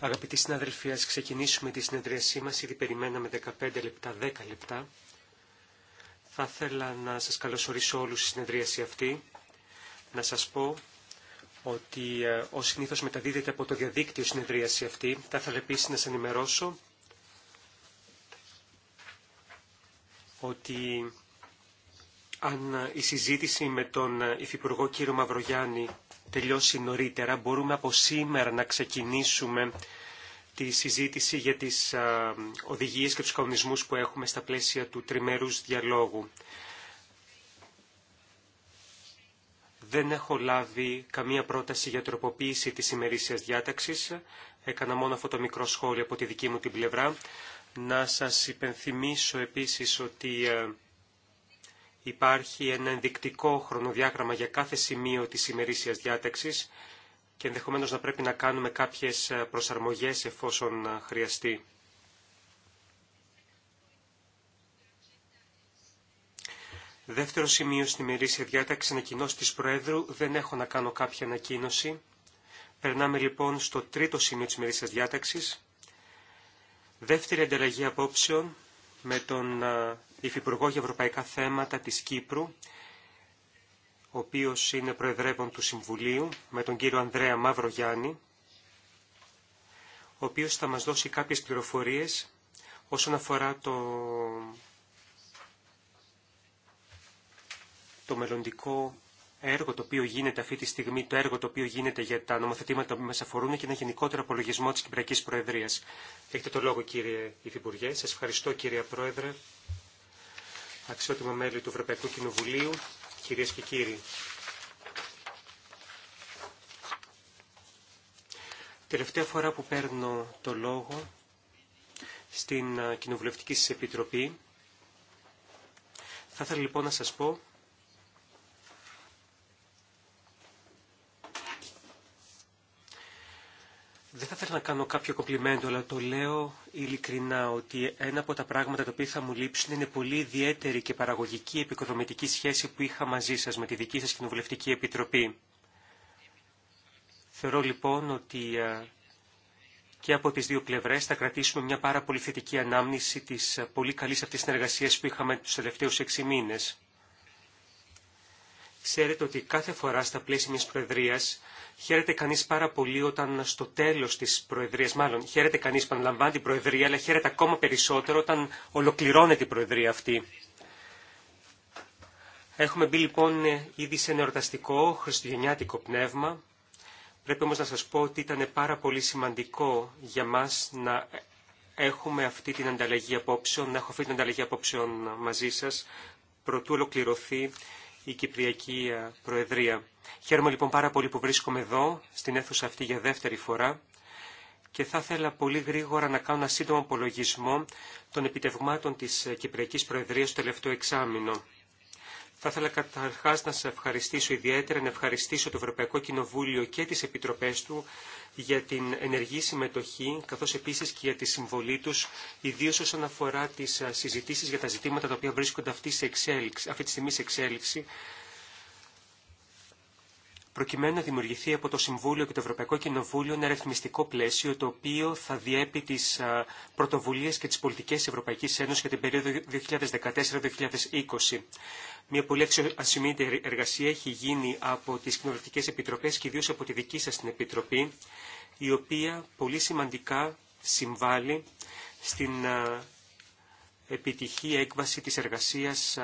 Αγαπητοί συναδελφοί, ας ξεκινήσουμε τη συνεδρίασή μας. Ήδη περιμέναμε 15 λεπτά, 10 λεπτά. Θα ήθελα να σας καλωσορίσω όλους στη συνεδρίαση αυτή. Να σας πω ότι ε, ω συνήθως μεταδίδεται από το διαδίκτυο συνεδρίαση αυτή. Θα ήθελα επίσης να σας ενημερώσω ότι αν ε, η συζήτηση με τον ε, Υφυπουργό κύριο Μαυρογιάννη τελειώσει νωρίτερα, μπορούμε από σήμερα να ξεκινήσουμε τη συζήτηση για τις ε, οδηγίες και τους κανονισμούς που έχουμε στα πλαίσια του τριμερούς διαλόγου. Δεν έχω λάβει καμία πρόταση για τροποποίηση της ημερήσιας διάταξης. Έκανα μόνο αυτό το μικρό σχόλιο από τη δική μου την πλευρά. Να σας υπενθυμίσω επίσης ότι υπάρχει ένα ενδεικτικό χρονοδιάγραμμα για κάθε σημείο της ημερήσιας διάταξης και ενδεχομένως να πρέπει να κάνουμε κάποιες ε, προσαρμογές εφόσον ε, χρειαστεί. Δεύτερο σημείο στην ημερήσια διάταξη ανακοινώσει της Προέδρου. Δεν έχω να κάνω κάποια ανακοίνωση. Περνάμε λοιπόν στο τρίτο σημείο της ημερήσιας διάταξης. Δεύτερη ανταλλαγή απόψεων με τον ε, Υφυπουργό για Ευρωπαϊκά Θέματα της Κύπρου, ο οποίος είναι Προεδρεύων του Συμβουλίου, με τον κύριο Ανδρέα Γιάννη, ο οποίος θα μας δώσει κάποιες πληροφορίες όσον αφορά το, το μελλοντικό έργο το οποίο γίνεται αυτή τη στιγμή, το έργο το οποίο γίνεται για τα νομοθετήματα που μας αφορούν και ένα γενικότερο απολογισμό της Κυπριακής Προεδρίας. Έχετε το λόγο κύριε Υφυπουργέ. Σας ευχαριστώ κύριε Πρόεδρε, αξιότιμο μέλη του Ευρωπαϊκού Κοινοβουλίου, κυρίες και κύριοι. Τελευταία φορά που παίρνω το λόγο στην Κοινοβουλευτική Επιτροπή, θα ήθελα λοιπόν να σας πω Δεν θα ήθελα να κάνω κάποιο κομπλιμέντο, αλλά το λέω ειλικρινά ότι ένα από τα πράγματα τα οποία θα μου λείψουν είναι πολύ ιδιαίτερη και παραγωγική επικοδομητική σχέση που είχα μαζί σας με τη δική σας Κοινοβουλευτική Επιτροπή. Θεωρώ λοιπόν ότι ε, και από τις δύο πλευρές θα κρατήσουμε μια πάρα πολύ θετική ανάμνηση της ε, πολύ καλής αυτής συνεργασίας που είχαμε τους τελευταίους έξι μήνες. Ξέρετε ότι κάθε φορά στα πλαίσια μιας Προεδρίας Χαίρεται κανείς πάρα πολύ όταν στο τέλος της Προεδρίας, μάλλον χαίρεται κανείς που αναλαμβάνει την Προεδρία, αλλά χαίρεται ακόμα περισσότερο όταν ολοκληρώνεται η Προεδρία αυτή. Έχουμε μπει λοιπόν ήδη σε νεορταστικό, χριστουγεννιάτικο πνεύμα. Πρέπει όμως να σας πω ότι ήταν πάρα πολύ σημαντικό για μας να έχουμε αυτή την ανταλλαγή απόψεων, να έχω αυτή την ανταλλαγή απόψεων μαζί σας, προτού ολοκληρωθεί η Κυπριακή ε, Προεδρία. Χαίρομαι λοιπόν πάρα πολύ που βρίσκομαι εδώ, στην αίθουσα αυτή για δεύτερη φορά και θα ήθελα πολύ γρήγορα να κάνω ένα σύντομο απολογισμό των επιτευγμάτων της Κυπριακής Προεδρίας στο τελευταίο εξάμεινο. Θα ήθελα καταρχά να σε ευχαριστήσω ιδιαίτερα, να ευχαριστήσω το Ευρωπαϊκό Κοινοβούλιο και τι επιτροπέ του για την ενεργή συμμετοχή, καθώ επίση και για τη συμβολή του, ιδίω όσον αφορά τι συζητήσει για τα ζητήματα τα οποία βρίσκονται αυτή, αυτή τη στιγμή εξέλιξη προκειμένου να δημιουργηθεί από το Συμβούλιο και το Ευρωπαϊκό Κοινοβούλιο ένα ρυθμιστικό πλαίσιο το οποίο θα διέπει τι πρωτοβουλίε και τι πολιτικέ Ευρωπαϊκή Ένωση για την περίοδο 2014-2020. Μια πολύ αξιοσημείωτη εργασία έχει γίνει από τι κοινοβουλευτικέ επιτροπέ και ιδίω από τη δική σα την επιτροπή, η οποία πολύ σημαντικά συμβάλλει στην επιτυχή έκβαση της εργασίας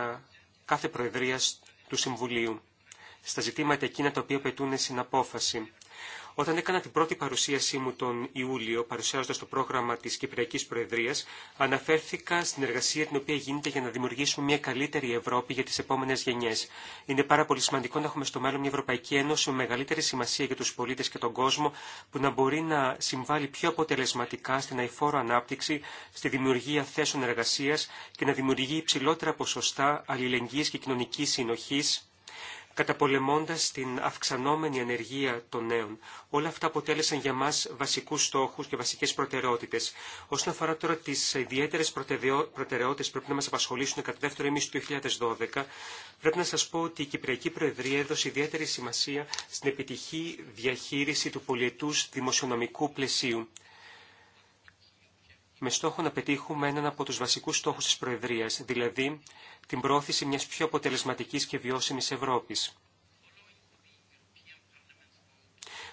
κάθε Προεδρίας του Συμβουλίου στα ζητήματα εκείνα τα οποία πετούν απόφαση. Όταν έκανα την πρώτη παρουσίασή μου τον Ιούλιο, παρουσιάζοντα το πρόγραμμα τη Κυπριακή Προεδρία, αναφέρθηκα στην εργασία την οποία γίνεται για να δημιουργήσουμε μια καλύτερη Ευρώπη για τι επόμενε γενιέ. Είναι πάρα πολύ σημαντικό να έχουμε στο μέλλον μια Ευρωπαϊκή Ένωση με μεγαλύτερη σημασία για του πολίτε και τον κόσμο, που να μπορεί να συμβάλλει πιο αποτελεσματικά στην αηφόρο ανάπτυξη, στη δημιουργία θέσεων εργασία και να δημιουργεί υψηλότερα ποσοστά αλληλεγγύη και κοινωνική συνοχή καταπολεμώντας την αυξανόμενη ανεργία των νέων. Όλα αυτά αποτέλεσαν για μας βασικούς στόχους και βασικές προτεραιότητες. Όσον αφορά τώρα τις ιδιαίτερες προτεραιότητες που πρέπει να μας απασχολήσουν κατά δεύτερο εμείς του 2012, πρέπει να σας πω ότι η Κυπριακή Προεδρία έδωσε ιδιαίτερη σημασία στην επιτυχή διαχείριση του πολιετούς δημοσιονομικού πλαισίου με στόχο να πετύχουμε έναν από τους βασικούς στόχους της Προεδρίας, δηλαδή την πρόθεση μιας πιο αποτελεσματικής και βιώσιμης Ευρώπης.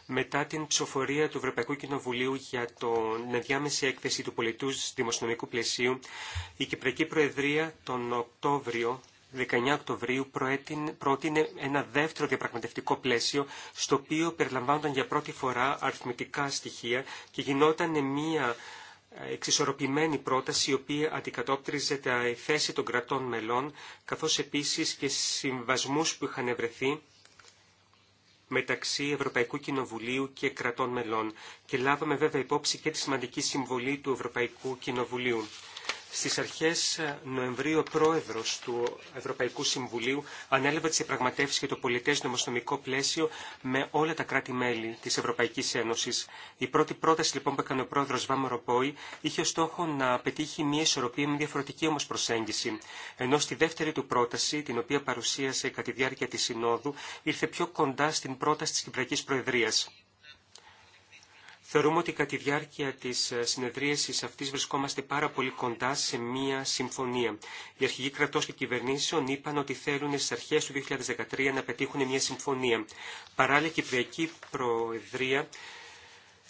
Μετά την ψηφοφορία του Ευρωπαϊκού Κοινοβουλίου για την ενδιάμεση έκθεση του πολιτού δημοσιονομικού πλαισίου, η Κυπριακή Προεδρία τον Οκτώβριο 19 Οκτωβρίου πρότεινε ένα δεύτερο διαπραγματευτικό πλαίσιο στο οποίο περιλαμβάνονταν για πρώτη φορά αριθμητικά στοιχεία και γινόταν μια εξισορροπημένη πρόταση η οποία αντικατόπτριζε τα θέση των κρατών μελών καθώς επίσης και συμβασμούς που είχαν ευρεθεί μεταξύ Ευρωπαϊκού Κοινοβουλίου και κρατών μελών και λάβαμε βέβαια υπόψη και τη σημαντική συμβολή του Ευρωπαϊκού Κοινοβουλίου. Στις αρχές Νοεμβρίου, ο πρόεδρος του Ευρωπαϊκού Συμβουλίου ανέλαβε τις επραγματεύσεις για το πολιτές νομοσνομικό πλαίσιο με όλα τα κράτη-μέλη της Ευρωπαϊκής Ένωσης. Η πρώτη πρόταση λοιπόν που έκανε ο πρόεδρος Ροπόη είχε ως στόχο να πετύχει μια ισορροπία με διαφορετική όμως προσέγγιση. Ενώ στη δεύτερη του πρόταση, την οποία παρουσίασε κατά τη διάρκεια της Συνόδου, ήρθε πιο κοντά στην πρόταση της Κυπριακής Προεδρίας. Θεωρούμε ότι κατά τη διάρκεια της ε, συνεδρίασης αυτής βρισκόμαστε πάρα πολύ κοντά σε μία συμφωνία. Οι αρχηγοί κρατός και κυβερνήσεων είπαν ότι θέλουν στις αρχές του 2013 να πετύχουν μία συμφωνία. Παράλληλα, η Κυπριακή Προεδρία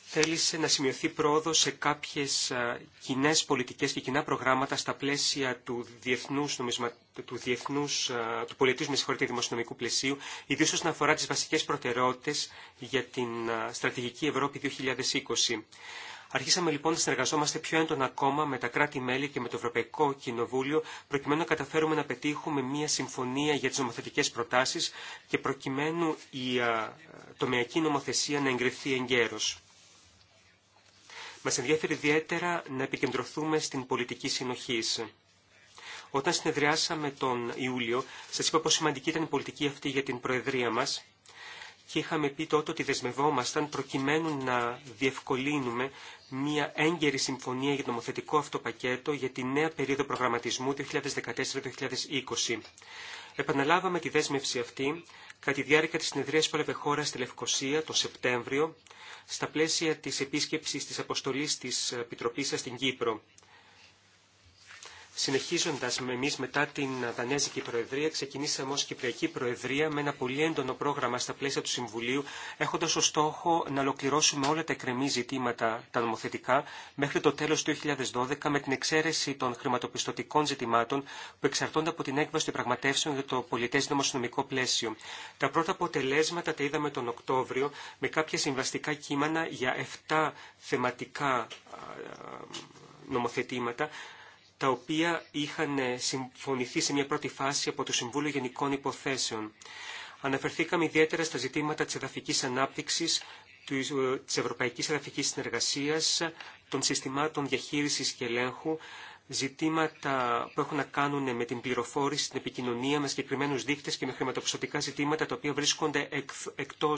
θέλησε να σημειωθεί πρόοδο σε κάποιε κοινέ πολιτικέ και κοινά προγράμματα στα πλαίσια του διεθνού νομισμα... του, διεθνούς, του πολιτισμού με δημοσιονομικού πλαισίου, ιδίως όσον αφορά τις βασικές προτεραιότητες για την στρατηγική Ευρώπη 2020. Αρχίσαμε λοιπόν να συνεργαζόμαστε πιο έντονα ακόμα με τα κράτη-μέλη και με το Ευρωπαϊκό Κοινοβούλιο, προκειμένου να καταφέρουμε να πετύχουμε μία συμφωνία για τις νομοθετικές προτάσεις και προκειμένου η τομεακή νομοθεσία να εγκριθεί εγκαίρως. Μας ενδιαφέρει ιδιαίτερα να επικεντρωθούμε στην πολιτική συνοχή. Όταν συνεδριάσαμε τον Ιούλιο, σας είπα πόσο σημαντική ήταν η πολιτική αυτή για την Προεδρία μας και είχαμε πει τότε ότι δεσμευόμασταν προκειμένου να διευκολύνουμε μια έγκαιρη συμφωνία για το νομοθετικό αυτό πακέτο για τη νέα περίοδο προγραμματισμού 2014-2020. Επαναλάβαμε τη δέσμευση αυτή κατά τη διάρκεια της συνεδρίας που έλαβε χώρα στη Λευκοσία το Σεπτέμβριο, στα πλαίσια της επίσκεψης της αποστολής της Επιτροπής σας στην Κύπρο. Συνεχίζοντας με εμείς μετά την Δανέζικη Προεδρία, ξεκινήσαμε ως Κυπριακή Προεδρία με ένα πολύ έντονο πρόγραμμα στα πλαίσια του Συμβουλίου, έχοντας ως στόχο να ολοκληρώσουμε όλα τα εκκρεμή ζητήματα τα νομοθετικά μέχρι το τέλος του 2012 με την εξαίρεση των χρηματοπιστωτικών ζητημάτων που εξαρτώνται από την έκβαση των πραγματεύσεων για το πολιτές νομοσυνομικό πλαίσιο. Τα πρώτα αποτελέσματα τα είδαμε τον Οκτώβριο με κάποια συμβαστικά κείμενα για 7 θεματικά νομοθετήματα τα οποία είχαν συμφωνηθεί σε μια πρώτη φάση από το Συμβούλιο Γενικών Υποθέσεων. Αναφερθήκαμε ιδιαίτερα στα ζητήματα της εδαφικής ανάπτυξης, της ε, Ευρωπαϊκής Εδαφικής Συνεργασίας, των συστημάτων διαχείρισης και ελέγχου, ζητήματα που έχουν να κάνουν με την πληροφόρηση, την επικοινωνία, με συγκεκριμένου δείκτε και με χρηματοπιστωτικά ζητήματα τα οποία βρίσκονται εκτό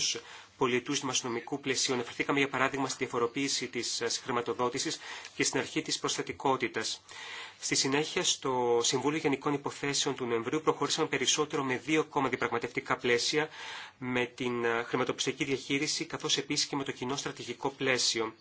πολιτού δημοσιονομικού πλαισίου. Αναφερθήκαμε, για παράδειγμα, στη διαφοροποίηση τη ε, χρηματοδότηση και στην αρχή τη προστατικότητα. Στη συνέχεια, στο Συμβούλιο Γενικών Υποθέσεων του Νοεμβρίου προχωρήσαμε περισσότερο με δύο ακόμα διαπραγματευτικά πλαίσια, με την ε, χρηματοπιστωτική διαχείριση καθώ επίση και με το κοινό στρατηγικό πλαίσιο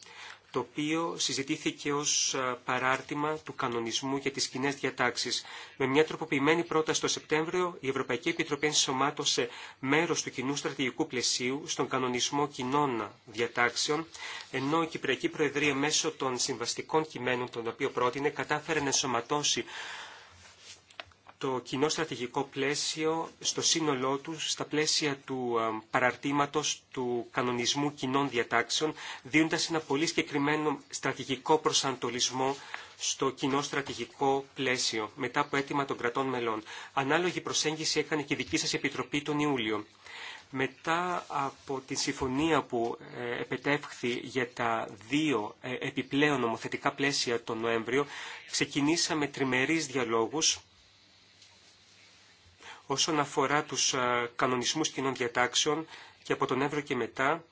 το οποίο συζητήθηκε ως παράρτημα του κανονισμού για τις κοινέ διατάξεις. Με μια τροποποιημένη πρόταση το Σεπτέμβριο, η Ευρωπαϊκή Επιτροπή ενσωμάτωσε μέρος του κοινού στρατηγικού πλαισίου στον κανονισμό κοινών διατάξεων, ενώ η Κυπριακή Προεδρία μέσω των συμβαστικών κειμένων, τον οποίο πρότεινε, κατάφερε να ενσωματώσει το κοινό στρατηγικό πλαίσιο στο σύνολό του, στα πλαίσια του ε, παραρτήματος του κανονισμού κοινών διατάξεων, δίνοντας ένα πολύ συγκεκριμένο στρατηγικό προσανατολισμό στο κοινό στρατηγικό πλαίσιο, μετά από αίτημα των κρατών μελών. Ανάλογη προσέγγιση έκανε και η δική σας Επιτροπή τον Ιούλιο. Μετά από τη συμφωνία που ε, επετεύχθη για τα δύο ε, επιπλέον νομοθετικά πλαίσια τον Νοέμβριο, ξεκινήσαμε τριμερείς διαλόγους όσον αφορά τους ε, κανονισμούς κοινών διατάξεων και από τον Εύρο και μετά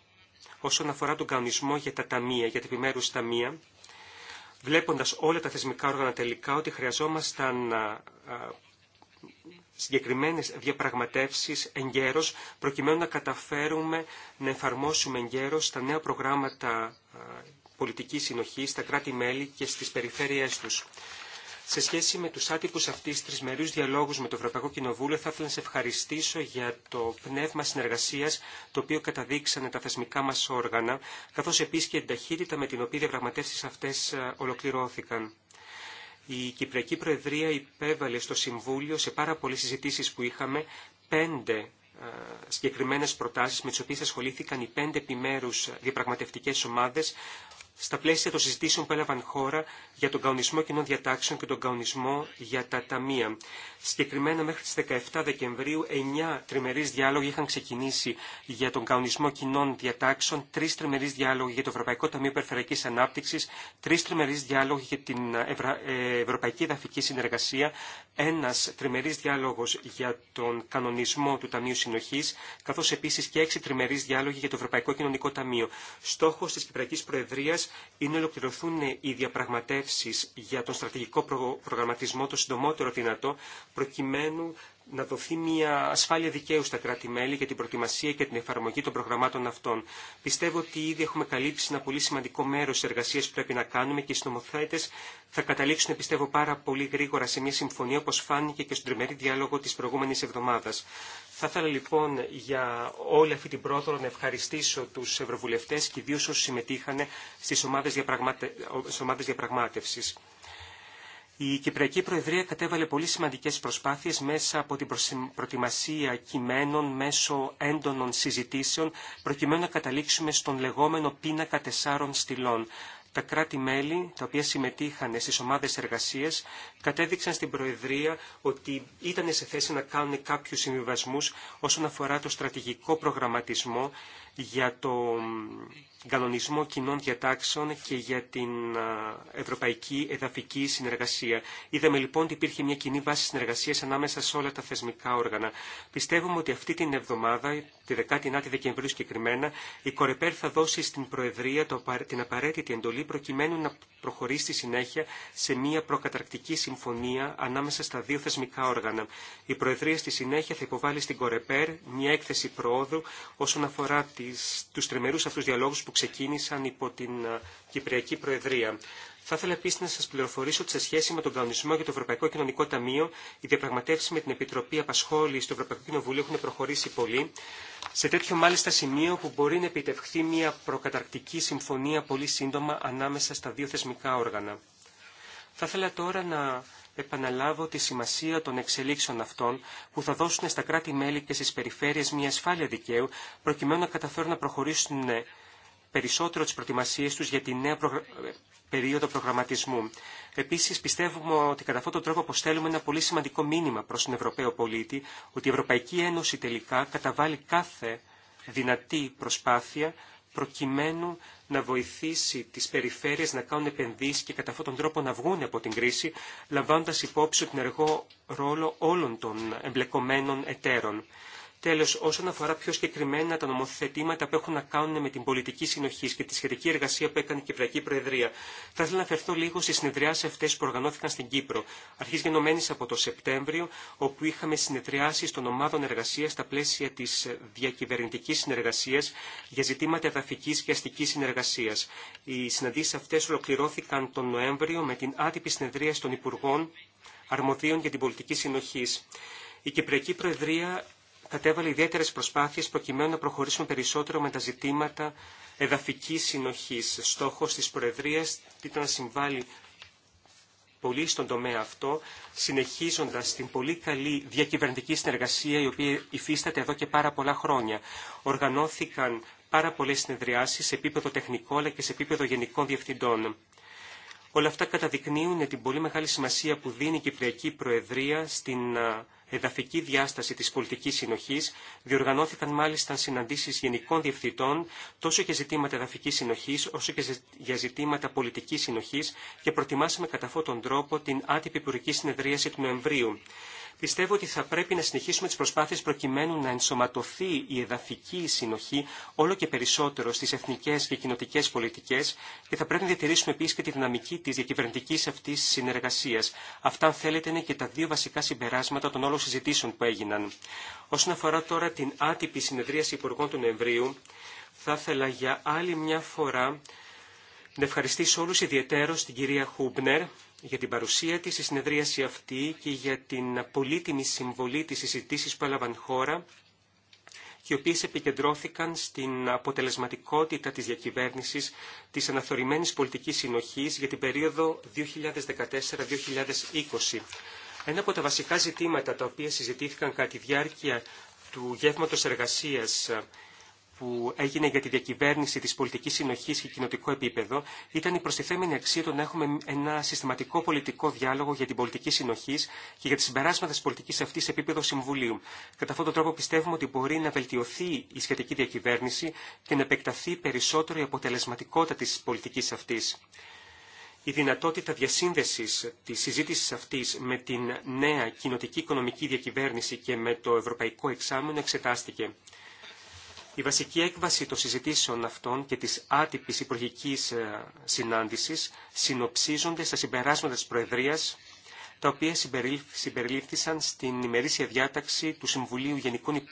όσον αφορά τον κανονισμό για τα ταμεία, για τα επιμέρους ταμεία, βλέποντας όλα τα θεσμικά όργανα τελικά ότι χρειαζόμασταν ε, συγκεκριμένες διαπραγματεύσεις εγκαίρως, προκειμένου να καταφέρουμε να εφαρμόσουμε εγκαίρως τα νέα προγράμματα ε, πολιτικής συνοχής στα κράτη-μέλη και στις περιφέρειές τους. Σε σχέση με τους άτυπους αυτής τρισμερούς διαλόγους με το Ευρωπαϊκό Κοινοβούλιο θα ήθελα να σε ευχαριστήσω για το πνεύμα συνεργασίας το οποίο καταδείξανε τα θεσμικά μας όργανα, καθώς επίσης και την ταχύτητα με την οποία οι διαπραγματεύσεις αυτές ε, ολοκληρώθηκαν. Η Κυπριακή Προεδρία υπέβαλε στο Συμβούλιο σε πάρα πολλές συζητήσεις που είχαμε πέντε ε, συγκεκριμένες προτάσεις με τις οποίες ασχολήθηκαν οι πέντε επιμέρους διαπραγματευτικές ομάδες στα πλαίσια των συζητήσεων που έλαβαν χώρα για τον καονισμό κοινών διατάξεων και τον καονισμό για τα ταμεία. Συγκεκριμένα μέχρι τις 17 Δεκεμβρίου, 9 τριμερείς διάλογοι είχαν ξεκινήσει για τον καονισμό κοινών διατάξεων, 3 τριμερείς διάλογοι για το Ευρωπαϊκό Ταμείο Περιφερειακής Ανάπτυξης, 3 τριμερείς διάλογοι για την ε, Ευρωπαϊκή Εδαφική Συνεργασία, ένας τριμερείς διάλογος για τον κανονισμό του Ταμείου Συνοχής, καθώς επίσης και 6 τριμερεί διάλογοι για το Ευρωπαϊκό Κοινωνικό Ταμείο. Στόχος της Κυπριακής Προεδρίας είναι να ολοκληρωθούν οι διαπραγματεύσεις για τον στρατηγικό προγραμματισμό το συντομότερο δυνατό, προκειμένου να δοθεί μια ασφάλεια δικαίου στα κράτη-μέλη για την προετοιμασία και την εφαρμογή των προγραμμάτων αυτών. Πιστεύω ότι ήδη έχουμε καλύψει ένα πολύ σημαντικό μέρο τη εργασία που πρέπει να κάνουμε και οι συνομοθέτε θα καταλήξουν, πιστεύω, πάρα πολύ γρήγορα σε μια συμφωνία όπω φάνηκε και στον τριμερή διάλογο τη προηγούμενη εβδομάδα. Θα ήθελα λοιπόν για όλη αυτή την πρόοδο να ευχαριστήσω του Ευρωβουλευτέ και ιδίω όσου συμμετείχαν στι ομάδε διαπραγμάτευση. Η Κυπριακή Προεδρία κατέβαλε πολύ σημαντικές προσπάθειες μέσα από την προετοιμασία κειμένων μέσω έντονων συζητήσεων προκειμένου να καταλήξουμε στον λεγόμενο πίνακα τεσσάρων στυλών. Τα κράτη-μέλη, τα οποία συμμετείχαν στις ομάδες εργασίες κατέδειξαν στην Προεδρία ότι ήταν σε θέση να κάνουν κάποιους συμβιβασμούς όσον αφορά το στρατηγικό προγραμματισμό για το κανονισμό κοινών διατάξεων και για την ευρωπαϊκή εδαφική συνεργασία. Είδαμε λοιπόν ότι υπήρχε μια κοινή βάση συνεργασία ανάμεσα σε όλα τα θεσμικά όργανα. Πιστεύουμε ότι αυτή την εβδομάδα, τη 19η Δεκεμβρίου συγκεκριμένα, η Κορεπέρ θα δώσει στην Προεδρία την απαραίτητη εντολή προκειμένου να προχωρήσει στη συνέχεια σε μια προκαταρκτική συμφωνία ανάμεσα στα δύο θεσμικά όργανα. Η Προεδρία στη συνέχεια θα υποβάλει στην Κορεπέρ μια έκθεση προόδου όσον αφορά του τρεμερού αυτού διαλόγου που ξεκίνησαν υπό την ε, Κυπριακή Προεδρία. Θα ήθελα επίση να σα πληροφορήσω ότι σε σχέση με τον κανονισμό για το Ευρωπαϊκό Κοινωνικό Ταμείο, οι διαπραγματεύσει με την Επιτροπή Απασχόληση του Ευρωπαϊκού Κοινοβουλίου έχουν προχωρήσει πολύ, σε τέτοιο μάλιστα σημείο που μπορεί να επιτευχθεί μια προκαταρκτική συμφωνία πολύ σύντομα ανάμεσα στα δύο θεσμικά όργανα. Θα ήθελα τώρα να επαναλάβω τη σημασία των εξελίξεων αυτών που θα δώσουν στα κράτη-μέλη και στι περιφέρειες μια ασφάλεια δικαίου, προκειμένου να καταφέρουν να προχωρήσουν ναι, περισσότερο τις προετοιμασίες τους για τη νέα περίοδο προγραμματισμού. Επίσης πιστεύουμε ότι κατά αυτόν τον τρόπο αποστέλουμε ένα πολύ σημαντικό μήνυμα προς τον Ευρωπαίο πολίτη ότι η Ευρωπαϊκή Ένωση τελικά καταβάλει κάθε δυνατή προσπάθεια προκειμένου να βοηθήσει τις περιφέρειες να κάνουν επενδύσεις και κατά αυτόν τον τρόπο να βγουν από την κρίση, λαμβάνοντας υπόψη τον εργό ρόλο όλων των εμπλεκομένων εταίρων. Τέλος, όσον αφορά πιο συγκεκριμένα τα νομοθετήματα που έχουν να κάνουν με την πολιτική συνοχή και τη σχετική εργασία που έκανε η Κυπριακή Προεδρία, θα ήθελα να αφαιρθώ λίγο στι συνεδριάσει αυτέ που οργανώθηκαν στην Κύπρο, αρχή γενομένη από το Σεπτέμβριο, όπου είχαμε συνεδριάσει των ομάδων εργασία στα πλαίσια τη διακυβερνητική συνεργασία για ζητήματα εδαφική και αστική συνεργασία. Οι συναντήσει αυτέ ολοκληρώθηκαν τον Νοέμβριο με την άτυπη συνεδρία των Υπουργών Αρμοδίων για την Πολιτική Συνοχή. Η Κυπριακή Προεδρία κατέβαλε ιδιαίτερες προσπάθειες προκειμένου να προχωρήσουμε περισσότερο με τα ζητήματα εδαφικής συνοχής. Στόχος της Προεδρίας ήταν να συμβάλλει πολύ στον τομέα αυτό, συνεχίζοντας την πολύ καλή διακυβερνητική συνεργασία η οποία υφίσταται εδώ και πάρα πολλά χρόνια. Οργανώθηκαν πάρα πολλέ συνεδριάσει σε επίπεδο τεχνικό αλλά και σε επίπεδο γενικών διευθυντών. Όλα αυτά καταδεικνύουν την πολύ μεγάλη σημασία που δίνει η Κυπριακή Προεδρία στην εδαφική διάσταση της πολιτικής συνοχής. Διοργανώθηκαν μάλιστα συναντήσεις γενικών διευθυντών τόσο για ζητήματα εδαφικής συνοχής όσο και για ζητήματα πολιτικής συνοχής και προτιμάσαμε κατά αυτόν τον τρόπο την άτυπη υπουργική συνεδρίαση του Νοεμβρίου. Πιστεύω ότι θα πρέπει να συνεχίσουμε τις προσπάθειες προκειμένου να ενσωματωθεί η εδαφική συνοχή όλο και περισσότερο στις εθνικές και κοινοτικέ πολιτικές και θα πρέπει να διατηρήσουμε επίσης και τη δυναμική της διακυβερνητικής αυτής συνεργασίας. Αυτά, αν θέλετε, είναι και τα δύο βασικά συμπεράσματα των όλων συζητήσεων που έγιναν. Όσον αφορά τώρα την άτυπη συνεδρίαση υπουργών του Νοεμβρίου, θα ήθελα για άλλη μια φορά να ευχαριστήσω όλους ιδιαίτερως την κυρία Χούμπνερ για την παρουσία της στη συνεδρίαση αυτή και για την πολύτιμη συμβολή της συζητήσεις που έλαβαν χώρα και οι οποίες επικεντρώθηκαν στην αποτελεσματικότητα της διακυβέρνησης της αναθωρημένης πολιτικής συνοχής για την περίοδο 2014-2020. Ένα από τα βασικά ζητήματα τα οποία συζητήθηκαν κατά τη διάρκεια του γεύματος εργασίας που έγινε για τη διακυβέρνηση της πολιτικής συνοχής και κοινοτικό επίπεδο ήταν η προστιθέμενη αξία του να έχουμε ένα συστηματικό πολιτικό διάλογο για την πολιτική συνοχής και για τις συμπεράσματα της πολιτικής αυτής σε επίπεδο Συμβουλίου. Κατά αυτόν τον τρόπο πιστεύουμε ότι μπορεί να βελτιωθεί η σχετική διακυβέρνηση και να επεκταθεί περισσότερο η αποτελεσματικότητα της πολιτικής αυτής. Η δυνατότητα διασύνδεσης της συζήτησης αυτής με την νέα κοινοτική οικονομική διακυβέρνηση και με το ευρωπαϊκό εξάμεινο εξετάστηκε. Η βασική έκβαση των συζητήσεων αυτών και της άτυπης υπουργικής ε, συνάντησης συνοψίζονται στα συμπεράσματα της Προεδρίας, τα οποία συμπεριλήφθησαν στην ημερήσια διάταξη του Συμβουλίου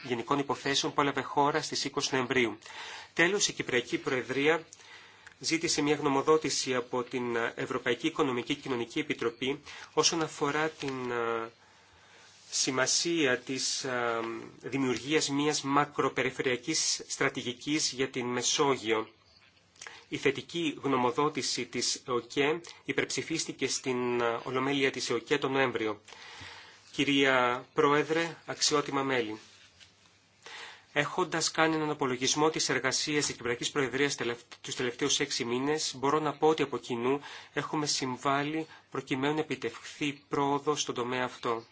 Γενικών Υποθέσεων που έλαβε χώρα στις 20 Νοεμβρίου. Τέλος, η Κυπριακή Προεδρία ζήτησε μια γνωμοδότηση από την Ευρωπαϊκή Οικονομική Κοινωνική Επιτροπή όσον αφορά την ε, σημασία της δημιουργίας μιας μακροπεριφερειακής στρατηγικής για την Μεσόγειο. Η θετική γνωμοδότηση της ΕΟΚΕ υπερψηφίστηκε στην ε, Ολομέλεια της ΕΟΚΕ τον Νοέμβριο. Κυρία Πρόεδρε, αξιότιμα μέλη. Έχοντας κάνει έναν απολογισμό της εργασίας της Κυπριακή Προεδρία του τελευταίου έξι μήνε, μπορώ να πω ότι από κοινού έχουμε συμβάλει προκειμένου να επιτευχθεί πρόοδο στον τομέα αυτό.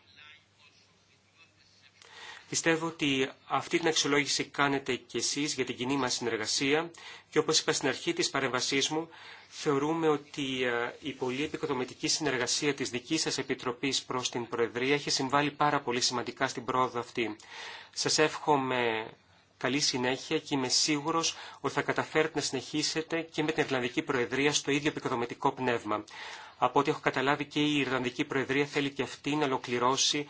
Πιστεύω ότι αυτή την αξιολόγηση κάνετε κι εσείς για την κοινή μας συνεργασία και όπως είπα στην αρχή της παρεμβασής μου, θεωρούμε ότι ε, η πολύ επικοδομητική συνεργασία της δικής σας Επιτροπής προς την Προεδρία έχει συμβάλει πάρα πολύ σημαντικά στην πρόοδο αυτή. Σας εύχομαι καλή συνέχεια και είμαι σίγουρος ότι θα καταφέρετε να συνεχίσετε και με την Ιρλανδική Προεδρία στο ίδιο επικοδομητικό πνεύμα. Από ό,τι έχω καταλάβει και η Ιρλανδική Προεδρία θέλει και αυτή να ολοκληρώσει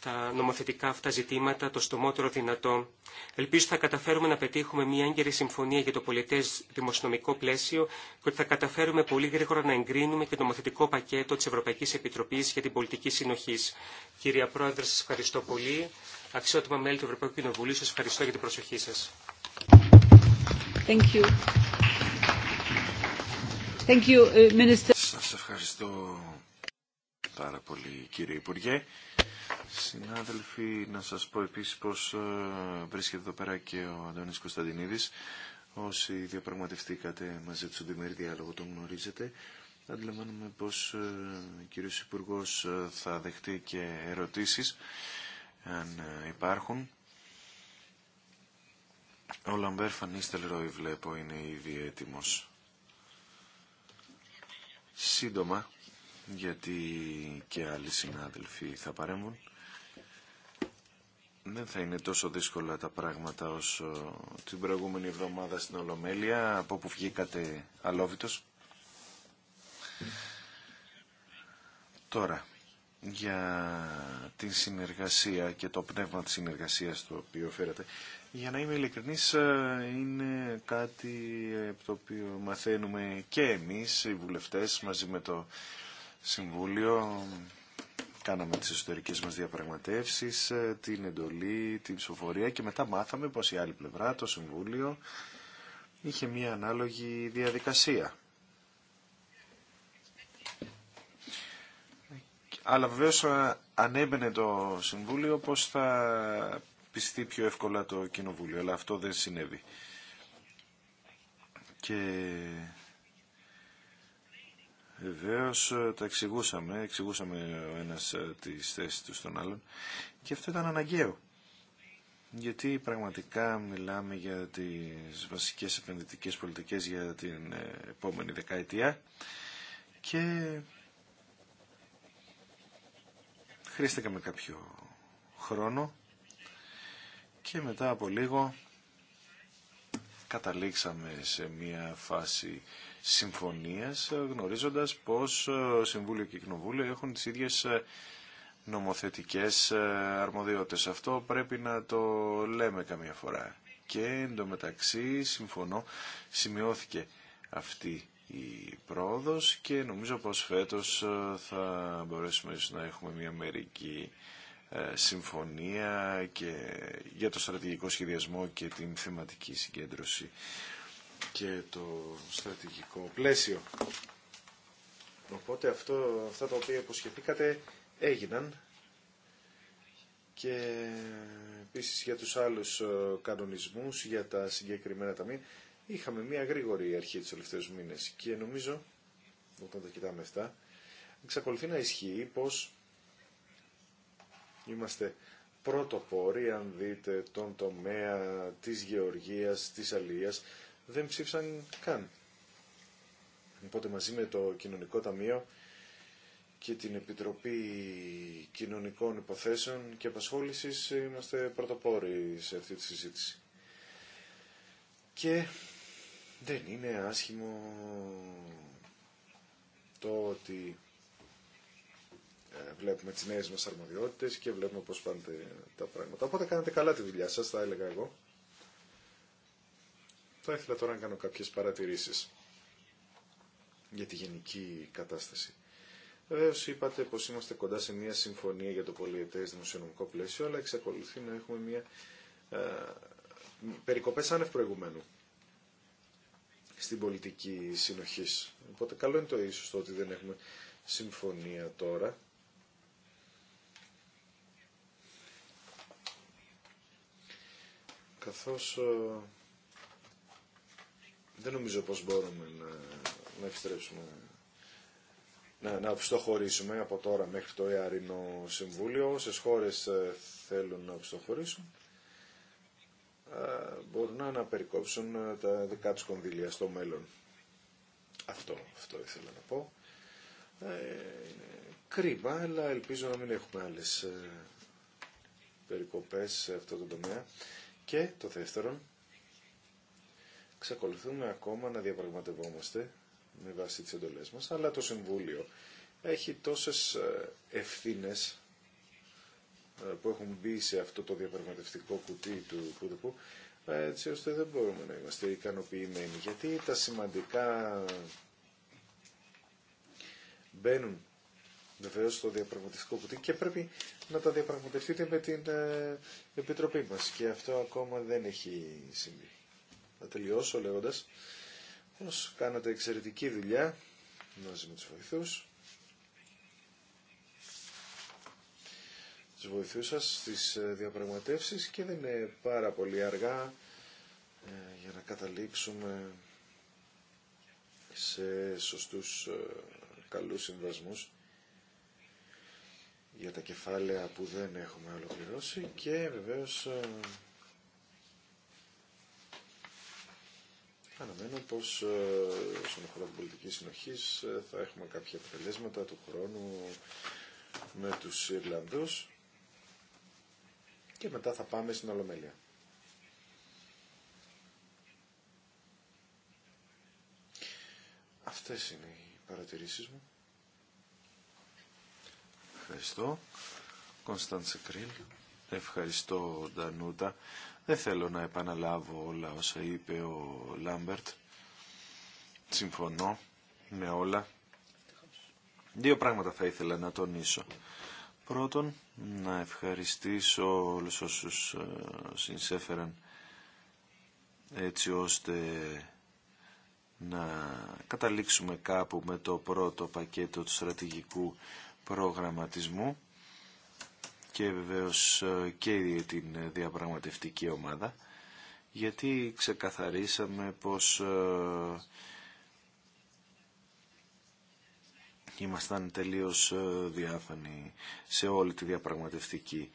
τα νομοθετικά αυτά ζητήματα το στομότερο δυνατό. Ελπίζω θα καταφέρουμε να πετύχουμε μια έγκαιρη συμφωνία για το πολιτέ δημοσιονομικό πλαίσιο και ότι θα καταφέρουμε πολύ γρήγορα να εγκρίνουμε και το νομοθετικό πακέτο τη Ευρωπαϊκή Επιτροπή για την Πολιτική Συνοχή. Κυρία Πρόεδρε, σα ευχαριστώ πολύ. Αξιότιμα μέλη του Ευρωπαϊκού Κοινοβουλίου, σα ευχαριστώ για την προσοχή σα. Thank ε, Σας ευχαριστώ πάρα πολύ κύριε Υπουργέ. Συνάδελφοι, να σας πω επίσης πως ε, βρίσκεται εδώ πέρα και ο Αντώνης Κωνσταντινίδης. Όσοι διαπραγματευτήκατε μαζί του στον διμερή διάλογο τον γνωρίζετε. Αντιλαμβάνομαι πως ε, ο κύριος Υπουργός ε, θα δεχτεί και ερωτήσεις αν υπάρχουν. Ο Λαμπέρ Φανίστελ Ρόι βλέπω είναι ήδη έτοιμος. Σύντομα, γιατί και άλλοι συνάδελφοι θα παρέμβουν. Δεν θα είναι τόσο δύσκολα τα πράγματα όσο την προηγούμενη εβδομάδα στην Ολομέλεια, από που βγήκατε αλόβητος. Τώρα, για την συνεργασία και το πνεύμα της συνεργασίας το οποίο φέρατε. Για να είμαι ειλικρινής, ε, είναι κάτι ε, το οποίο μαθαίνουμε και εμείς, οι βουλευτές, μαζί με το Συμβούλιο κάναμε τις εσωτερικές μας διαπραγματεύσεις, ε, την εντολή, την ψηφοφορία και μετά μάθαμε πως η άλλη πλευρά, το Συμβούλιο, είχε μία ανάλογη διαδικασία. Αλλά βεβαίως ε, ανέμπαινε το Συμβούλιο πως θα πιστεί πιο εύκολα το Κοινοβούλιο, αλλά αυτό δεν συνέβη. Και Βεβαίω ε, τα εξηγούσαμε, εξηγούσαμε ο ένας ε, τις θέσεις του στον άλλον και αυτό ήταν αναγκαίο. Γιατί πραγματικά μιλάμε για τις βασικές επενδυτικέ πολιτικές για την ε, επόμενη δεκαετία και χρήστηκαμε κάποιο χρόνο και μετά από λίγο καταλήξαμε σε μια φάση συμφωνίας ε, γνωρίζοντας πως ε, Συμβούλιο και Κοινοβούλιο έχουν τις ίδιες ε, νομοθετικές αρμοδιότητες. Αυτό πρέπει να το λέμε καμία φορά. Και εντωμεταξύ συμφωνώ σημειώθηκε αυτή η πρόοδος και νομίζω πως φέτος θα μπορέσουμε να έχουμε μια μερική συμφωνία και για το στρατηγικό σχεδιασμό και την θεματική συγκέντρωση και το στρατηγικό πλαίσιο. Οπότε αυτό, αυτά τα οποία υποσχεθήκατε έγιναν και επίση για τους άλλους ε, κανονισμούς, για τα συγκεκριμένα ταμεία, είχαμε μια γρήγορη αρχή τους τελευταίους μήνες και νομίζω, όταν τα κοιτάμε αυτά, εξακολουθεί να ισχύει πως είμαστε πόροι, αν δείτε τον τομέα της γεωργίας, της αλίας, δεν ψήφισαν καν. Οπότε μαζί με το Κοινωνικό Ταμείο και την Επιτροπή Κοινωνικών Υποθέσεων και Απασχόλησης είμαστε πρωτοπόροι σε αυτή τη συζήτηση. Και δεν είναι άσχημο το ότι ε, βλέπουμε τις νέες μας αρμοδιότητες και βλέπουμε πώς πάνε τα πράγματα. Οπότε κάνετε καλά τη δουλειά σας, θα έλεγα εγώ. Θα ήθελα τώρα να κάνω κάποιες παρατηρήσεις για τη γενική κατάσταση. Βεβαίω είπατε πως είμαστε κοντά σε μια συμφωνία για το πολιετές δημοσιονομικό πλαίσιο, αλλά εξακολουθεί να έχουμε μια ε, περικοπές άνευ προηγουμένου στην πολιτική συνοχής. Οπότε καλό είναι το ίσως το ότι δεν έχουμε συμφωνία τώρα. Καθώς ε, δεν νομίζω πως μπορούμε να, να επιστρέψουμε, να, να από τώρα μέχρι το Ιαρινό Συμβούλιο. Όσες χώρες ε, θέλουν να πιστοχωρήσουν ε, μπορούν να αναπερικόψουν ε, τα δικά τους κονδύλια στο μέλλον. Αυτό, αυτό ήθελα να πω. είναι κρίμα, αλλά ελπίζω να μην έχουμε άλλες περικοπές σε αυτό το τομέα. Και το δεύτερον, Ξεκολουθούμε ακόμα να διαπραγματευόμαστε με βάση τις εντολές μας, αλλά το Συμβούλιο έχει τόσες ε, ευθύνες ε, που έχουν μπει σε αυτό το διαπραγματευτικό κουτί του Κούδεπου, ε, έτσι ώστε δεν μπορούμε να είμαστε ικανοποιημένοι, γιατί τα σημαντικά μπαίνουν βεβαίως στο διαπραγματευτικό κουτί και πρέπει να τα διαπραγματευτείτε με την Επιτροπή μας και αυτό ακόμα δεν έχει συμβεί. Θα τελειώσω λέγοντας πως κάνατε εξαιρετική δουλειά μαζί με τους βοηθούς. Τους βοηθούς σας στις ε, διαπραγματεύσεις και δεν είναι πάρα πολύ αργά ε, για να καταλήξουμε σε σωστούς ε, καλούς συμβασμούς για τα κεφάλαια που δεν έχουμε ολοκληρώσει και βεβαίως Αναμένω πως ε, στον αφορά την πολιτική συνοχής ε, θα έχουμε κάποια αποτελέσματα του χρόνου με τους Ιρλανδούς και μετά θα πάμε στην Ολομέλεια. Αυτές είναι οι παρατηρήσεις μου. Ευχαριστώ. Κωνσταντσε Ευχαριστώ Ντανούτα. Δεν θέλω να επαναλάβω όλα όσα είπε ο Λάμπερτ. Συμφωνώ με όλα. Δύο πράγματα θα ήθελα να τονίσω. Πρώτον, να ευχαριστήσω όλους όσους ε, συνσέφεραν έτσι ώστε να καταλήξουμε κάπου με το πρώτο πακέτο του στρατηγικού προγραμματισμού και βεβαίως ε, και την διαπραγματευτική ομάδα γιατί ξεκαθαρίσαμε πως ε, ήμασταν τελείως ε, διάφανοι σε όλη τη διαπραγματευτική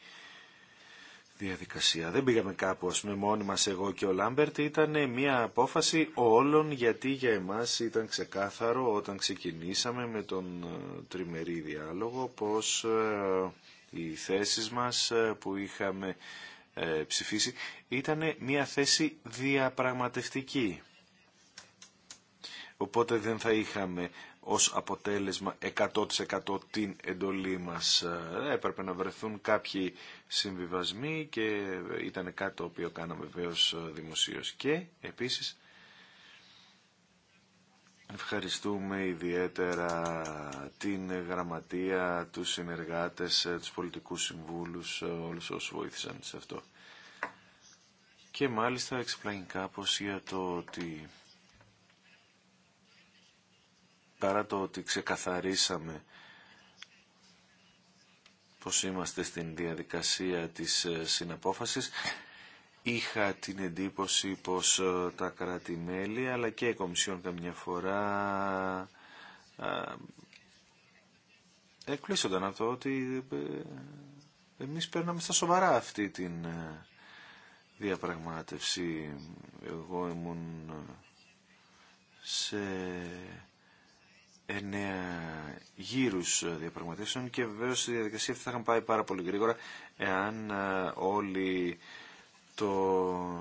διαδικασία. Δεν πήγαμε κάπου, ας μόνοι μας εγώ και ο Λάμπερτ. Ήταν μια απόφαση όλων γιατί για εμάς ήταν ξεκάθαρο όταν ξεκινήσαμε με τον τριμερή διάλογο πως οι θέσεις μας ε, που είχαμε ε, ψηφίσει ήταν μια θέση διαπραγματευτική. Οπότε δεν θα είχαμε ως αποτέλεσμα 100% την εντολή μας. Ε, έπρεπε να βρεθούν κάποιοι συμβιβασμοί και ήταν κάτι το οποίο κάναμε βεβαίω δημοσίως. Και επίσης Ευχαριστούμε ιδιαίτερα την γραμματεία, τους συνεργάτες, ε, τους πολιτικούς συμβούλους, ε, όλους όσους βοήθησαν σε αυτό. Και μάλιστα εξεπλάγει κάπως για το ότι παρά το ότι ξεκαθαρίσαμε πως είμαστε στην διαδικασία της ε, συναπόφασης, είχα την εντύπωση πως ε, τα κράτη-μέλη αλλά και η Κομισιόν καμιά φορά ε, εκπλήσονταν αυτό ότι ε, εμείς παίρναμε στα σοβαρά αυτή την διαπραγμάτευση. Εγώ ήμουν σε εννέα γύρους διαπραγματεύσεων και βέβαια η διαδικασία αυτή θα είχαν πάει πάρα πολύ γρήγορα εάν όλοι το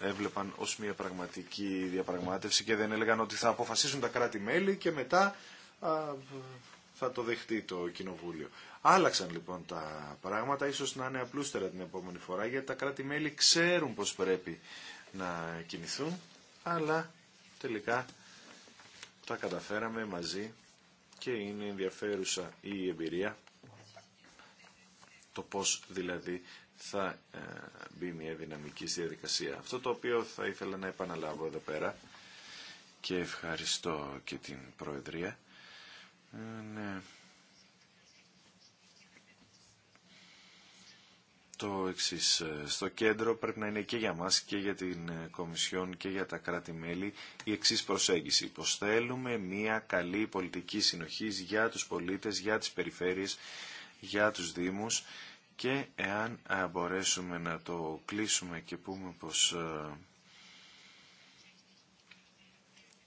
έβλεπαν ως μια πραγματική διαπραγμάτευση και δεν έλεγαν ότι θα αποφασίσουν τα κράτη-μέλη και μετά α, θα το δεχτεί το Κοινοβούλιο. Άλλαξαν λοιπόν τα πράγματα, ίσως να είναι απλούστερα την επόμενη φορά, γιατί τα κράτη-μέλη ξέρουν πώς πρέπει να κινηθούν, αλλά τελικά τα καταφέραμε μαζί και είναι ενδιαφέρουσα η εμπειρία, το πώς δηλαδή θα ε, μπει μια δυναμική στη διαδικασία. Αυτό το οποίο θα ήθελα να επαναλάβω εδώ πέρα και ευχαριστώ και την Προεδρία. Ε, ναι. Το εξή. Ε, στο κέντρο πρέπει να είναι και για μας και για την Κομισιόν και για τα κράτη-μέλη η εξή προσέγγιση. Πως θέλουμε μια καλή πολιτική συνοχής για τους πολίτες, για τις περιφέρειες, για τους Δήμους και εάν μπορέσουμε να το κλείσουμε και πούμε πως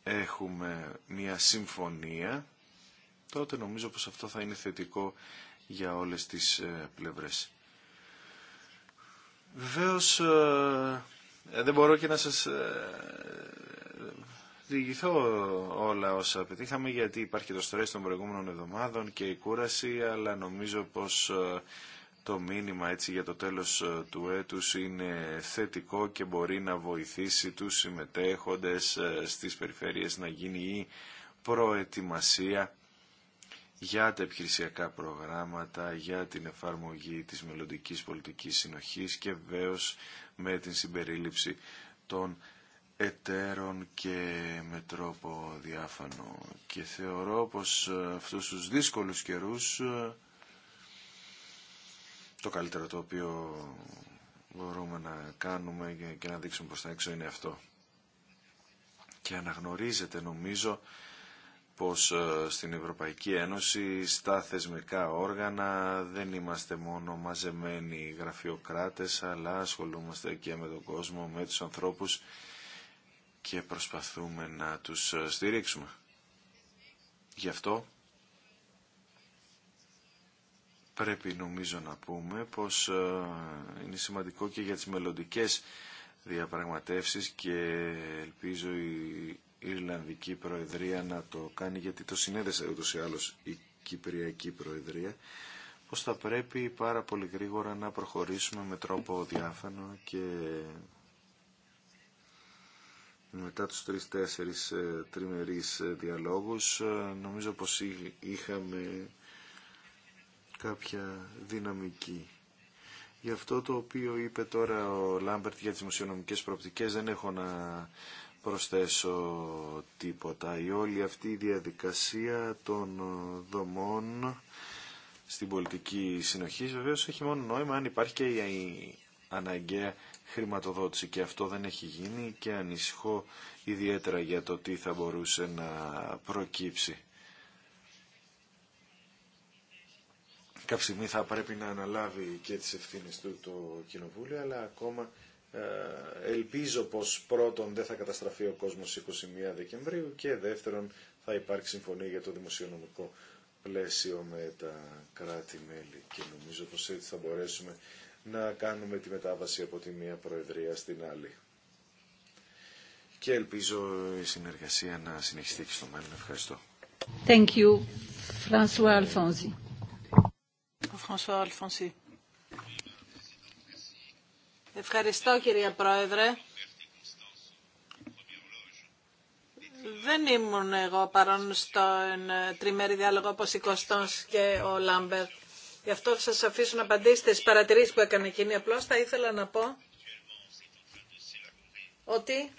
έχουμε μια συμφωνία, τότε νομίζω πως αυτό θα είναι θετικό για όλες τις ε, πλευρές. Βεβαίως ε, δεν μπορώ και να σας ε, διηγηθώ όλα όσα πετύχαμε γιατί υπάρχει το στρες των προηγούμενων εβδομάδων και η κούραση αλλά νομίζω πως το μήνυμα έτσι για το τέλος ε, του έτους είναι θετικό και μπορεί να βοηθήσει τους συμμετέχοντες ε, στις περιφέρειες να γίνει η προετοιμασία για τα επιχειρησιακά προγράμματα, για την εφαρμογή της μελλοντικής πολιτικής συνοχής και βέως με την συμπερίληψη των εταίρων και με τρόπο διάφανο. Και θεωρώ πως ε, αυτούς τους δύσκολους καιρούς το καλύτερο το οποίο μπορούμε να κάνουμε και να δείξουμε πως τα έξω είναι αυτό. Και αναγνωρίζεται νομίζω πως ε, στην Ευρωπαϊκή Ένωση στα θεσμικά όργανα δεν είμαστε μόνο μαζεμένοι γραφειοκράτες αλλά ασχολούμαστε και με τον κόσμο, με τους ανθρώπους και προσπαθούμε να τους ε, στηρίξουμε. Γι' αυτό πρέπει νομίζω να πούμε πως ε, είναι σημαντικό και για τις μελλοντικέ διαπραγματεύσεις και ελπίζω η Ιρλανδική Προεδρία να το κάνει γιατί το συνέδεσε ούτως ή άλλως η Κυπριακή Προεδρία πως θα πρέπει πάρα πολύ γρήγορα να προχωρήσουμε με τρόπο διάφανο και μετά τους τρεις-τέσσερις ε, τριμερείς ε, διαλόγους νομίζω πως είχαμε κάποια δυναμική. Γι' αυτό το οποίο είπε τώρα ο Λάμπερτ για τις μουσιονομικές προοπτικές δεν έχω να προσθέσω τίποτα. Η όλη αυτή η διαδικασία των δομών στην πολιτική συνοχή βεβαίως έχει μόνο νόημα αν υπάρχει και η αναγκαία χρηματοδότηση και αυτό δεν έχει γίνει και ανησυχώ ιδιαίτερα για το τι θα μπορούσε να προκύψει. κάποια στιγμή θα πρέπει να αναλάβει και τις ευθύνες του το Κοινοβούλιο, αλλά ακόμα ε, ελπίζω πως πρώτον δεν θα καταστραφεί ο κόσμος 21 Δεκεμβρίου και δεύτερον θα υπάρξει συμφωνία για το δημοσιονομικό πλαίσιο με τα κράτη-μέλη και νομίζω πως έτσι θα μπορέσουμε να κάνουμε τη μετάβαση από τη μία προεδρία στην άλλη. Και ελπίζω η συνεργασία να συνεχιστεί και στο μέλλον. Ευχαριστώ. Ευχαριστώ κυρία Πρόεδρε. Δεν ήμουν εγώ παρόν στον ε, τριμέρι διάλογο όπως η Κωστός και ο Λάμπερτ. Γι' αυτό σας αφήσω να απαντήσετε στις παρατηρήσεις που έκανε εκείνη. Απλώς θα ήθελα να πω ότι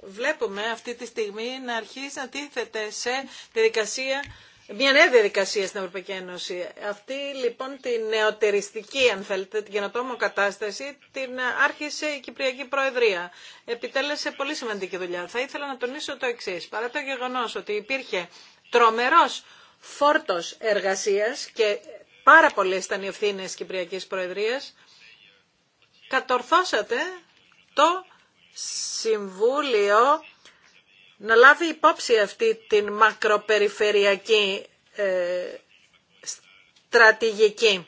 βλέπουμε αυτή τη στιγμή να αρχίζει να τίθεται σε διαδικασία μια νέα διαδικασία στην Ευρωπαϊκή Ένωση. Αυτή λοιπόν την νεοτεριστική, αν θέλετε, την καινοτόμο κατάσταση, την άρχισε η Κυπριακή Προεδρία. Επιτέλεσε πολύ σημαντική δουλειά. Θα ήθελα να τονίσω το εξή. Παρά το γεγονό ότι υπήρχε τρομερό φόρτο εργασία και πάρα πολλέ ήταν οι ευθύνε τη Κυπριακή Προεδρία, κατορθώσατε το Συμβούλιο να λάβει υπόψη αυτή την μακροπεριφερειακή ε, στρατηγική,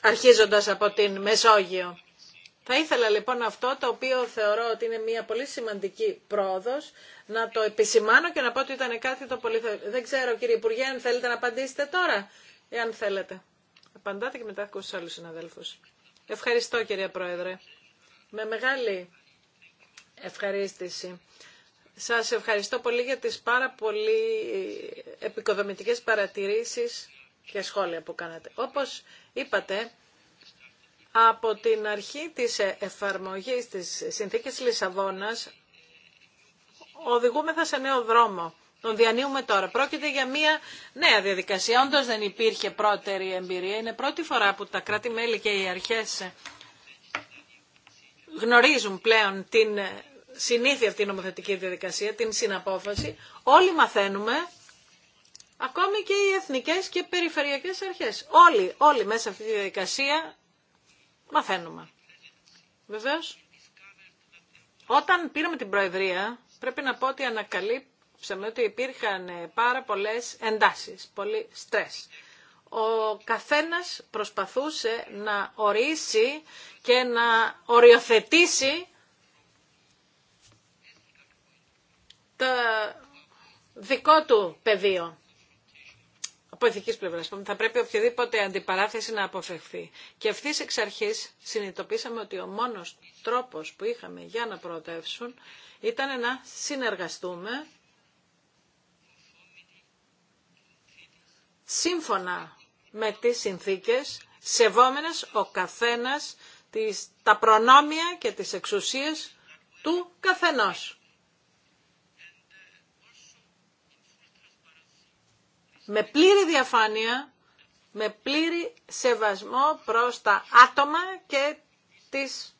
αρχίζοντας από την Μεσόγειο. Θα ήθελα λοιπόν αυτό το οποίο θεωρώ ότι είναι μια πολύ σημαντική πρόοδος να το επισημάνω και να πω ότι ήταν κάτι το πολύ... Δεν ξέρω κύριε Υπουργέ αν θέλετε να απαντήσετε τώρα ή αν θέλετε. Απαντάτε και μετά ακούω στους άλλους συναδέλφους. Ευχαριστώ κύριε Πρόεδρε. Με μεγάλη ευχαρίστηση σας ευχαριστώ πολύ για τις πάρα πολύ επικοδομητικές παρατηρήσεις και σχόλια που κάνατε. Όπως είπατε, από την αρχή της εφαρμογής της συνθήκης Λισαβόνας οδηγούμεθα σε νέο δρόμο. Τον διανύουμε τώρα. Πρόκειται για μια νέα διαδικασία. Όντω δεν υπήρχε πρώτερη εμπειρία. Είναι πρώτη φορά που τα κράτη-μέλη και οι αρχές γνωρίζουν πλέον την συνήθεια αυτή η νομοθετική διαδικασία, την συναπόφαση, όλοι μαθαίνουμε, ακόμη και οι εθνικές και περιφερειακές αρχές. Όλοι, όλοι μέσα αυτή τη διαδικασία μαθαίνουμε. Βεβαίως, όταν πήραμε την Προεδρία, πρέπει να πω ότι ανακαλύψαμε ότι υπήρχαν πάρα πολλές εντάσεις, πολύ στρες. Ο καθένας προσπαθούσε να ορίσει και να οριοθετήσει το δικό του πεδίο. Από ηθική πλευρά, λοιπόν, θα πρέπει οποιαδήποτε αντιπαράθεση να αποφευχθεί Και αυτή εξ αρχή συνειδητοποίησαμε ότι ο μόνο τρόπο που είχαμε για να προοδεύσουν ήταν να συνεργαστούμε σύμφωνα με τις συνθήκες, σεβόμενες ο καθένας τα προνόμια και τις εξουσίες του καθενός. με πλήρη διαφάνεια, με πλήρη σεβασμό προς τα άτομα και τις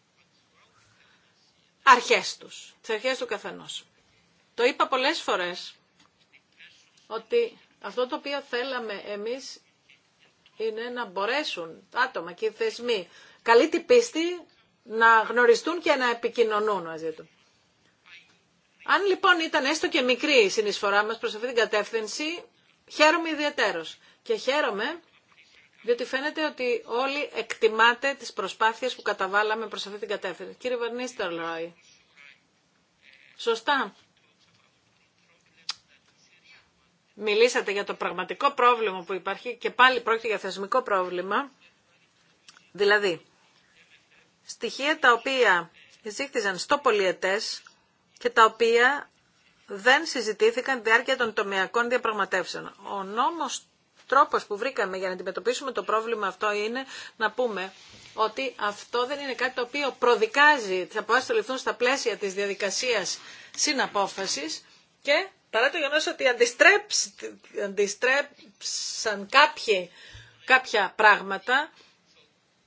αρχές τους, τις αρχές του καθενός. Το είπα πολλές φορές ότι αυτό το οποίο θέλαμε εμείς είναι να μπορέσουν άτομα και οι θεσμοί καλή την πίστη να γνωριστούν και να επικοινωνούν μαζί του. Αν λοιπόν ήταν έστω και μικρή η συνεισφορά μας προς αυτή την κατεύθυνση, Χαίρομαι ιδιαίτερο και χαίρομαι διότι φαίνεται ότι όλοι εκτιμάτε τις προσπάθειες που καταβάλαμε προς αυτή την κατεύθυνση. Κύριε Βαρνίστερ Λόι, σωστά. Μιλήσατε για το πραγματικό πρόβλημα που υπάρχει και πάλι πρόκειται για θεσμικό πρόβλημα. Δηλαδή, στοιχεία τα οποία εισήχθησαν στο πολιετές και τα οποία δεν συζητήθηκαν τη διάρκεια των τομεακών διαπραγματεύσεων. Ο νόμος τρόπος που βρήκαμε για να αντιμετωπίσουμε το πρόβλημα αυτό είναι να πούμε ότι αυτό δεν είναι κάτι το οποίο προδικάζει τις αποφάσεις που ληφθούν στα πλαίσια της διαδικασίας συναπόφασης και παρά το γεγονό ότι αντιστρέψαν κάποιοι, κάποια πράγματα,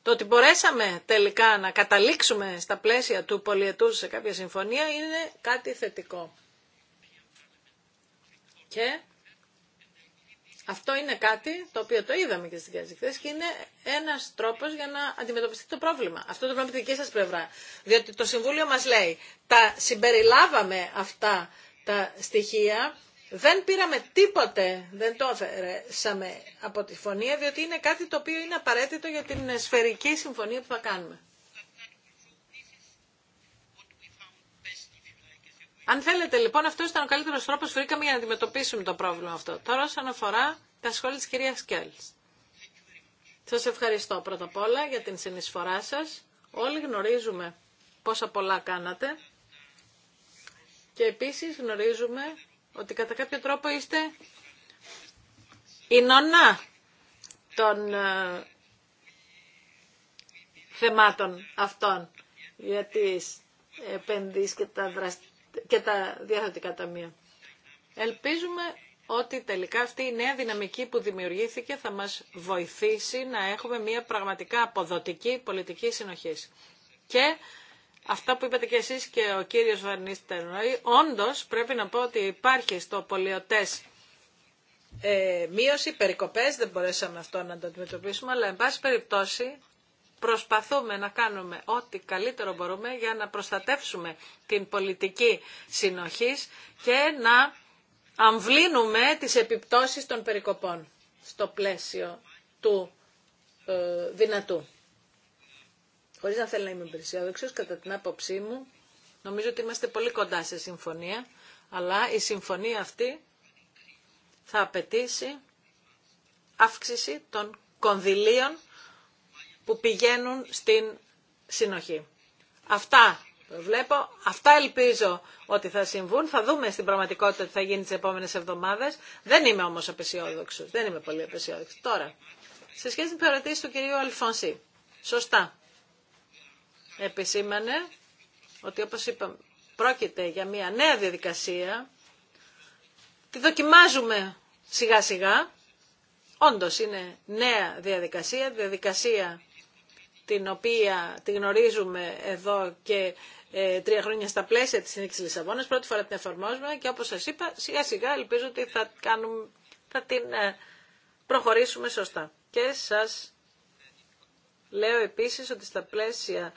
το ότι μπορέσαμε τελικά να καταλήξουμε στα πλαίσια του πολιετούς σε κάποια συμφωνία είναι κάτι θετικό. Και αυτό είναι κάτι το οποίο το είδαμε και στι δικέ και είναι ένα τρόπο για να αντιμετωπιστεί το πρόβλημα. Αυτό το πρόβλημα από τη δική σα πλευρά. Διότι το Συμβούλιο μα λέει, τα συμπεριλάβαμε αυτά τα στοιχεία, δεν πήραμε τίποτε, δεν το αφαιρέσαμε από τη φωνία, διότι είναι κάτι το οποίο είναι απαραίτητο για την σφαιρική συμφωνία που θα κάνουμε. Αν θέλετε λοιπόν, αυτό ήταν ο καλύτερο τρόπο που βρήκαμε για να αντιμετωπίσουμε το πρόβλημα αυτό. Τώρα, όσον αφορά τα σχόλια τη κυρία Κέλ. Σα ευχαριστώ πρώτα απ' όλα για την συνεισφορά σα. Όλοι γνωρίζουμε πόσα πολλά κάνατε. Και επίσης γνωρίζουμε ότι κατά κάποιο τρόπο είστε η νονά των ε, θεμάτων αυτών για τις επενδύσεις και τα δραστηριότητα και τα διαθετικά ταμεία. Ελπίζουμε ότι τελικά αυτή η νέα δυναμική που δημιουργήθηκε θα μας βοηθήσει να έχουμε μια πραγματικά αποδοτική πολιτική συνοχή. Και αυτά που είπατε και εσείς και ο κύριος Βαρνίστερ όντως πρέπει να πω ότι υπάρχει στο πολιοτές ε, μείωση, περικοπές, δεν μπορέσαμε αυτό να το αντιμετωπίσουμε, αλλά εν πάση περιπτώσει προσπαθούμε να κάνουμε ό,τι καλύτερο μπορούμε για να προστατεύσουμε την πολιτική συνοχής και να αμβλύνουμε τις επιπτώσεις των περικοπών στο πλαίσιο του ε, δυνατού. Χωρίς να θέλω να είμαι περισσιόδοξος, κατά την άποψή μου, νομίζω ότι είμαστε πολύ κοντά σε συμφωνία, αλλά η συμφωνία αυτή θα απαιτήσει αύξηση των κονδυλίων που πηγαίνουν στην συνοχή. Αυτά βλέπω, αυτά ελπίζω ότι θα συμβούν. Θα δούμε στην πραγματικότητα τι θα γίνει τις επόμενες εβδομάδες. Δεν είμαι όμως απεσιόδοξο. δεν είμαι πολύ απεσιόδοξος. Τώρα, σε σχέση με την ερωτήσει του κυρίου Αλφονσί, σωστά, επισήμανε ότι όπως είπαμε, πρόκειται για μια νέα διαδικασία, τη δοκιμάζουμε σιγά σιγά, Όντως είναι νέα διαδικασία, διαδικασία την οποία τη γνωρίζουμε εδώ και ε, τρία χρόνια στα πλαίσια της Συνήξης Λισαβόνας. Πρώτη φορά την εφαρμόζουμε και όπως σας είπα, σιγά σιγά ελπίζω ότι θα, κάνουμε, θα την ε, προχωρήσουμε σωστά. Και σας λέω επίσης ότι στα πλαίσια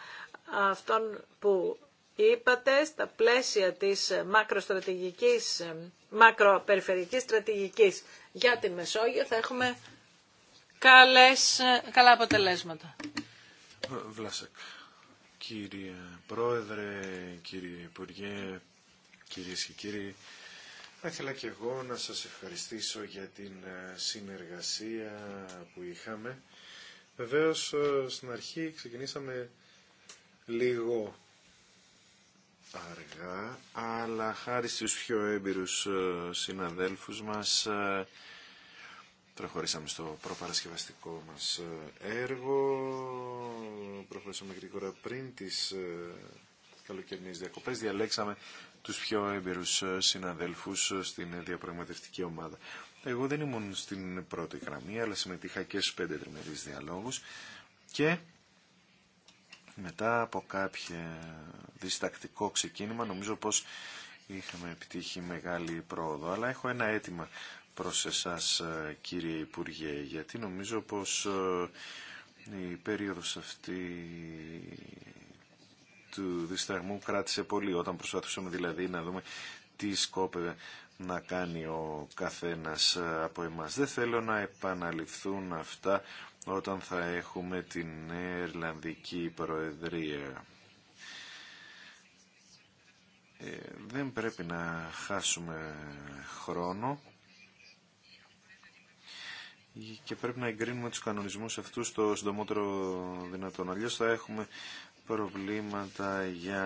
αυτών που είπατε, στα πλαίσια της μακροστρατηγικής, ε, μακροπεριφερικής στρατηγικής για τη Μεσόγειο θα έχουμε καλές, ε, καλά αποτελέσματα. Βλάσακ. Κύριε Πρόεδρε, κύριε Υπουργέ, κυρίες και κύριοι, θα ήθελα και εγώ να σας ευχαριστήσω για την ε, συνεργασία που είχαμε. Βεβαίως, ε, στην αρχή ξεκινήσαμε λίγο αργά, αλλά χάρη στους πιο έμπειρους ε, συναδέλφους μας προχωρήσαμε στο προπαρασκευαστικό μας ε, έργο. Προχωρήσαμε γρήγορα πριν ε, τις καλοκαιρινές διακοπές. Διαλέξαμε τους πιο έμπειρους ε, συναδέλφους στην διαπραγματευτική ομάδα. Εγώ δεν ήμουν στην πρώτη γραμμή, αλλά συμμετείχα και στους πέντε τριμερείς διαλόγους και μετά από κάποιο διστακτικό ξεκίνημα νομίζω πως είχαμε επιτύχει μεγάλη πρόοδο. Αλλά έχω ένα αίτημα προς εσάς κύριε Υπουργέ, γιατί νομίζω πως ε, η περίοδος αυτή του δισταγμού κράτησε πολύ όταν προσπαθούσαμε δηλαδή να δούμε τι σκόπευε να κάνει ο καθένας ε, από εμάς. Δεν θέλω να επαναληφθούν αυτά όταν θα έχουμε την Ιρλανδική Προεδρία. Ε, δεν πρέπει να χάσουμε χρόνο και πρέπει να εγκρίνουμε τους κανονισμούς αυτούς το συντομότερο δυνατόν. αλλιώ. θα έχουμε προβλήματα για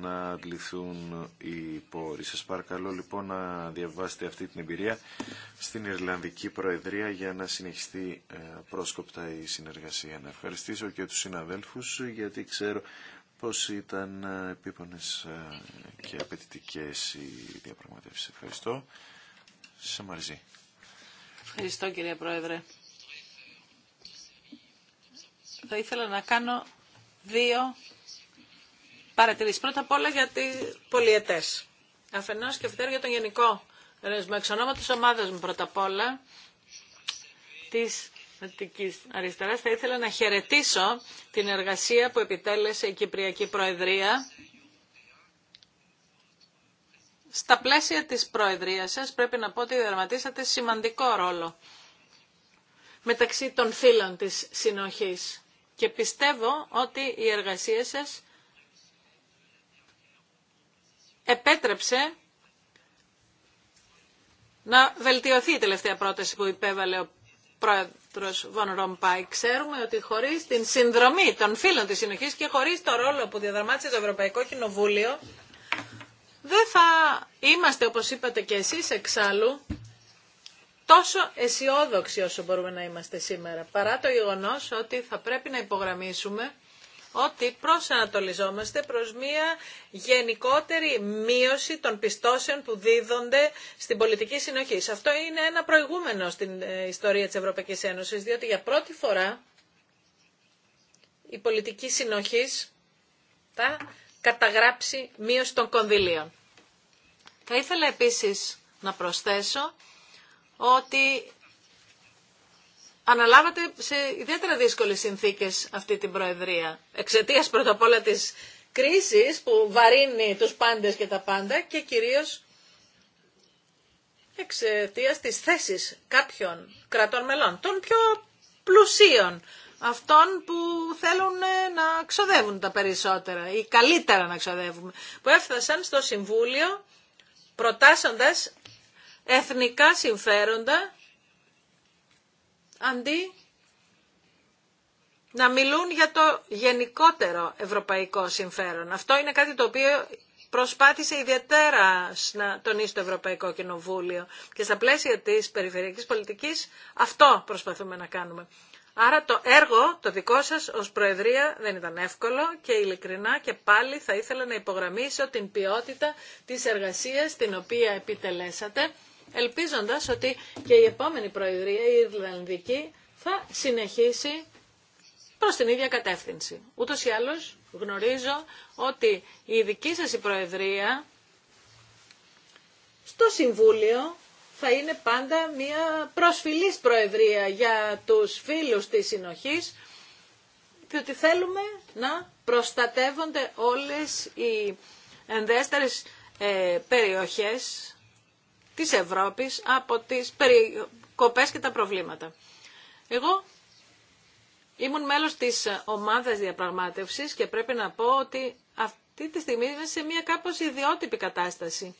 να αντληθούν οι πόροι. Σας παρακαλώ λοιπόν να διαβάσετε αυτή την εμπειρία στην Ιρλανδική Προεδρία για να συνεχιστεί ε, πρόσκοπτα η συνεργασία. Να ευχαριστήσω και τους συναδέλφους γιατί ξέρω πως ήταν ε, επίπονες ε, και απαιτητικέ οι διαπραγματεύσεις. Ευχαριστώ. Σε μαρζή. Ευχαριστώ κύριε Πρόεδρε. Θα ήθελα να κάνω δύο παρατηρήσεις. Πρώτα απ' όλα για τις πολιετές. Αφενός και για τον γενικό ρεσμό. Εξ ονόματος ομάδας μου πρώτα απ' όλα της Αττικής Αριστεράς θα ήθελα να χαιρετήσω την εργασία που επιτέλεσε η Κυπριακή Προεδρία στα πλαίσια της Προεδρίας σας πρέπει να πω ότι διαδραματίσατε σημαντικό ρόλο μεταξύ των φίλων της συνοχής και πιστεύω ότι η εργασία σας επέτρεψε να βελτιωθεί η τελευταία πρόταση που υπέβαλε ο πρόεδρος Βον Ρομπάι. Ξέρουμε ότι χωρίς την συνδρομή των φίλων της συνοχής και χωρίς το ρόλο που διαδραμάτισε το Ευρωπαϊκό Κοινοβούλιο δεν θα είμαστε, όπως είπατε και εσείς εξάλλου, τόσο αισιόδοξοι όσο μπορούμε να είμαστε σήμερα, παρά το γεγονός ότι θα πρέπει να υπογραμμίσουμε ότι προσανατολιζόμαστε προς μία γενικότερη μείωση των πιστώσεων που δίδονται στην πολιτική συνοχή. Αυτό είναι ένα προηγούμενο στην ε, ιστορία της Ευρωπαϊκής Ένωσης, διότι για πρώτη φορά η πολιτική συνοχής θα καταγράψει μείωση των κονδυλίων. Θα ήθελα επίσης να προσθέσω ότι αναλάβατε σε ιδιαίτερα δύσκολες συνθήκες αυτή την Προεδρία. Εξαιτίας πρώτα απ' όλα της κρίσης που βαρύνει τους πάντες και τα πάντα και κυρίως εξαιτία της θέσης κάποιων κρατών μελών, των πιο πλουσίων, αυτών που θέλουν ε, να ξοδεύουν τα περισσότερα ή καλύτερα να ξοδεύουμε, που έφτασαν στο Συμβούλιο προτάσσοντας εθνικά συμφέροντα αντί να μιλούν για το γενικότερο ευρωπαϊκό συμφέρον. Αυτό είναι κάτι το οποίο προσπάθησε ιδιαίτερα να τονίσει το Ευρωπαϊκό Κοινοβούλιο και στα πλαίσια της περιφερειακής πολιτικής αυτό προσπαθούμε να κάνουμε. Άρα το έργο, το δικό σας ως Προεδρία δεν ήταν εύκολο και ειλικρινά και πάλι θα ήθελα να υπογραμμίσω την ποιότητα της εργασίας την οποία επιτελέσατε, ελπίζοντας ότι και η επόμενη Προεδρία, η Ιρλανδική, θα συνεχίσει προς την ίδια κατεύθυνση. Ούτως ή άλλως γνωρίζω ότι η δική σας η Προεδρία στο Συμβούλιο θα είναι πάντα μια προσφυλής προεδρία για τους φίλους της συνοχής, διότι θέλουμε να προστατεύονται όλες οι ενδέστερες ε, περιοχές της Ευρώπης από τις περικοπές και τα προβλήματα. Εγώ ήμουν μέλος της ομάδας διαπραγμάτευσης και πρέπει να πω ότι αυτή τη στιγμή είμαι σε μια κάπως ιδιότυπη κατάσταση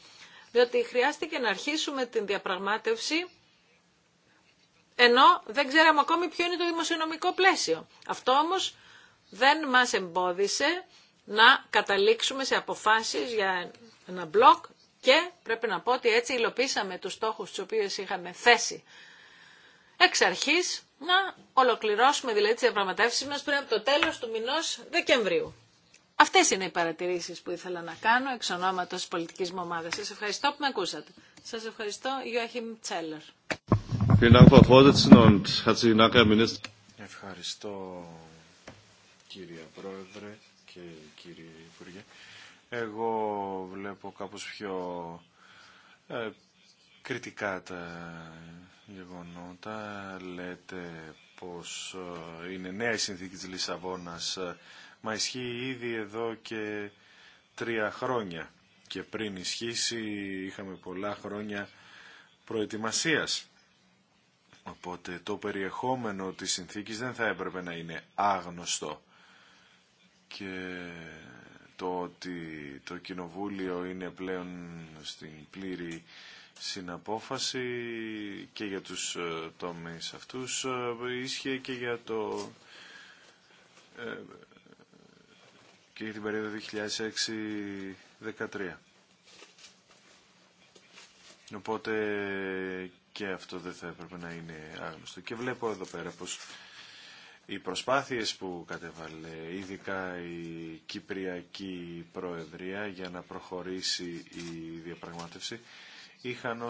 διότι χρειάστηκε να αρχίσουμε την διαπραγμάτευση ενώ δεν ξέραμε ακόμη ποιο είναι το δημοσιονομικό πλαίσιο. Αυτό όμως δεν μας εμπόδισε να καταλήξουμε σε αποφάσεις για ένα μπλοκ και πρέπει να πω ότι έτσι υλοποίησαμε τους στόχους τους οποίους είχαμε θέσει. Εξ αρχής να ολοκληρώσουμε δηλαδή τις διαπραγματεύσεις μας πριν από το τέλος του μηνός Δεκεμβρίου. Αυτές είναι οι παρατηρήσεις που ήθελα να κάνω εξ ονόματο τη πολιτικής μου ομάδα. Σας ευχαριστώ που με ακούσατε. Σας ευχαριστώ, Ιωάχιμ Μτσέλλερ. Ευχαριστώ, κύριε Πρόεδρε και κύριε Υπουργέ. Εγώ βλέπω κάπως πιο ε, κριτικά τα γεγονότα. Λέτε πως ε, είναι νέα η συνθήκη της Λισαβόνας ε, μα ισχύει ήδη εδώ και τρία χρόνια και πριν ισχύσει είχαμε πολλά χρόνια προετοιμασίας. Οπότε το περιεχόμενο της συνθήκης δεν θα έπρεπε να είναι άγνωστο. Και το ότι το Κοινοβούλιο είναι πλέον στην πλήρη συναπόφαση και για τους ε, τομείς αυτούς ε, ίσχυε και για το ε, και για την περίοδο 2006-2013. Οπότε και αυτό δεν θα έπρεπε να είναι άγνωστο. Και βλέπω εδώ πέρα πως οι προσπάθειες που κατεβαλε ειδικά η Κυπριακή Προεδρία για να προχωρήσει η διαπραγμάτευση είχαν ε,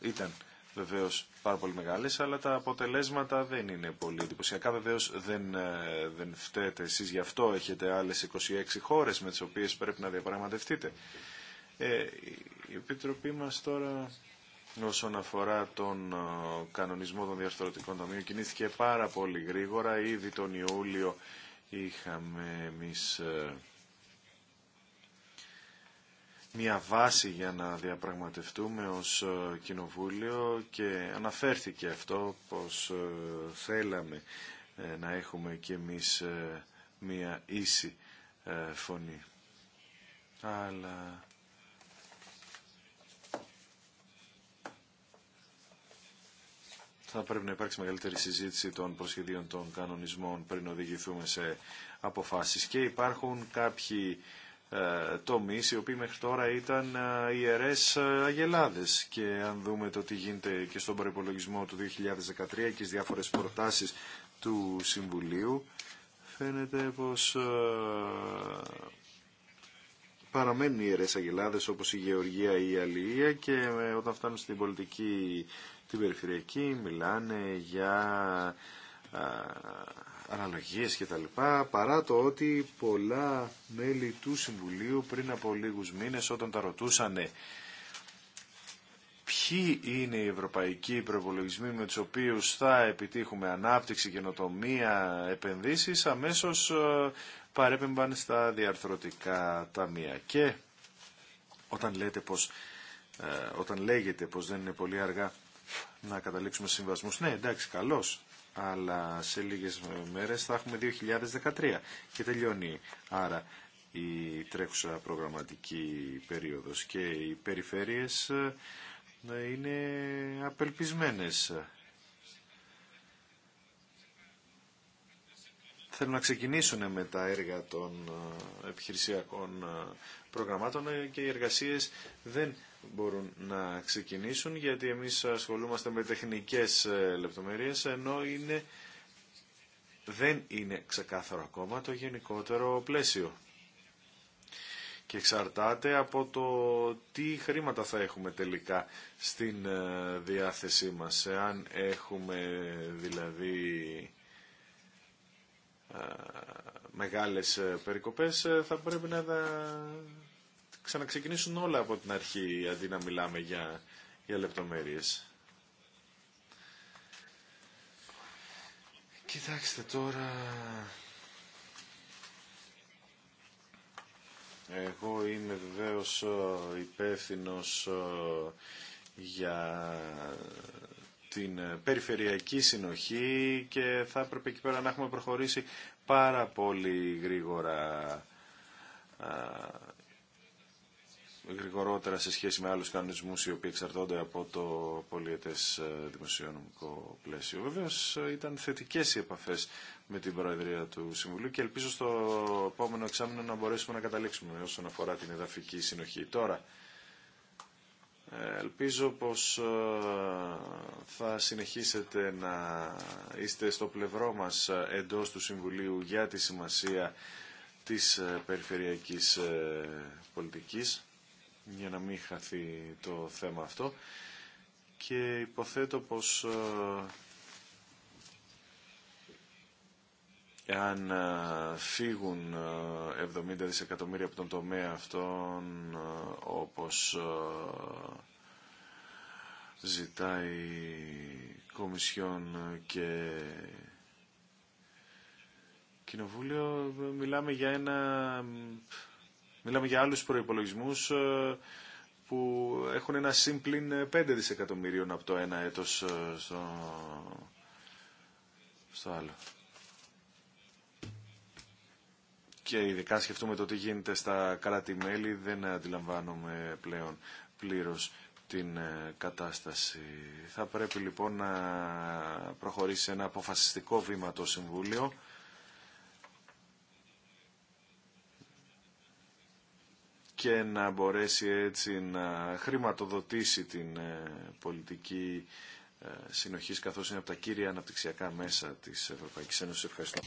ήταν βεβαίως πάρα πολύ μεγάλες, αλλά τα αποτελέσματα δεν είναι πολύ εντυπωσιακά. βεβαίω δεν, ε, δεν φταίτε εσείς γι' αυτό, έχετε άλλε 26 χώρε με τις οποίες πρέπει να διαπραγματευτείτε. Ε, η Επιτροπή μας τώρα όσον αφορά τον ε, κανονισμό των διαρθρωτικών ταμείων κινήθηκε πάρα πολύ γρήγορα. Ήδη τον Ιούλιο είχαμε εμείς ε, μια βάση για να διαπραγματευτούμε ως ε, κοινοβούλιο και αναφέρθηκε αυτό πως ε, θέλαμε ε, να έχουμε και εμείς μια ίση φωνή. Αλλά... Θα πρέπει να υπάρξει μεγαλύτερη συζήτηση των προσχεδίων των κανονισμών πριν οδηγηθούμε σε αποφάσεις. Και υπάρχουν κάποιοι ε, τομείς οι οποίοι μέχρι τώρα ήταν ε, ιερές ε, αγελάδες και αν δούμε το τι γίνεται και στον προπολογισμό του 2013 και στις διάφορες προτάσεις του Συμβουλίου φαίνεται πως παραμένουν ιερές αγελάδες όπως η Γεωργία ή η Αλληλεία και όταν φτάνουν στην πολιτική την περιφερειακή μιλάνε για αναλογίες και τα λοιπά, παρά το ότι πολλά μέλη του Συμβουλίου πριν από λίγους μήνες όταν τα ρωτούσαν ποιοι είναι οι ευρωπαϊκοί προπολογισμοί με τους οποίους θα επιτύχουμε ανάπτυξη, καινοτομία, επενδύσεις, αμέσως ε, παρέπεμπαν στα διαρθρωτικά ταμεία. Και όταν, λέτε πως, ε, όταν λέγεται πως δεν είναι πολύ αργά να καταλήξουμε συμβασμούς, ναι εντάξει καλώς, αλλά σε λίγες μέρες θα έχουμε 2013 και τελειώνει άρα η τρέχουσα προγραμματική περίοδος και οι περιφέρειες ε, είναι απελπισμένες. Θέλουν να ξεκινήσουν με τα έργα των ε, επιχειρησιακών ε, προγραμμάτων και οι εργασίες δεν μπορούν να ξεκινήσουν γιατί εμείς ασχολούμαστε με τεχνικές ε, λεπτομέρειες ενώ είναι, δεν είναι ξεκάθαρο ακόμα το γενικότερο πλαίσιο και εξαρτάται από το τι χρήματα θα έχουμε τελικά στην ε, διάθεσή μας. Εάν έχουμε δηλαδή ε, μεγάλες περικοπές θα πρέπει να τα ξαναξεκινήσουν όλα από την αρχή αντί να μιλάμε για, για λεπτομέρειες. Κοιτάξτε τώρα... Εγώ είμαι βεβαίως ε, υπεύθυνο ε, για την ε, περιφερειακή συνοχή και θα έπρεπε εκεί πέρα να έχουμε προχωρήσει πάρα πολύ γρήγορα γρηγορότερα σε σχέση με άλλους κανονισμούς οι οποίοι εξαρτώνται από το πολιετές ε, δημοσιονομικό πλαίσιο. Βέβαια, ε, ήταν θετικές οι επαφές με την Προεδρία του Συμβουλίου και ελπίζω στο επόμενο εξάμεινο να μπορέσουμε να καταλήξουμε όσον αφορά την εδαφική συνοχή. Τώρα, ε, ελπίζω πως θα συνεχίσετε να είστε στο πλευρό μας εντός του Συμβουλίου για τη σημασία της περιφερειακής πολιτικής για να μην χαθεί το θέμα αυτό και υποθέτω πως αν ε, ε, φύγουν 70 ε, δισεκατομμύρια από τον τομέα αυτόν όπως ζητάει Κομισιόν και Κοινοβούλιο μιλάμε για ένα Μιλάμε για άλλους προϋπολογισμούς ε, που έχουν ένα σύμπλην 5 δισεκατομμυρίων από το ένα έτος ε, στο, άλλο. Και ειδικά σκεφτούμε το τι γίνεται στα κράτη-μέλη, δεν αντιλαμβάνομαι πλέον πλήρως την ε, κατάσταση. Θα πρέπει λοιπόν να προχωρήσει ένα αποφασιστικό βήμα το Συμβούλιο και να μπορέσει έτσι να χρηματοδοτήσει την ε, πολιτική ε, συνοχής καθώς είναι από τα κύρια αναπτυξιακά μέσα της Ευρωπαϊκής Ένωσης. Ευχαριστώ.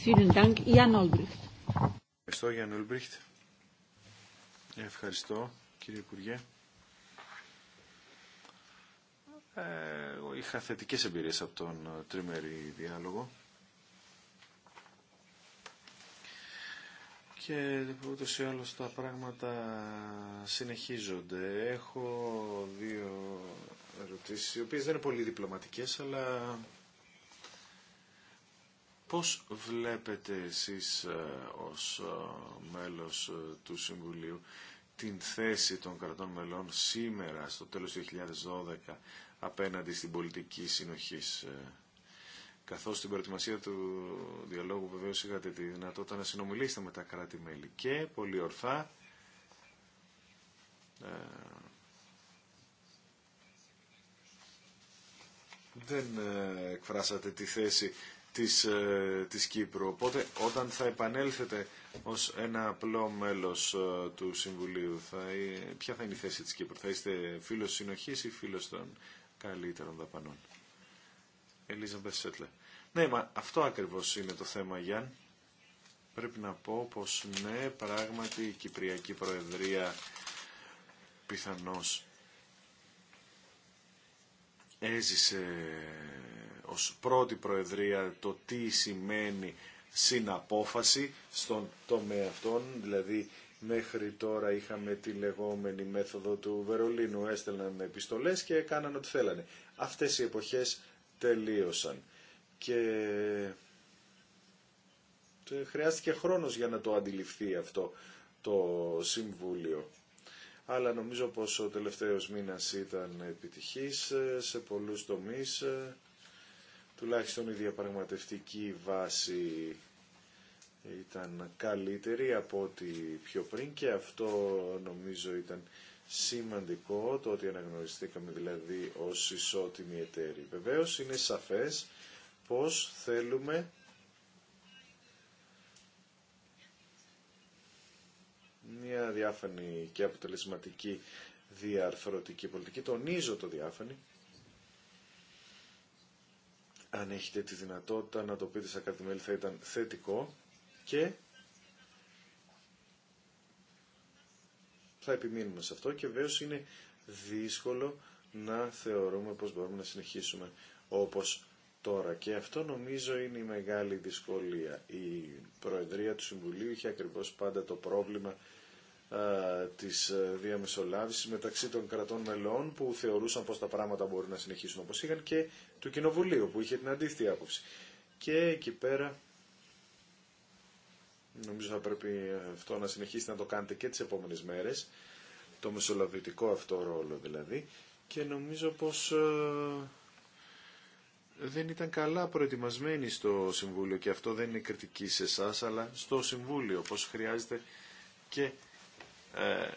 Ευχαριστώ, Γιάννη Ολμπριχτ. Ευχαριστώ, κύριε Υπουργέ. Ε, είχα θετικές εμπειρίες από τον τριμερή διάλογο. και ούτως ή άλλως τα πράγματα συνεχίζονται. Έχω δύο ερωτήσεις, οι οποίες δεν είναι πολύ διπλωματικές, αλλά πώς βλέπετε εσείς ε, ως ε, μέλος ε, του Συμβουλίου την θέση των κρατών μελών σήμερα, στο τέλος του 2012, απέναντι στην πολιτική συνοχής καθώς στην προετοιμασία του διαλόγου βεβαίως είχατε τη δυνατότητα να συνομιλήσετε με τα κράτη-μέλη και πολύ ορθά ε, δεν ε, εκφράσατε τη θέση της, ε, της Κύπρου. Οπότε όταν θα επανέλθετε ως ένα απλό μέλος του Συμβουλίου, ποια θα είναι η θέση της Κύπρου, θα είστε φίλος συνοχής ή φίλος των καλύτερων δαπανών. Ελίζα Μπερσέτλε. Ναι, μα αυτό ακριβώς είναι το θέμα, Γιάν. Πρέπει να πω πως ναι, πράγματι η Κυπριακή Προεδρία πιθανώς έζησε ως πρώτη Προεδρία το τι σημαίνει συναπόφαση στον τομέα αυτών, δηλαδή Μέχρι τώρα είχαμε τη λεγόμενη μέθοδο του Βερολίνου, έστελναν επιστολές και έκαναν ό,τι θέλανε. Αυτές οι εποχές τελείωσαν. Και χρειάστηκε χρόνος για να το αντιληφθεί αυτό το Συμβούλιο. Αλλά νομίζω πως ο τελευταίος μήνας ήταν επιτυχής ε, σε πολλούς τομείς. Ε, τουλάχιστον η διαπραγματευτική βάση ήταν καλύτερη από ό,τι πιο πριν και αυτό νομίζω ήταν σημαντικό το ότι αναγνωριστήκαμε δηλαδή ως ισότιμη εταίροι. Βεβαίως είναι σαφές πως θέλουμε μια διάφανη και αποτελεσματική διαρθρωτική πολιτική. Τονίζω το διάφανη. Αν έχετε τη δυνατότητα να το πείτε κάτι μέλη θα ήταν θετικό και Θα επιμείνουμε σε αυτό και βέβαια είναι δύσκολο να θεωρούμε πως μπορούμε να συνεχίσουμε όπως τώρα. Και αυτό νομίζω είναι η μεγάλη δυσκολία. Η Προεδρία του Συμβουλίου είχε ακριβώς πάντα το πρόβλημα α, της ε, διαμεσολάβησης μεταξύ των κρατών μελών που θεωρούσαν πως τα πράγματα μπορούν να συνεχίσουν όπως είχαν και του Κοινοβουλίου που είχε την αντίθετη άποψη. Και εκεί πέρα Νομίζω θα πρέπει αυτό να συνεχίσετε να το κάνετε και τις επόμενες μέρες, το μεσολαβητικό αυτό ρόλο δηλαδή, και νομίζω πως ε, δεν ήταν καλά προετοιμασμένοι στο Συμβούλιο και αυτό δεν είναι κριτική σε εσά, αλλά στο Συμβούλιο, πως χρειάζεται και ε,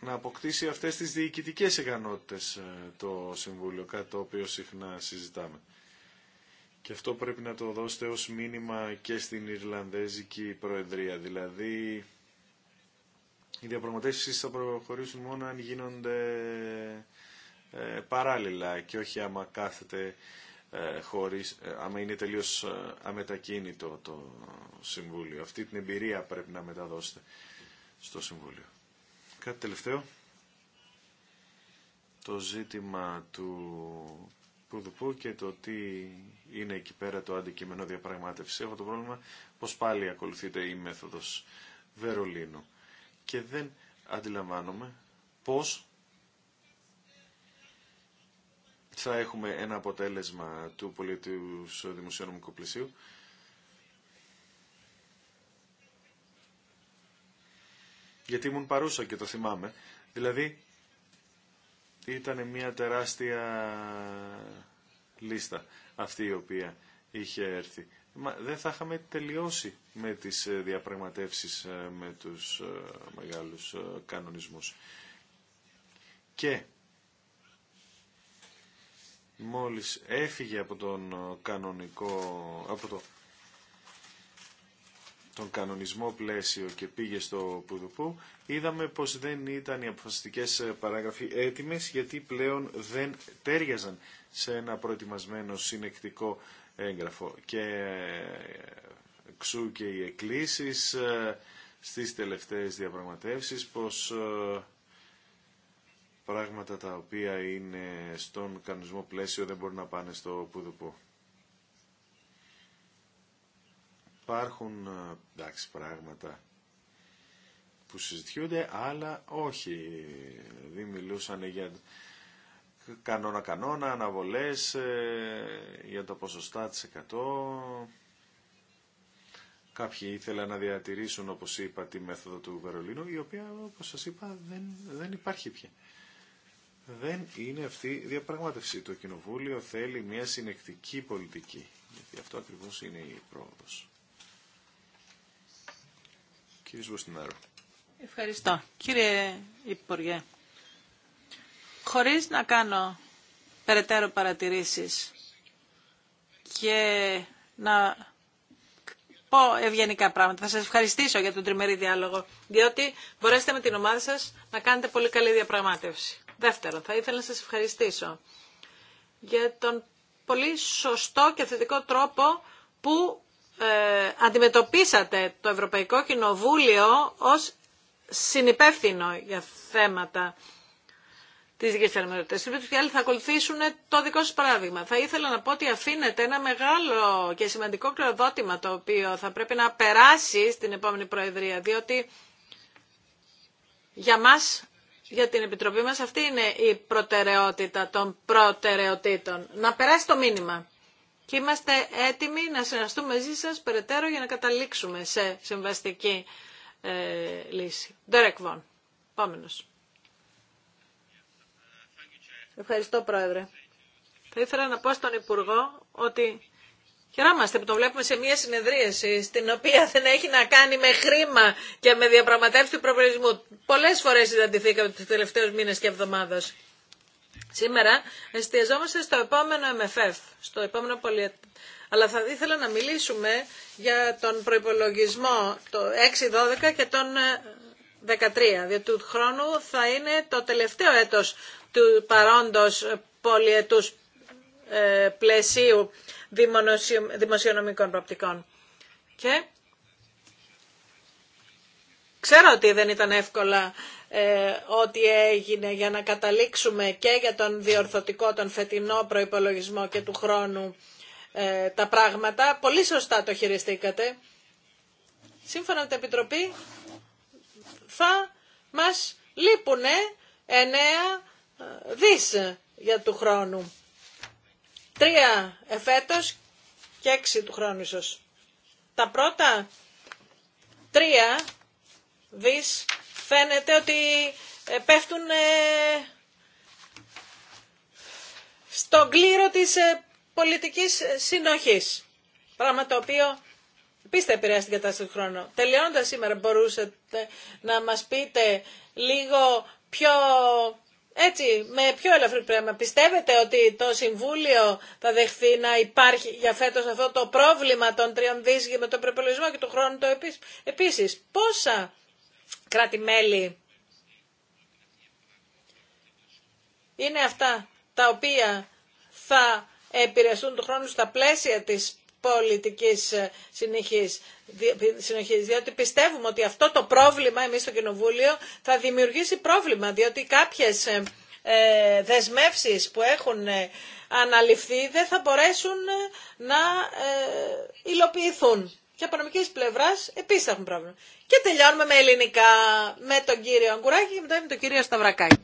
να αποκτήσει αυτές τις διοικητικές ικανότητες ε, το Συμβούλιο, κάτι το οποίο συχνά συζητάμε. Και αυτό πρέπει να το δώσετε ως μήνυμα και στην Ιρλανδέζικη Προεδρία. Δηλαδή, οι διαπραγματεύσεις θα προχωρήσουν μόνο αν γίνονται ε, παράλληλα και όχι άμα κάθεται ε, χωρίς, ε, άμα είναι τελείως αμετακίνητο το Συμβούλιο. Αυτή την εμπειρία πρέπει να μεταδώσετε στο Συμβούλιο. Κάτι τελευταίο. Το ζήτημα του και το τι είναι εκεί πέρα το αντικείμενο διαπραγμάτευση. Έχω το πρόβλημα πως πάλι ακολουθείται η μέθοδος Βερολίνου. Και δεν αντιλαμβάνομαι πως θα έχουμε ένα αποτέλεσμα του πολιτικού δημοσιονομικού πλησίου γιατί ήμουν παρούσα και το θυμάμαι. Δηλαδή, ήταν μια τεράστια λίστα αυτή η οποία είχε έρθει. Μα δεν θα είχαμε τελειώσει με τις ε, διαπραγματεύσεις ε, με τους ε, μεγάλους κανονισμούς. Και μόλις έφυγε από τον κανονικό, από τον κανονισμό πλαίσιο και πήγε στο Πουδουπού, είδαμε πως δεν ήταν οι αποφασιστικές ε, παράγραφοι έτοιμες γιατί πλέον δεν τέριαζαν σε ένα προετοιμασμένο συνεκτικό έγγραφο. Και ε, ξού και οι εκκλήσεις ε, στις τελευταίες διαπραγματεύσεις πως πράγματα τα οποία είναι στον κανονισμό πλαίσιο δεν μπορούν να πάνε στο Πουδουπού. Υπάρχουν ε, εντάξει, πράγματα που συζητιούνται, αλλά όχι. Δεν μιλούσαν για κανόνα κανόνα, αναβολές, ε, για τα ποσοστά της 100. Κάποιοι ήθελαν να διατηρήσουν, όπως είπα, τη μέθοδο του Βερολίνου, η οποία, όπως σας είπα, δεν, δεν υπάρχει πια. Δεν είναι αυτή η διαπραγμάτευση. Το Κοινοβούλιο θέλει μια συνεκτική πολιτική. Γιατί αυτό ακριβώς είναι η πρόοδος. Ευχαριστώ. Κύριε Υπουργέ, χωρίς να κάνω περαιτέρω παρατηρήσεις και να πω ευγενικά πράγματα. Θα σας ευχαριστήσω για τον τριμερή διάλογο, διότι μπορέσετε με την ομάδα σας να κάνετε πολύ καλή διαπραγμάτευση. Δεύτερον, θα ήθελα να σας ευχαριστήσω για τον πολύ σωστό και θετικό τρόπο που ε, αντιμετωπίσατε το Ευρωπαϊκό Κοινοβούλιο ως συνυπεύθυνο για θέματα της δικής θερμοκρατίας. Οι άλλοι θα ακολουθήσουν το δικό σας παράδειγμα. Θα ήθελα να πω ότι αφήνετε ένα μεγάλο και σημαντικό κληροδότημα το οποίο θα πρέπει να περάσει στην επόμενη Προεδρία, διότι για μας, για την Επιτροπή μας, αυτή είναι η προτεραιότητα των προτεραιοτήτων. Να περάσει το μήνυμα και είμαστε έτοιμοι να συνεργαστούμε μαζί σας περαιτέρω για να καταλήξουμε σε συμβαστική ε, λύση. Derek Vaughan, επόμενος. Ευχαριστώ, Πρόεδρε. Θα ήθελα να πω στον Υπουργό ότι χαιρόμαστε που τον βλέπουμε σε μια συνεδρίαση στην οποία δεν έχει να κάνει με χρήμα και με διαπραγματεύσει του προπολογισμού. Πολλές φορές συναντηθήκαμε τους τελευταίους μήνες και εβδομάδες. Σήμερα εστιαζόμαστε στο επόμενο MFF, στο επόμενο Αλλά θα ήθελα να μιλήσουμε για τον προϋπολογισμό το 6-12 και τον 13, ε, διότι του χρόνου θα είναι το τελευταίο έτος του παρόντος πολιετούς ε, πλαισίου δημοσιονομικών προπτικών. Και ξέρω ότι δεν ήταν εύκολα ε, ό,τι έγινε για να καταλήξουμε και για τον διορθωτικό, τον φετινό προϋπολογισμό και του χρόνου ε, τα πράγματα. Πολύ σωστά το χειριστήκατε. Σύμφωνα με την Επιτροπή θα μας λείπουν 9 ε, δις για του χρόνου. Τρία εφέτος και έξι του χρόνου ίσως. Τα πρώτα τρία δις φαίνεται ότι ε, πέφτουν ε, στον κλήρο της ε, πολιτικής συνοχής. Πράγμα το οποίο επίσης θα επηρεάσει την κατάσταση του χρόνου. Τελειώνοντας σήμερα μπορούσατε να μας πείτε λίγο πιο... Έτσι, με πιο ελαφρύ πράγμα. Πιστεύετε ότι το Συμβούλιο θα δεχθεί να υπάρχει για φέτος αυτό το πρόβλημα των τριών δίσκων με τον προπολογισμό και του χρόνου το επίσης. Επίσης, πόσα κράτη-μέλη είναι αυτά τα οποία θα επηρεαστούν του χρόνου στα πλαίσια της πολιτικής ε, συνεχής. Ε, διότι πιστεύουμε ότι αυτό το πρόβλημα εμείς στο Κοινοβούλιο θα δημιουργήσει πρόβλημα, διότι κάποιες ε, ε δεσμεύσεις που έχουν αναλυφθεί δεν θα μπορέσουν να υλοποιηθούν και από νομική πλευρά επίση έχουμε πρόβλημα. Και τελειώνουμε με ελληνικά, με τον κύριο Αγκουράκη και μετά με τον κύριο Σταυρακάκη.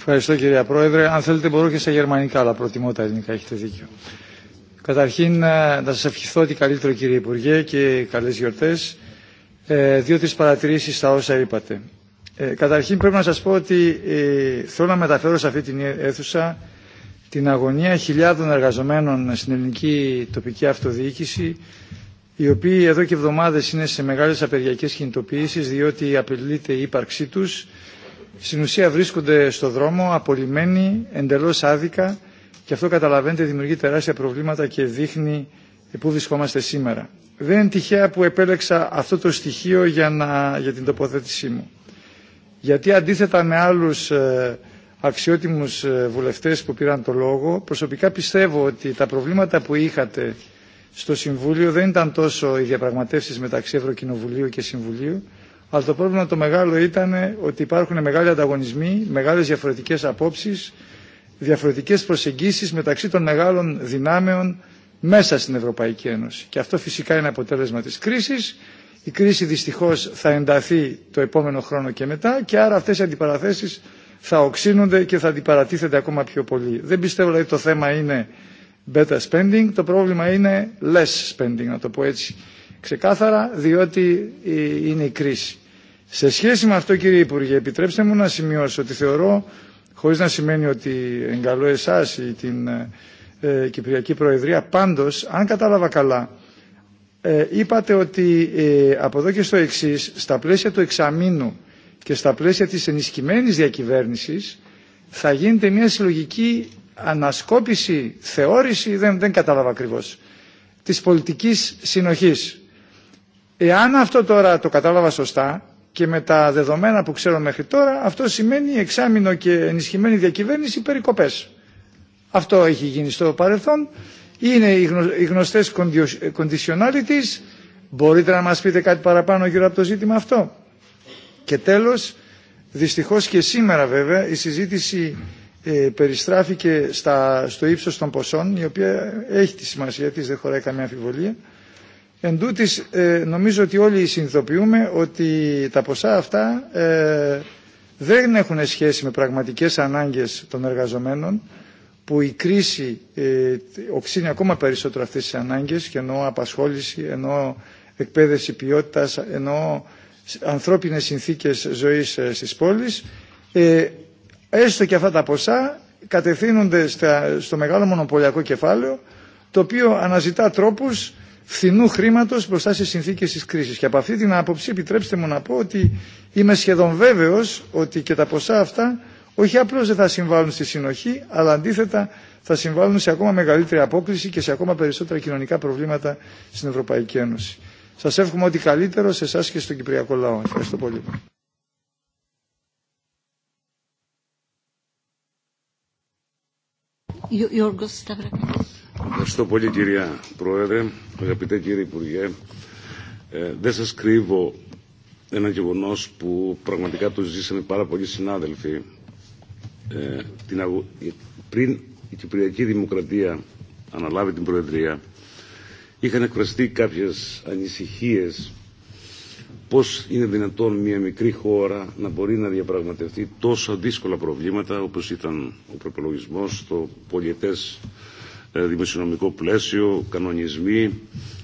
Ευχαριστώ κυρία Πρόεδρε. Αν θέλετε μπορώ και σε γερμανικά, αλλά προτιμώ τα ελληνικά, έχετε δίκιο. Καταρχήν ε, να σας ευχηθώ ότι καλύτερο κύριε Υπουργέ και καλές γιορτές. Ε, Δύο-τρεις παρατηρήσεις στα όσα είπατε. Ε, καταρχήν πρέπει να σας πω ότι ε, θέλω να μεταφέρω σε αυτή την αίθουσα την αγωνία χιλιάδων εργαζομένων στην ελληνική τοπική αυτοδιοίκηση οι οποίοι εδώ και εβδομάδες είναι σε μεγάλες απεργιακές κινητοποιήσεις διότι απειλείται η ύπαρξή τους, στην ουσία βρίσκονται στο δρόμο απολυμμένοι, εντελώς άδικα και αυτό καταλαβαίνετε δημιουργεί τεράστια προβλήματα και δείχνει ε, πού βρισκόμαστε σήμερα. Δεν είναι τυχαία που επέλεξα αυτό το στοιχείο για, να, για την τοποθέτησή μου. Γιατί αντίθετα με άλλους ε, αξιότιμους ε, βουλευτές που πήραν το λόγο, προσωπικά πιστεύω ότι τα προβλήματα που είχατε στο Συμβούλιο δεν ήταν τόσο οι διαπραγματεύσεις μεταξύ Ευρωκοινοβουλίου και Συμβουλίου, αλλά το πρόβλημα το μεγάλο ήταν ότι υπάρχουν μεγάλοι ανταγωνισμοί, μεγάλες διαφορετικές απόψεις, διαφορετικές προσεγγίσεις μεταξύ των μεγάλων δυνάμεων μέσα στην Ευρωπαϊκή Ένωση. Και αυτό φυσικά είναι αποτέλεσμα της κρίσης. Η κρίση δυστυχώς θα ενταθεί το επόμενο χρόνο και μετά και άρα αυτές οι αντιπαραθέσεις θα οξύνονται και θα αντιπαρατίθενται ακόμα πιο πολύ. Δεν πιστεύω ότι δηλαδή το θέμα είναι better spending. Το πρόβλημα είναι less spending, να το πω έτσι ξεκάθαρα, διότι είναι η κρίση. Σε σχέση με αυτό κύριε Υπουργέ, επιτρέψτε μου να σημειώσω ότι θεωρώ, χωρίς να σημαίνει ότι εγκαλώ εσάς ή την ε, ε, Κυπριακή Προεδρία, πάντως, αν κατάλαβα καλά, ε, είπατε ότι ε, από εδώ και στο εξή, στα πλαίσια του εξαμήνου και στα πλαίσια της ενισχυμένης διακυβέρνησης, θα γίνεται μια συλλογική ανασκόπηση, θεώρηση, δεν, δεν κατάλαβα ακριβώς, της πολιτικής συνοχής. Εάν αυτό τώρα το κατάλαβα σωστά και με τα δεδομένα που ξέρω μέχρι τώρα, αυτό σημαίνει εξάμεινο και ενισχυμένη διακυβέρνηση περικοπές. Αυτό έχει γίνει στο παρελθόν. Είναι οι γνωστές conditionalities. Μπορείτε να μας πείτε κάτι παραπάνω γύρω από το ζήτημα αυτό. Και τέλος, δυστυχώς και σήμερα βέβαια η συζήτηση ε, περιστράφηκε στα, στο ύψος των ποσών, η οποία έχει τη σημασία της, δεν χωράει καμία αμφιβολία. Εν ε, νομίζω ότι όλοι συνειδητοποιούμε ότι τα ποσά αυτά ε, δεν έχουν σχέση με πραγματικές ανάγκες των εργαζομένων, που η κρίση οξύνει ακόμα περισσότερο αυτές τις ανάγκες και εννοώ απασχόληση, ενώ εκπαίδευση ποιότητας, ενώ ανθρώπινες συνθήκες ζωής στις πόλεις έστω και αυτά τα ποσά κατευθύνονται στο μεγάλο μονοπωλιακό κεφάλαιο το οποίο αναζητά τρόπους φθηνού χρήματο μπροστά σε συνθήκε τη κρίση. Και από αυτή την άποψη, επιτρέψτε μου να πω ότι είμαι σχεδόν βέβαιο ότι και τα ποσά αυτά όχι απλώ δεν θα συμβάλλουν στη συνοχή, αλλά αντίθετα θα συμβάλλουν σε ακόμα μεγαλύτερη απόκληση και σε ακόμα περισσότερα κοινωνικά προβλήματα στην Ευρωπαϊκή Ένωση. Σα εύχομαι ό,τι καλύτερο σε εσά και στον Κυπριακό λαό. Ευχαριστώ πολύ. Ευχαριστώ πολύ κυρία Πρόεδρε, αγαπητέ κύριε Υπουργέ. Ε, δεν σας κρύβω ένα γεγονό που πραγματικά το ζήσαμε πάρα πολλοί συνάδελφοι. Ε, την ε, Πριν η Κυπριακή Δημοκρατία αναλάβει την Προεδρία, είχαν εκφραστεί κάποιες ανησυχίες πώς είναι δυνατόν μια μικρή χώρα να μπορεί να διαπραγματευτεί τόσο δύσκολα προβλήματα όπως ήταν ο προπολογισμό, το πολιετές ε, δημοσιονομικό πλαίσιο, κανονισμοί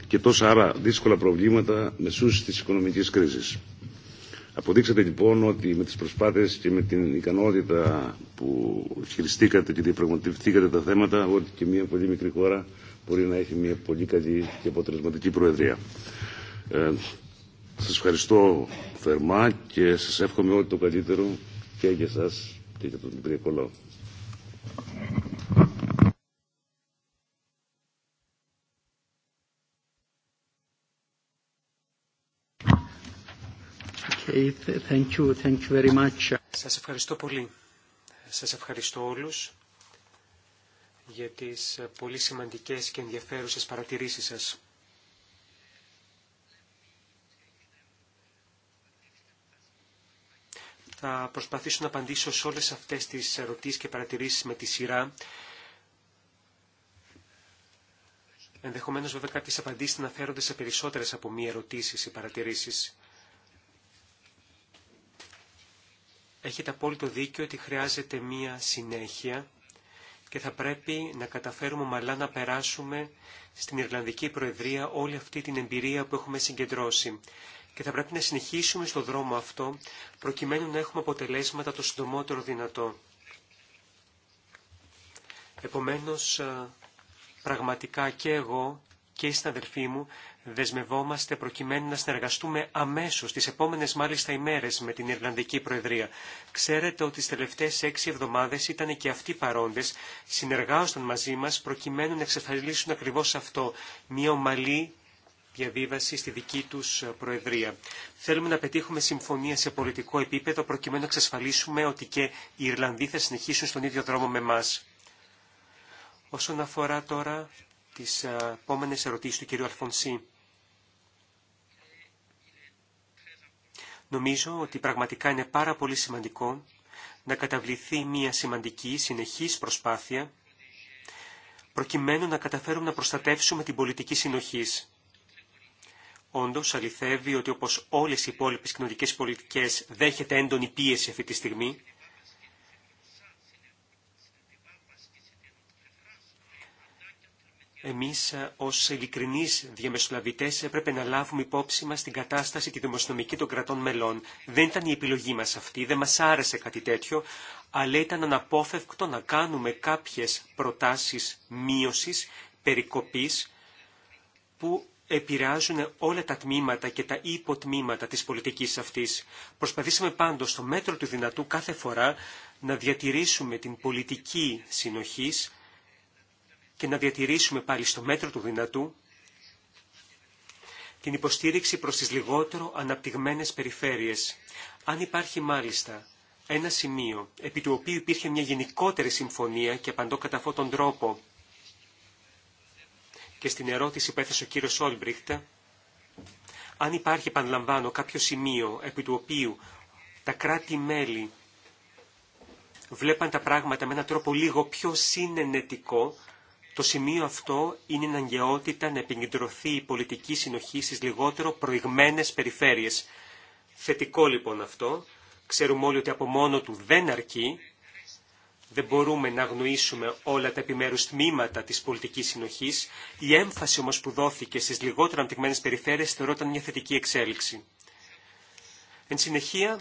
και τόσα άρα δύσκολα προβλήματα μεσούς της οικονομικής κρίσης. Αποδείξατε λοιπόν ότι με τις προσπάθειες και με την ικανότητα που χειριστήκατε και διαπραγματευτήκατε τα θέματα ότι και μια πολύ μικρή χώρα μπορεί να έχει μια πολύ καλή και αποτελεσματική προεδρία. Ε, σας ευχαριστώ θερμά και σας εύχομαι ό,τι το καλύτερο και για σας και για τον Κυπριακό λαό. Okay, thank you, thank you very much. Σας ευχαριστώ πολύ. Σας ευχαριστώ όλους για τις ε, πολύ σημαντικές και ενδιαφέρουσες παρατηρήσεις σας. Θα προσπαθήσω να απαντήσω σε όλες αυτές τις ερωτήσεις και παρατηρήσεις με τη σειρά. Ενδεχομένως βέβαια κάποιες απαντήσεις να φέρονται σε περισσότερες από μία ερωτήσεις ή παρατηρήσεις. Έχετε απόλυτο δίκιο ότι χρειάζεται μία συνέχεια και θα πρέπει να καταφέρουμε ομαλά να περάσουμε στην Ιρλανδική Προεδρία όλη αυτή την εμπειρία που έχουμε συγκεντρώσει και θα πρέπει να συνεχίσουμε στο δρόμο αυτό προκειμένου να έχουμε αποτελέσματα το συντομότερο δυνατό. Επομένως, ε, πραγματικά και εγώ και οι συναδελφοί μου δεσμευόμαστε προκειμένου να συνεργαστούμε αμέσως τις επόμενες μάλιστα ημέρες με την Ιρλανδική Προεδρία. Ξέρετε ότι τις τελευταίες έξι εβδομάδες ήταν και αυτοί παρόντες, συνεργάζονταν μαζί μας προκειμένου να εξασφαλίσουν ακριβώς αυτό, μια ομαλή διαβίβαση στη δική τους ε, Προεδρία. Θέλουμε να πετύχουμε συμφωνία σε πολιτικό επίπεδο προκειμένου να εξασφαλίσουμε ότι και οι Ιρλανδοί θα συνεχίσουν στον ίδιο δρόμο με εμά. Όσον αφορά τώρα τις ε, επόμενε ερωτήσεις του κ. Αλφονσί. Νομίζω ότι πραγματικά είναι πάρα πολύ σημαντικό να καταβληθεί μια σημαντική συνεχής προσπάθεια προκειμένου να καταφέρουμε να προστατεύσουμε την πολιτική συνοχής. Όντω, αληθεύει ότι όπω όλε οι υπόλοιπε κοινωνικέ πολιτικέ δέχεται έντονη πίεση αυτή τη στιγμή. Εμείς ε, ως ειλικρινείς διαμεσολαβητές έπρεπε να λάβουμε υπόψη μας την κατάσταση και τη δημοσιονομική των κρατών μελών. Δεν ήταν η επιλογή μας αυτή, δεν μας άρεσε κάτι τέτοιο, αλλά ήταν αναπόφευκτο να κάνουμε κάποιες προτάσεις μείωσης, περικοπής, που επηρεάζουν όλα τα τμήματα και τα υποτμήματα της πολιτικής αυτής. Προσπαθήσαμε πάντως στο μέτρο του δυνατού κάθε φορά να διατηρήσουμε την πολιτική συνοχής και να διατηρήσουμε πάλι στο μέτρο του δυνατού την υποστήριξη προς τις λιγότερο αναπτυγμένες περιφέρειες. Αν υπάρχει μάλιστα ένα σημείο επί του οποίου υπήρχε μια γενικότερη συμφωνία και απαντώ κατά αυτόν τον τρόπο και στην ερώτηση που έθεσε ο κύριος Όλμπριχτ, αν υπάρχει, επαναλαμβάνω, κάποιο σημείο επί του οποίου τα κράτη-μέλη βλέπαν τα πράγματα με έναν τρόπο λίγο πιο συνενετικό, το σημείο αυτό είναι η αναγκαιότητα να επικεντρωθεί η πολιτική συνοχή στις λιγότερο προηγμένες περιφέρειες. Θετικό λοιπόν αυτό. Ξέρουμε όλοι ότι από μόνο του δεν αρκεί, δεν μπορούμε να αγνοήσουμε όλα τα επιμέρους τμήματα της πολιτικής συνοχής. Η έμφαση όμως που δόθηκε στις λιγότερα αναπτυγμένες περιφέρειες θεωρώταν μια θετική εξέλιξη. Εν συνεχεία,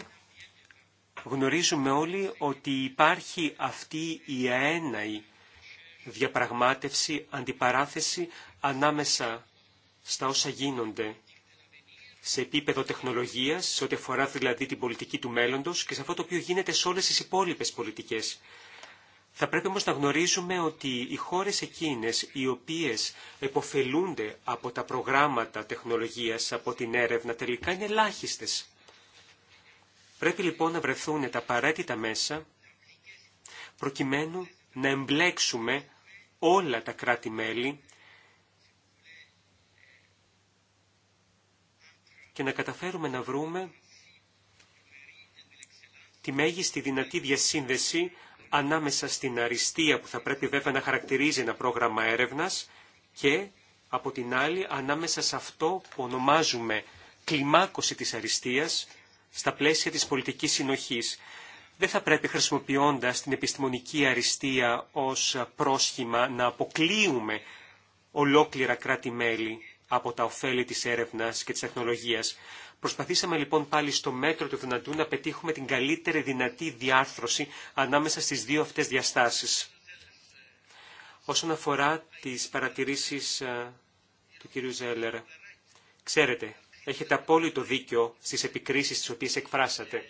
γνωρίζουμε όλοι ότι υπάρχει αυτή η αέναη διαπραγμάτευση, αντιπαράθεση ανάμεσα στα όσα γίνονται σε επίπεδο τεχνολογίας, σε ό,τι αφορά δηλαδή την πολιτική του μέλλοντος και σε αυτό το οποίο γίνεται σε όλες τις υπόλοιπες πολιτικές. Θα πρέπει όμως να γνωρίζουμε ότι οι χώρες εκείνες οι οποίες εποφελούνται από τα προγράμματα τεχνολογίας, από την έρευνα, τελικά είναι ελάχιστε. Πρέπει λοιπόν να βρεθούν τα απαραίτητα μέσα προκειμένου να εμπλέξουμε όλα τα κράτη-μέλη και να καταφέρουμε να βρούμε τη μέγιστη δυνατή διασύνδεση ανάμεσα στην αριστεία που θα πρέπει βέβαια να χαρακτηρίζει ένα πρόγραμμα έρευνας και από την άλλη ανάμεσα σε αυτό που ονομάζουμε κλιμάκωση της αριστείας στα πλαίσια της πολιτικής συνοχής. Δεν θα πρέπει χρησιμοποιώντας την επιστημονική αριστεία ως πρόσχημα να αποκλείουμε ολόκληρα κράτη-μέλη από τα ωφέλη της έρευνας και της τεχνολογίας. Προσπαθήσαμε λοιπόν πάλι στο μέτρο του δυνατού να πετύχουμε την καλύτερη δυνατή διάρθρωση ανάμεσα στις δύο αυτές διαστάσεις. Όσον αφορά τις παρατηρήσεις ε, του κυρίου Ζέλερ, ξέρετε, έχετε απόλυτο δίκιο στις επικρίσεις τις οποίες εκφράσατε.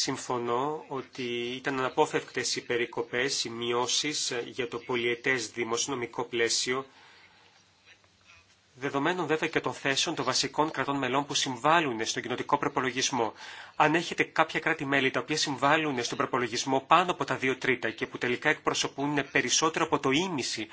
Συμφωνώ ότι ήταν αναπόφευκτες οι περικοπές, οι μειώσεις ε, για το πολιετές δημοσιονομικό πλαίσιο, δεδομένων βέβαια και των θέσεων των βασικών κρατών μελών που συμβάλλουν στον κοινοτικό προπολογισμό. Αν έχετε κάποια κράτη-μέλη τα οποία συμβάλλουν στον προπολογισμό πάνω από τα δύο τρίτα και που τελικά εκπροσωπούν περισσότερο από το ίμιση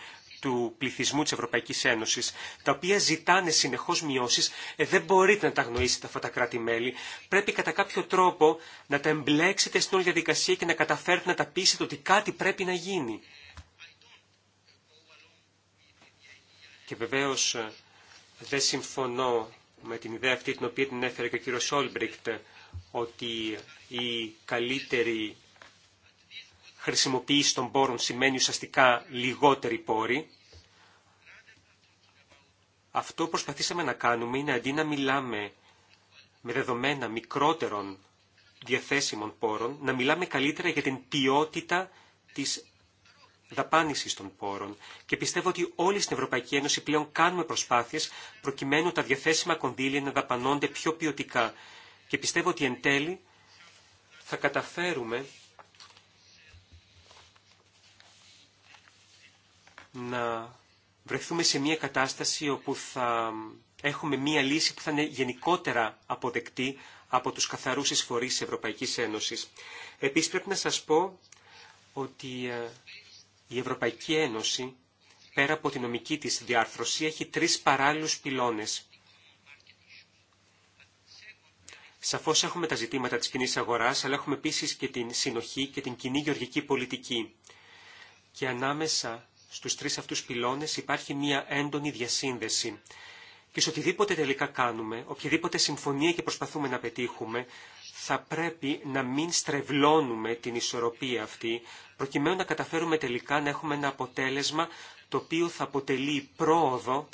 του πληθυσμού της Ευρωπαϊκής Ένωσης, τα οποία ζητάνε συνεχώς μειώσεις, ε, δεν μπορείτε να τα γνωρίσετε αυτά τα κράτη-μέλη. Πρέπει κατά κάποιο τρόπο να τα εμπλέξετε στην όλη διαδικασία και να καταφέρετε να τα πείσετε ότι κάτι πρέπει να γίνει. Και βεβαίως ε, δεν συμφωνώ με την ιδέα αυτή την οποία την έφερε και ο κύριος Όλμπρικτ, ότι η καλύτερη χρησιμοποίηση των πόρων σημαίνει ουσιαστικά λιγότερη πόρη. Αυτό που προσπαθήσαμε να κάνουμε είναι αντί να μιλάμε με δεδομένα μικρότερων διαθέσιμων πόρων, να μιλάμε καλύτερα για την ποιότητα της δαπάνησης των πόρων. Και πιστεύω ότι όλοι στην Ευρωπαϊκή Ένωση πλέον κάνουμε προσπάθειες προκειμένου τα διαθέσιμα κονδύλια να δαπανώνται πιο ποιοτικά. Και πιστεύω ότι εν τέλει θα καταφέρουμε να βρεθούμε σε μια κατάσταση όπου θα έχουμε μια λύση που θα είναι γενικότερα αποδεκτή από τους καθαρούς εισφορείς της Ευρωπαϊκής Ένωσης. Επίσης πρέπει να σας πω ότι ε, η Ευρωπαϊκή Ένωση, πέρα από τη νομική της διάρθρωση, έχει τρεις παράλληλους πυλώνες. Σαφώς έχουμε τα ζητήματα της κοινή αγοράς, αλλά έχουμε επίσης και την συνοχή και την κοινή γεωργική πολιτική. Και ανάμεσα στους τρεις αυτούς πυλώνες υπάρχει μια έντονη διασύνδεση. Και σε οτιδήποτε τελικά κάνουμε, οποιαδήποτε συμφωνία και προσπαθούμε να πετύχουμε, θα πρέπει να μην στρεβλώνουμε την ισορροπία αυτή, προκειμένου να καταφέρουμε τελικά να έχουμε ένα αποτέλεσμα το οποίο θα αποτελεί πρόοδο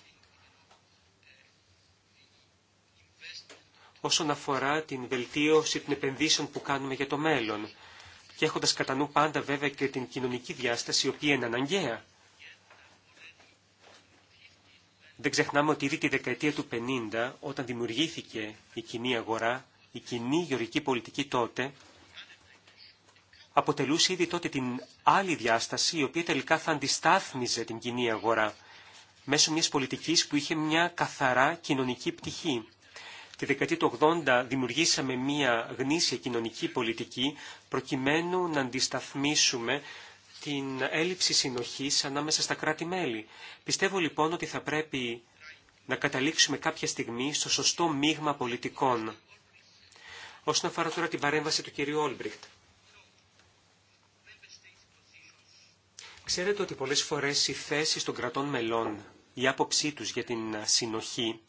όσον αφορά την βελτίωση των επενδύσεων που κάνουμε για το μέλλον και έχοντας κατά νου πάντα βέβαια και την κοινωνική διάσταση, η οποία είναι αναγκαία. Δεν ξεχνάμε ότι ήδη τη δεκαετία του 50, όταν δημιουργήθηκε η κοινή αγορά, η κοινή γεωργική πολιτική τότε, αποτελούσε ήδη τότε την άλλη διάσταση, η οποία τελικά θα αντιστάθμιζε την κοινή αγορά, μέσω μιας πολιτικής που είχε μια καθαρά κοινωνική πτυχή. Τη δεκαετία του 80 δημιουργήσαμε μια γνήσια κοινωνική πολιτική, προκειμένου να αντισταθμίσουμε την έλλειψη συνοχής ανάμεσα στα κράτη-μέλη. Πιστεύω λοιπόν ότι θα πρέπει να καταλήξουμε κάποια στιγμή στο σωστό μείγμα πολιτικών. Όσον αφορά τώρα την παρέμβαση του κυρίου Όλμπριχτ. Ξέρετε ότι πολλές φορές οι θέσεις των κρατών μελών, η άποψή τους για την συνοχή,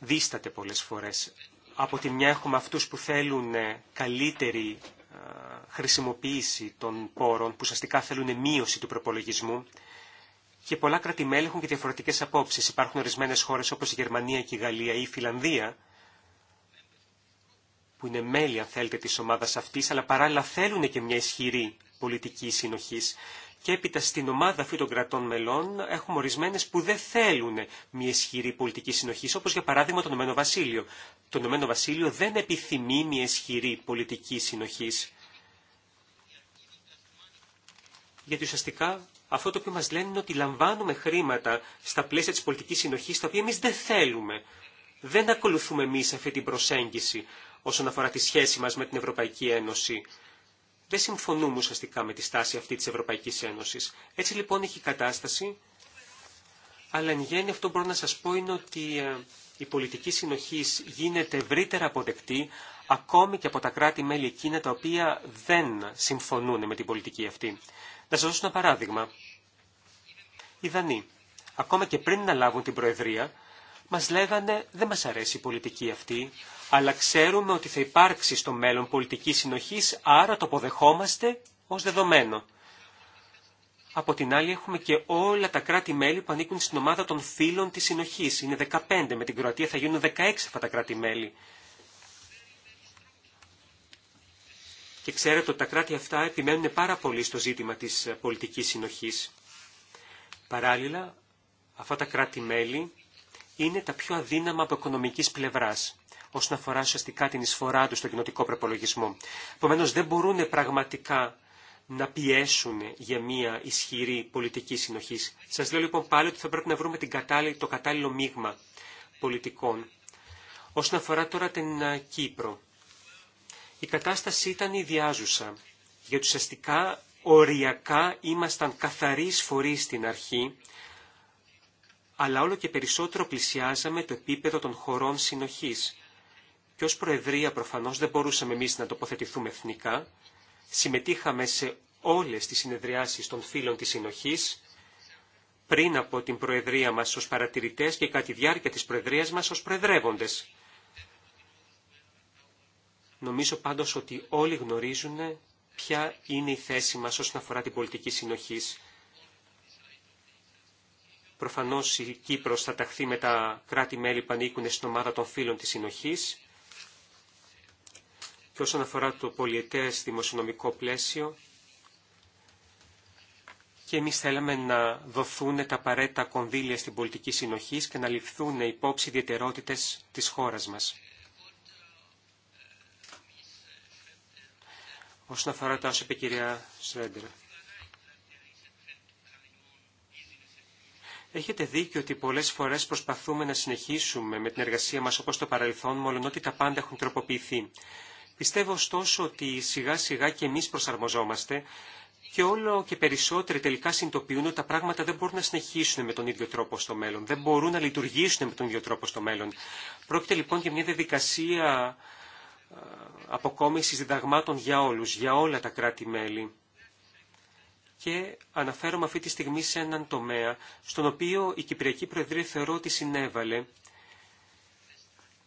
δίσταται πολλές φορές. Από τη μια έχουμε αυτούς που θέλουν ε, καλύτερη χρησιμοποίηση των πόρων που ουσιαστικά θέλουν μείωση του προπολογισμού και πολλά κράτη-μέλη έχουν και διαφορετικές απόψεις. Υπάρχουν ορισμένες χώρες όπως η Γερμανία και η Γαλλία ή η Φιλανδία που είναι μέλη αν θέλετε της ομάδας αυτής αλλά παράλληλα θέλουν και μια ισχυρή πολιτική συνοχής και έπειτα στην ομάδα αυτή των κρατών μελών έχουμε ορισμένε που δεν θέλουν μια ισχυρή πολιτική συνοχή, όπω για παράδειγμα το Ηνωμένο Βασίλειο. Το Ηνωμένο Βασίλειο δεν επιθυμεί μια ισχυρή πολιτική συνοχή. Γιατί ουσιαστικά αυτό το οποίο μα λένε είναι ότι λαμβάνουμε χρήματα στα πλαίσια τη πολιτική συνοχή, τα οποία εμεί δεν θέλουμε. Δεν ακολουθούμε εμεί αυτή την προσέγγιση όσον αφορά τη σχέση μα με την Ευρωπαϊκή Ένωση. Δεν συμφωνούμε ουσιαστικά με τη στάση αυτή της Ευρωπαϊκής Ένωσης. Έτσι λοιπόν έχει η κατάσταση, αλλά εν γέννη αυτό μπορώ να σας πω είναι ότι ε, η πολιτική συνοχής γίνεται ευρύτερα αποδεκτή ακόμη και από τα κράτη-μέλη εκείνα τα οποία δεν συμφωνούν με την πολιτική αυτή. Να σας δώσω ένα παράδειγμα. Οι Δανείοι, ακόμα και πριν να λάβουν την Προεδρία, μας λέγανε δεν μας αρέσει η πολιτική αυτή, αλλά ξέρουμε ότι θα υπάρξει στο μέλλον πολιτική συνοχής, άρα το αποδεχόμαστε ως δεδομένο. Από την άλλη έχουμε και όλα τα κράτη-μέλη που ανήκουν στην ομάδα των φίλων της συνοχής. Είναι 15, με την Κροατία θα γίνουν 16 αυτά τα κράτη-μέλη. Και ξέρετε ότι τα κράτη αυτά επιμένουν πάρα πολύ στο ζήτημα της πολιτικής συνοχής. Παράλληλα, αυτά τα κράτη-μέλη είναι τα πιο αδύναμα από οικονομική πλευρά, όσον αφορά σωστικά την εισφορά του στο κοινοτικό προπολογισμό. Επομένω, δεν μπορούν πραγματικά να πιέσουν για μια ισχυρή πολιτική συνοχή. Σα λέω λοιπόν πάλι ότι θα πρέπει να βρούμε την το κατάλληλο μείγμα πολιτικών. Όσον αφορά τώρα την Κύπρο, η κατάσταση ήταν ιδιάζουσα, γιατί ουσιαστικά οριακά ήμασταν καθαροί φορεί στην αρχή αλλά όλο και περισσότερο πλησιάζαμε το επίπεδο των χωρών συνοχής. Και ως Προεδρία προφανώς δεν μπορούσαμε εμείς να τοποθετηθούμε εθνικά. Συμμετείχαμε σε όλες τις συνεδριάσεις των φίλων της συνοχής, πριν από την Προεδρία μας ως παρατηρητές και κατά τη διάρκεια της Προεδρίας μας ως Προεδρεύοντες. Νομίζω πάντως ότι όλοι γνωρίζουν ποια είναι η θέση μας όσον αφορά την πολιτική συνοχής. Προφανώς η Κύπρος θα ταχθεί με τα κράτη-μέλη που ανήκουν στην ομάδα των φίλων της συνοχής. Και όσον αφορά το πολιετές δημοσιονομικό πλαίσιο, και εμείς θέλαμε να δοθούν τα απαραίτητα κονδύλια στην πολιτική συνοχή και να ληφθούν υπόψη ιδιαιτερότητε της χώρας μας. Όσον αφορά τα όσα είπε η κυρία Σρέντερ. Έχετε δίκιο ότι πολλέ φορέ προσπαθούμε να συνεχίσουμε με την εργασία μα όπω το παρελθόν, μόλον ότι τα πάντα έχουν τροποποιηθεί. Πιστεύω ωστόσο ότι σιγά σιγά και εμεί προσαρμοζόμαστε και όλο και περισσότεροι τελικά συνειδητοποιούν ότι τα πράγματα δεν μπορούν να συνεχίσουν με τον ίδιο τρόπο στο μέλλον, δεν μπορούν να λειτουργήσουν με τον ίδιο τρόπο στο μέλλον. Πρόκειται λοιπόν για μια διαδικασία ε, αποκόμιση διδαγμάτων για όλου, για όλα τα κράτη-μέλη και αναφέρομαι αυτή τη στιγμή σε έναν τομέα, στον οποίο η Κυπριακή Προεδρία θεωρώ ότι συνέβαλε,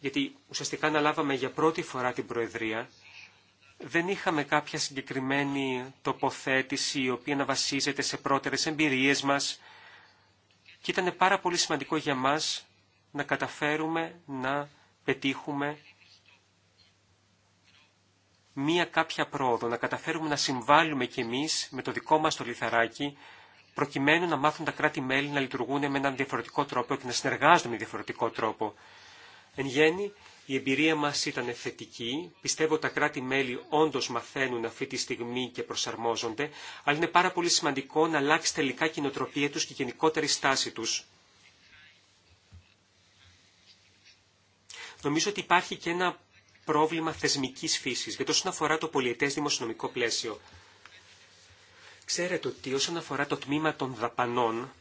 γιατί ουσιαστικά αναλάβαμε για πρώτη φορά την Προεδρία, δεν είχαμε κάποια συγκεκριμένη τοποθέτηση η οποία να βασίζεται σε πρώτερες εμπειρίες μας και ήταν πάρα πολύ σημαντικό για μας να καταφέρουμε να πετύχουμε μία κάποια πρόοδο, να καταφέρουμε να συμβάλλουμε κι εμείς με το δικό μας το λιθαράκι, προκειμένου να μάθουν τα κράτη-μέλη να λειτουργούν με έναν διαφορετικό τρόπο και να συνεργάζονται με διαφορετικό τρόπο. Εν γέννη, η εμπειρία μας ήταν θετική. Πιστεύω ότι τα κράτη-μέλη όντως μαθαίνουν αυτή τη στιγμή και προσαρμόζονται, αλλά είναι πάρα πολύ σημαντικό να αλλάξει τελικά η κοινοτροπία τους και η γενικότερη στάση τους. Νομίζω ότι υπάρχει και ένα πρόβλημα θεσμικής φύσης, γιατί όσον αφορά το πολιετές δημοσιονομικό πλαίσιο, ξέρετε ότι όσον αφορά το τμήμα των δαπανών,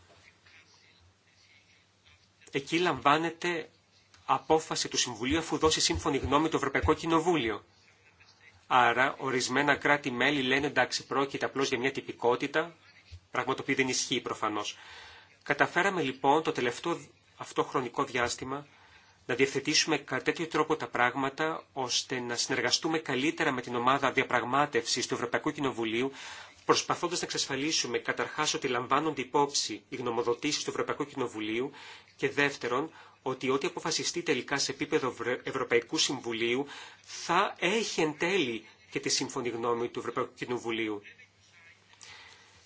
εκεί λαμβάνεται απόφαση του Συμβουλίου αφού δώσει σύμφωνη γνώμη το Ευρωπαϊκό Κοινοβούλιο. Άρα, ορισμένα κράτη-μέλη λένε εντάξει, πρόκειται απλώ για μια τυπικότητα, πράγμα το οποίο δεν ισχύει προφανώ. Καταφέραμε λοιπόν το τελευταίο αυτό χρονικό διάστημα να διευθετήσουμε κατά τέτοιο τρόπο τα πράγματα, ώστε να συνεργαστούμε καλύτερα με την ομάδα διαπραγματεύση του Ευρωπαϊκού Κοινοβουλίου, προσπαθώντα να εξασφαλίσουμε καταρχά ότι λαμβάνονται υπόψη οι γνωμοδοτήσει του Ευρωπαϊκού Κοινοβουλίου και δεύτερον, ότι ό,τι αποφασιστεί τελικά σε επίπεδο Ευρωπαϊκού Συμβουλίου θα έχει εν τέλει και τη σύμφωνη γνώμη του Ευρωπαϊκού Κοινοβουλίου.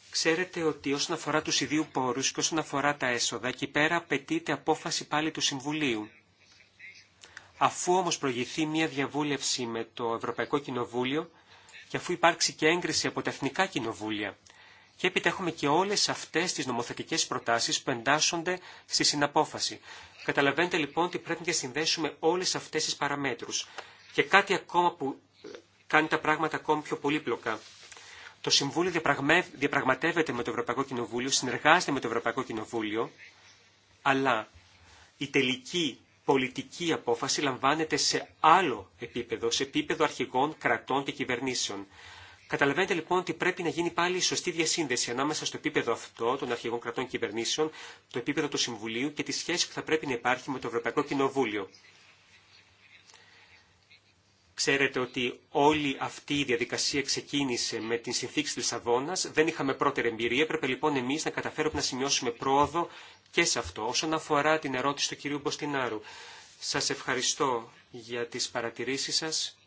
Ξέρετε ότι όσον αφορά του ιδίου πόρου και όσον αφορά τα έσοδα, εκεί πέρα απαιτείται απόφαση πάλι του Συμβουλίου αφού όμως προηγηθεί μια διαβούλευση με το Ευρωπαϊκό Κοινοβούλιο και αφού υπάρξει και έγκριση από τα Εθνικά Κοινοβούλια. Και έπειτα έχουμε και όλες αυτές τις νομοθετικές προτάσεις που εντάσσονται στη συναπόφαση. Καταλαβαίνετε λοιπόν ότι πρέπει να συνδέσουμε όλες αυτές τις παραμέτρους. Και κάτι ακόμα που ε, κάνει τα πράγματα ακόμη πιο πολύπλοκα. Το Συμβούλιο διαπραγματεύεται με το Ευρωπαϊκό Κοινοβούλιο, συνεργάζεται με το Ευρωπαϊκό Κοινοβούλιο, αλλά η τελική πολιτική απόφαση λαμβάνεται σε άλλο επίπεδο, σε επίπεδο αρχηγών, κρατών και κυβερνήσεων. Καταλαβαίνετε λοιπόν ότι πρέπει να γίνει πάλι η σωστή διασύνδεση ανάμεσα στο επίπεδο αυτό των αρχηγών κρατών και κυβερνήσεων, το επίπεδο του Συμβουλίου και τη σχέση που θα πρέπει να υπάρχει με το Ευρωπαϊκό Κοινοβούλιο. Ξέρετε ότι όλη αυτή η διαδικασία ξεκίνησε με την συνθήκη της Λισαβόνας. Δεν είχαμε πρώτερη εμπειρία. Πρέπει λοιπόν εμείς να καταφέρουμε να σημειώσουμε πρόοδο και σε αυτό. Όσον αφορά την ερώτηση του κυρίου Μποστινάρου, σας ευχαριστώ για τις παρατηρήσεις σας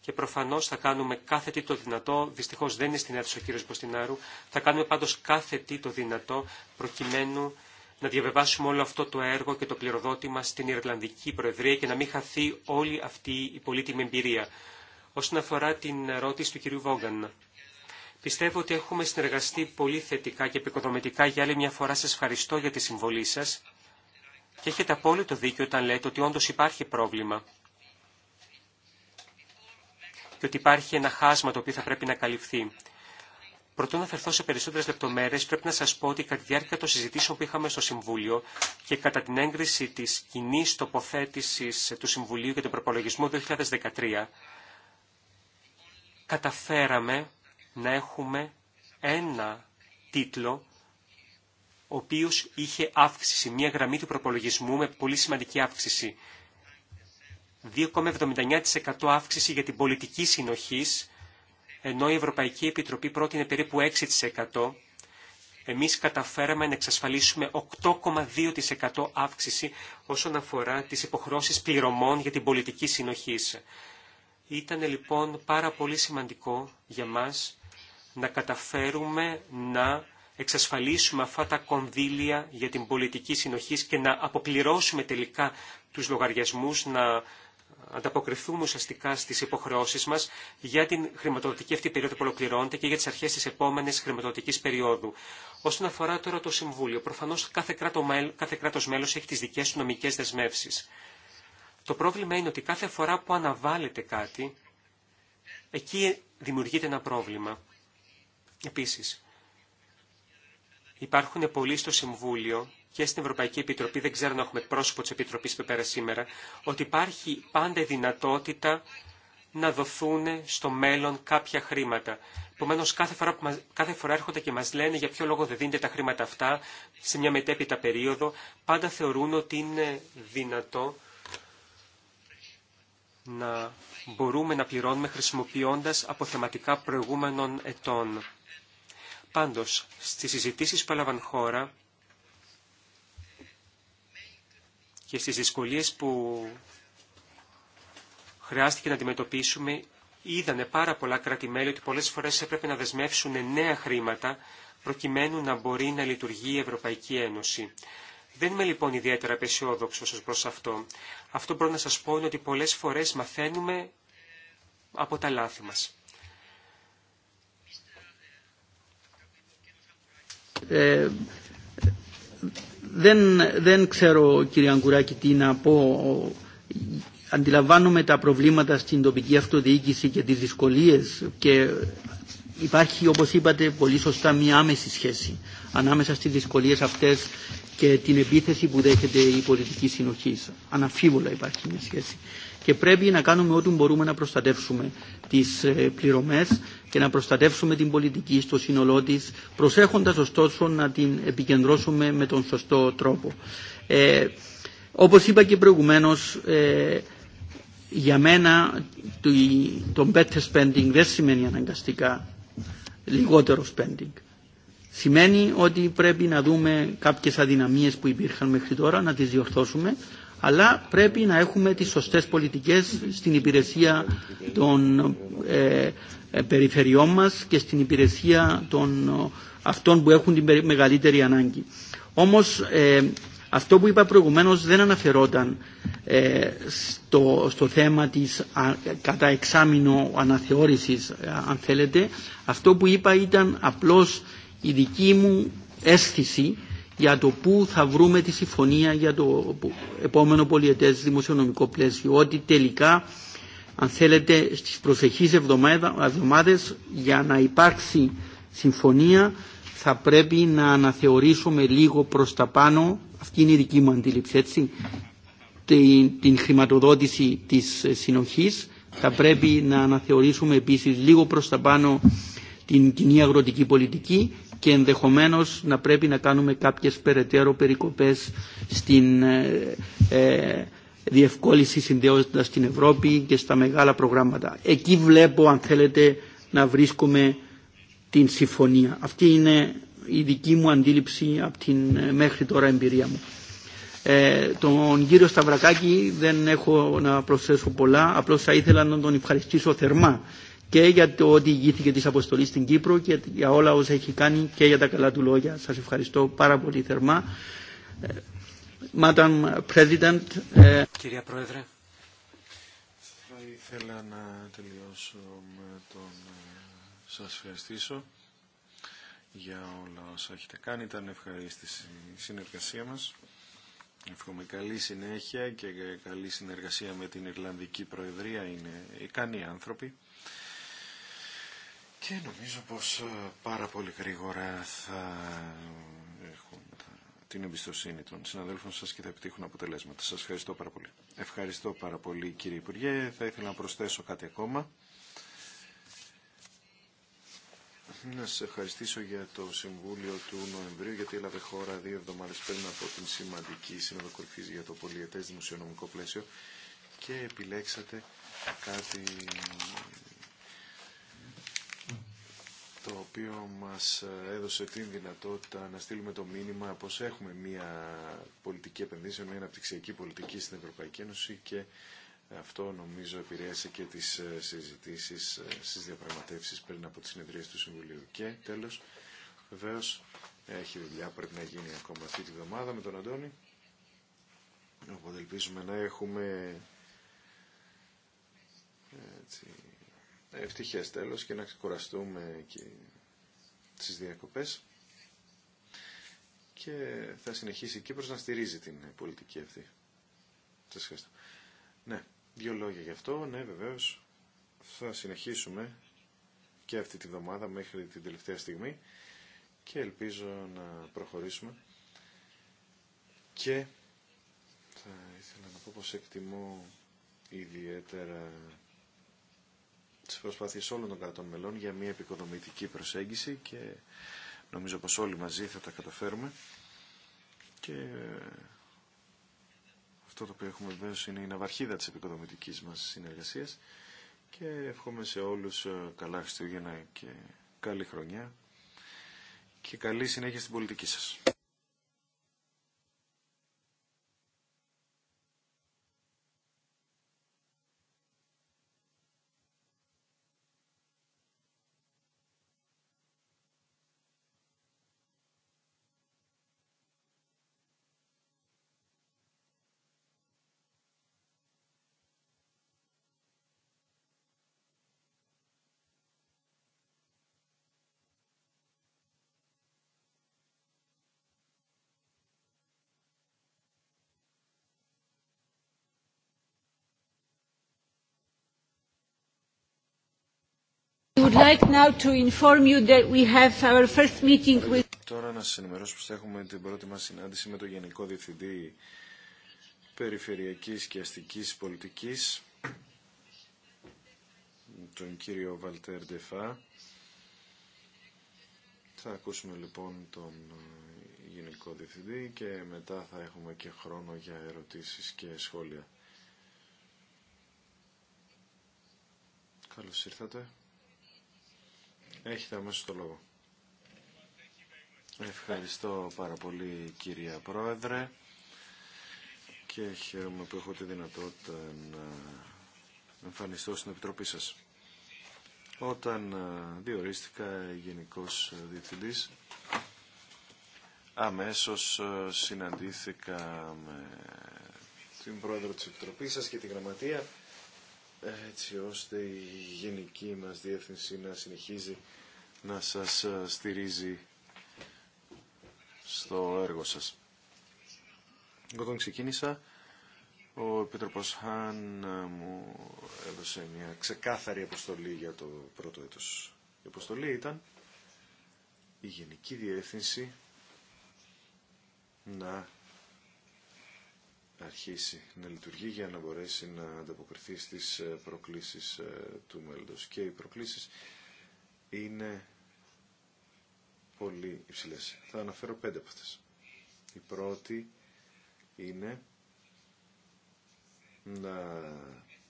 και προφανώς θα κάνουμε κάθε τι το δυνατό, δυστυχώς δεν είναι στην αίθουσα ο κύριος Μποστινάρου, θα κάνουμε πάντως κάθε τι το δυνατό προκειμένου να διαβεβάσουμε όλο αυτό το έργο και το πληροδότημα στην Ιρλανδική Προεδρία και να μην χαθεί όλη αυτή η πολύτιμη εμπειρία. Όσον αφορά την ερώτηση του κυρίου Βόγκαν, πιστεύω ότι έχουμε συνεργαστεί πολύ θετικά και επικοδομητικά για άλλη μια φορά. Σας ευχαριστώ για τη συμβολή σας και έχετε απόλυτο δίκιο όταν λέτε ότι όντως υπάρχει πρόβλημα και ότι υπάρχει ένα χάσμα το οποίο θα πρέπει να καλυφθεί. Προτού να φερθώ σε περισσότερε λεπτομέρειε, πρέπει να σα πω ότι κατά τη διάρκεια των συζητήσεων που είχαμε στο Συμβούλιο και κατά την έγκριση τη κοινή τοποθέτηση του Συμβουλίου για τον προπολογισμό 2013, καταφέραμε να έχουμε ένα τίτλο ο οποίο είχε αύξηση, μια γραμμή του προπολογισμού με πολύ σημαντική αύξηση. 2,79% αύξηση για την πολιτική συνοχής ενώ η Ευρωπαϊκή Επιτροπή πρότεινε περίπου 6%, εμείς καταφέραμε να εξασφαλίσουμε 8,2% αύξηση όσον αφορά τις υποχρώσεις πληρωμών για την πολιτική συνοχή. Ήταν λοιπόν πάρα πολύ σημαντικό για μας να καταφέρουμε να εξασφαλίσουμε αυτά τα κονδύλια για την πολιτική συνοχή και να αποπληρώσουμε τελικά τους λογαριασμούς, να ανταποκριθούμε ουσιαστικά στι υποχρεώσει μας για την χρηματοδοτική αυτή περίοδο που ολοκληρώνεται και για τις αρχές τη επόμενη χρηματοδοτικής περίοδου. Όσον αφορά τώρα το Συμβούλιο, προφανώς κάθε, κράτο, κάθε κράτος μέλος έχει τις δικές του νομικέ δεσμεύσεις. Το πρόβλημα είναι ότι κάθε φορά που αναβάλλεται κάτι, εκεί δημιουργείται ένα πρόβλημα. Επίση, υπάρχουν πολλοί στο Συμβούλιο και στην Ευρωπαϊκή Επιτροπή, δεν ξέρω να έχουμε πρόσωπο της Επιτροπής που πέρα σήμερα, ότι υπάρχει πάντα δυνατότητα να δοθούν στο μέλλον κάποια χρήματα. Επομένω, κάθε, φορά κάθε φορά έρχονται και μα λένε για ποιο λόγο δεν δίνετε τα χρήματα αυτά σε μια μετέπειτα περίοδο, πάντα θεωρούν ότι είναι δυνατό να μπορούμε να πληρώνουμε χρησιμοποιώντα αποθεματικά προηγούμενων ετών. Πάντως, στις συζητήσεις που έλαβαν χώρα, και στις δυσκολίες που χρειάστηκε να αντιμετωπίσουμε, είδανε πάρα πολλά κράτη-μέλη ότι πολλές φορές έπρεπε να δεσμεύσουν νέα χρήματα προκειμένου να μπορεί να λειτουργεί η Ευρωπαϊκή Ένωση. Δεν είμαι λοιπόν ιδιαίτερα απεσιόδοξο ω προ αυτό. Αυτό μπορώ να σα πω είναι ότι πολλέ φορέ μαθαίνουμε από τα λάθη μα. Ε, δεν, δεν ξέρω κύριε Αγκουράκη τι να πω. Αντιλαμβάνομαι τα προβλήματα στην τοπική αυτοδιοίκηση και τις δυσκολίες και υπάρχει όπως είπατε πολύ σωστά μια άμεση σχέση ανάμεσα στις δυσκολίες αυτές και την επίθεση που δέχεται η πολιτική συνοχή. Αναφίβολα υπάρχει μια σχέση και πρέπει να κάνουμε ό,τι μπορούμε να προστατεύσουμε τις ε, πληρωμές και να προστατεύσουμε την πολιτική στο σύνολό τη, προσέχοντας ωστόσο να την επικεντρώσουμε με τον σωστό τρόπο. Ε, όπως είπα και προηγουμένως, ε, για μένα το better spending δεν σημαίνει αναγκαστικά λιγότερο spending. Σημαίνει ότι πρέπει να δούμε κάποιες αδυναμίες που υπήρχαν μέχρι τώρα, να τις διορθώσουμε αλλά πρέπει να έχουμε τις σωστές πολιτικές στην υπηρεσία των ε, ε, περιφερειών μας και στην υπηρεσία των ε, αυτών που έχουν την μεγαλύτερη ανάγκη. Όμως αυτό που είπα προηγουμένως δεν αναφερόταν στο, στο θέμα της κατά εξάμεινο αναθεώρησης αν θέλετε. Αυτό που είπα ήταν απλώς η δική μου αίσθηση για το πού θα βρούμε τη συμφωνία για το επόμενο πολιετές δημοσιονομικό πλαίσιο. Ότι τελικά, αν θέλετε, στις προσεχείς εβδομάδες για να υπάρξει συμφωνία θα πρέπει να αναθεωρήσουμε λίγο προς τα πάνω, αυτή είναι η δική μου αντίληψη έτσι, την, την χρηματοδότηση της συνοχής. Θα πρέπει να αναθεωρήσουμε επίσης λίγο προς τα πάνω την κοινή αγροτική πολιτική και ενδεχομένως να πρέπει να κάνουμε κάποιες περαιτέρω περικοπές στην ε, ε, διευκόλυνση συνδέοντας την Ευρώπη και στα μεγάλα προγράμματα. Εκεί βλέπω, αν θέλετε, να βρίσκουμε την συμφωνία. Αυτή είναι η δική μου αντίληψη από την ε, μέχρι τώρα εμπειρία μου. Ε, τον κύριο Σταυρακάκη δεν έχω να προσθέσω πολλά, απλώς θα ήθελα να τον ευχαριστήσω θερμά και για το ότι ηγήθηκε της αποστολής στην Κύπρο και για όλα όσα έχει κάνει και για τα καλά του λόγια. Σας ευχαριστώ πάρα πολύ θερμά. Ε, Madam President. Ε, Κυρία Πρόεδρε. Θα ήθελα να τελειώσω με τον ε, σας ευχαριστήσω για όλα όσα έχετε κάνει. Ήταν ευχαρίστηση η συνεργασία μας. Εύχομαι καλή συνέχεια και καλή συνεργασία με την Ιρλανδική Προεδρία. Είναι ικανοί άνθρωποι. Και νομίζω πως ε, πάρα πολύ γρήγορα θα έχουμε την εμπιστοσύνη των συναδέλφων σας και θα επιτύχουν αποτελέσματα. Σας ευχαριστώ πάρα πολύ. Ευχαριστώ πάρα πολύ κύριε Υπουργέ. Θα ήθελα να προσθέσω κάτι ακόμα. Να σας ευχαριστήσω για το Συμβούλιο του Νοεμβρίου, γιατί έλαβε χώρα δύο εβδομάδες πριν από την σημαντική συνοδοκορφή για το πολιετές δημοσιονομικό πλαίσιο και επιλέξατε κάτι το οποίο μας ε, έδωσε την δυνατότητα να στείλουμε το μήνυμα πως έχουμε μια πολιτική επενδύσεων, μια αναπτυξιακή πολιτική στην Ευρωπαϊκή Ένωση και αυτό νομίζω επηρέασε και τις ε, συζητήσεις ε, στις διαπραγματεύσεις πριν από τις συνεδρίες του Συμβουλίου. Και τέλος, βεβαίω έχει δουλειά πρέπει να γίνει ακόμα αυτή τη βδομάδα με τον Αντώνη. Οπότε ελπίζουμε να έχουμε ευτυχές τέλος και να ξεκουραστούμε και τις διακοπές και θα συνεχίσει η Κύπρος να στηρίζει την πολιτική αυτή. Σας ευχαριστώ. Ναι, δύο λόγια γι' αυτό. Ναι, βεβαίως θα συνεχίσουμε και αυτή τη βδομάδα μέχρι την τελευταία στιγμή και ελπίζω να προχωρήσουμε και θα ήθελα να πω πως εκτιμώ ιδιαίτερα τις προσπάθειες όλων των κρατών μελών για μια επικοδομητική προσέγγιση και νομίζω πως όλοι μαζί θα τα καταφέρουμε και αυτό το οποίο έχουμε βεβαίω είναι η ναυαρχίδα της επικοδομητικής μας συνεργασίας και εύχομαι σε όλους ε, καλά Χριστούγεννα και καλή χρονιά και καλή συνέχεια στην πολιτική σας. Τώρα να σας ενημερώσω ότι έχουμε την πρώτη μας συνάντηση με τον Γενικό Διευθυντή Περιφερειακής και Αστικής Πολιτικής, τον κύριο Βαλτέρ Ντεφά. Θα ακούσουμε λοιπόν τον Γενικό Διευθυντή και μετά θα έχουμε και χρόνο για ερωτήσεις και σχόλια. Καλώς ήρθατε. Έχετε αμέσως το λόγο. Ευχαριστώ πάρα πολύ κυρία Πρόεδρε και χαίρομαι που έχω τη δυνατότητα να εμφανιστώ στην Επιτροπή σας. Όταν ε, διορίστηκα Γενικός ε, Διευθυντής, αμέσως ε, συναντήθηκα με την Πρόεδρο της Επιτροπής σας και τη Γραμματεία έτσι ώστε η γενική μας διεύθυνση να συνεχίζει να σας ε, στηρίζει στο έργο σας. Εγώ τον ξεκίνησα, ο Επίτροπος Χάν ε, μου έδωσε μια ξεκάθαρη αποστολή για το πρώτο έτος. Η αποστολή ήταν η Γενική Διεύθυνση να αρχίσει να λειτουργεί για να μπορέσει να ανταποκριθεί στις ε, προκλήσεις ε, του μέλλοντος. Και οι προκλήσεις είναι πολύ υψηλές. Θα αναφέρω πέντε από αυτές. Η πρώτη είναι να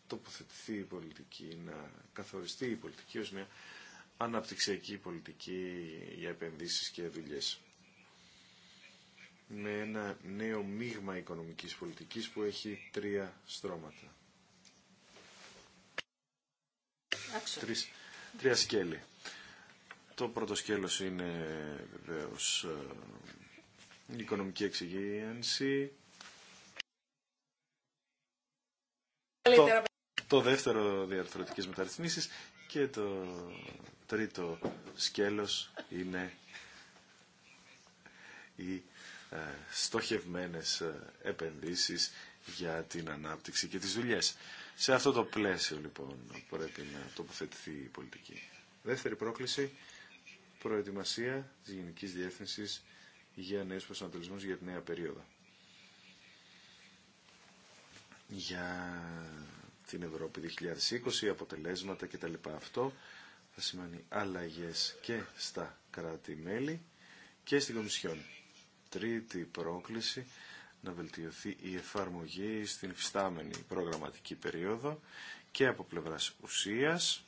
τοποθετηθεί η πολιτική, να καθοριστεί η πολιτική ως μια αναπτυξιακή πολιτική για επενδύσεις και δουλειές με ένα νέο μείγμα οικονομικής πολιτικής που έχει τρία στρώματα. Τρεις, τρία σκέλη. Το πρώτο σκέλος είναι βεβαίως η ε, οικονομική εξυγίανση. Το, δεύτερο διαρθρωτικές μεταρρυθμίσεις και το τρίτο σκέλος είναι η ε, στοχευμένες ε, επενδύσεις για την ανάπτυξη και τις δουλειές. Σε αυτό το πλαίσιο λοιπόν πρέπει να τοποθετηθεί η πολιτική. Δεύτερη πρόκληση, προετοιμασία της Γενικής Διεύθυνσης για νέους προσανατολισμούς για τη νέα περίοδο. Για την Ευρώπη 2020, αποτελέσματα και λοιπά. Αυτό θα σημαίνει αλλαγές και στα κράτη-μέλη και στην Κομισιόν τρίτη πρόκληση να βελτιωθεί η εφαρμογή στην φυστάμενη προγραμματική περίοδο και από πλευράς ουσίας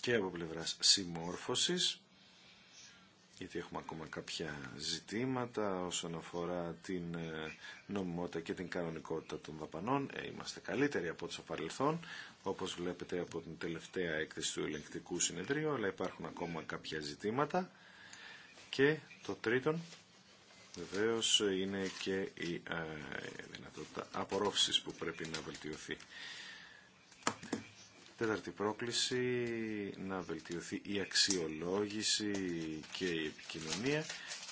και από πλευράς συμμόρφωσης γιατί έχουμε ακόμα κάποια ζητήματα όσον αφορά την ε, νομιμότητα και την κανονικότητα των δαπανών. Ε, είμαστε καλύτεροι από τους παρελθόν, όπως βλέπετε από την τελευταία έκθεση του ελεγκτικού συνεδρίου, αλλά υπάρχουν ακόμα κάποια ζητήματα και το τρίτον, βεβαίω είναι και η ε, δυνατότητα απορρόφησης που πρέπει να βελτιωθεί. Τέταρτη πρόκληση, να βελτιωθεί η αξιολόγηση και η επικοινωνία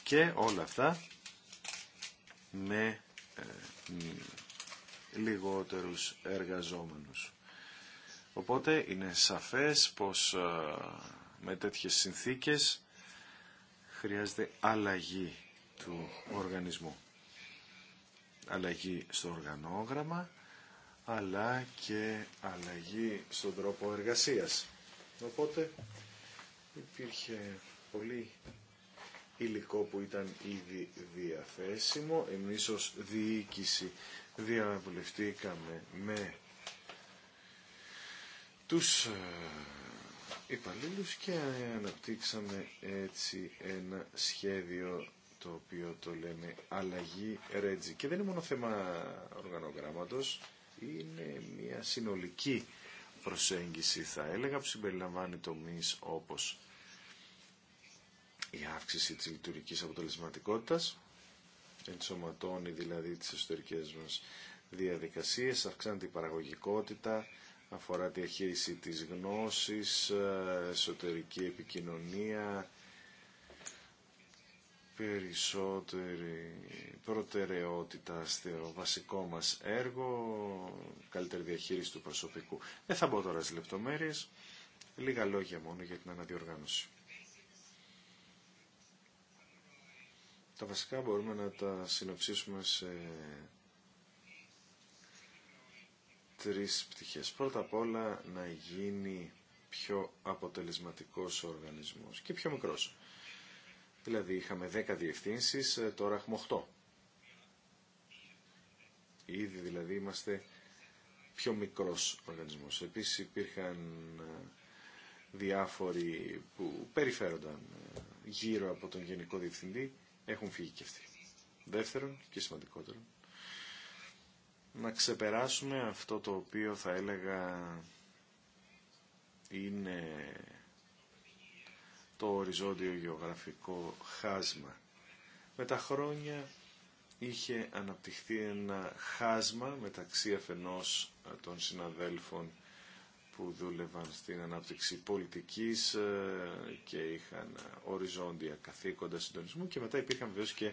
και όλα αυτά με ε, λιγότερους εργαζόμενους. Οπότε είναι σαφές πως ε, με τέτοιες συνθήκες χρειάζεται αλλαγή του οργανισμού. Αλλαγή στο οργανόγραμμα, αλλά και αλλαγή στον τρόπο εργασίας. Οπότε υπήρχε πολύ υλικό που ήταν ήδη διαθέσιμο. Εμείς ως διοίκηση διαβουλευτήκαμε με τους ε, υπαλλήλους και αναπτύξαμε έτσι ένα σχέδιο το οποίο το λέμε αλλαγή ρέτζι. Και δεν είναι μόνο θέμα οργανογράμματος, είναι μια συνολική προσέγγιση θα έλεγα που συμπεριλαμβάνει τομείς όπως η αύξηση της λειτουργικής αποτελεσματικότητας, ενσωματώνει δηλαδή τις εσωτερικές μας διαδικασίες, αυξάνεται η παραγωγικότητα, αφορά τη διαχείριση της γνώσης, ε, εσωτερική επικοινωνία, περισσότερη προτεραιότητα στο βασικό μας έργο, καλύτερη διαχείριση του προσωπικού. Δεν θα μπω τώρα στις λεπτομέρειες, λίγα λόγια μόνο για την αναδιοργάνωση. Τα βασικά μπορούμε να τα συνοψίσουμε σε τρεις πτυχές. Πρώτα απ' όλα να γίνει πιο αποτελεσματικός ο οργανισμός και πιο μικρός. Δηλαδή είχαμε 10 διευθύνσεις, ε, τώρα έχουμε 8. Ήδη δηλαδή είμαστε πιο μικρός οργανισμός. Επίσης υπήρχαν ε, διάφοροι που περιφέρονταν ε, γύρω από τον Γενικό Διευθυντή, έχουν φύγει και αυτοί. Δεύτερον και σημαντικότερο, να ξεπεράσουμε αυτό το οποίο θα έλεγα είναι το οριζόντιο γεωγραφικό χάσμα. Με τα χρόνια είχε αναπτυχθεί ένα χάσμα μεταξύ αφενός των συναδέλφων που δούλευαν στην ανάπτυξη πολιτικής ε, και είχαν οριζόντια καθήκοντα συντονισμού και μετά υπήρχαν βεβαίως και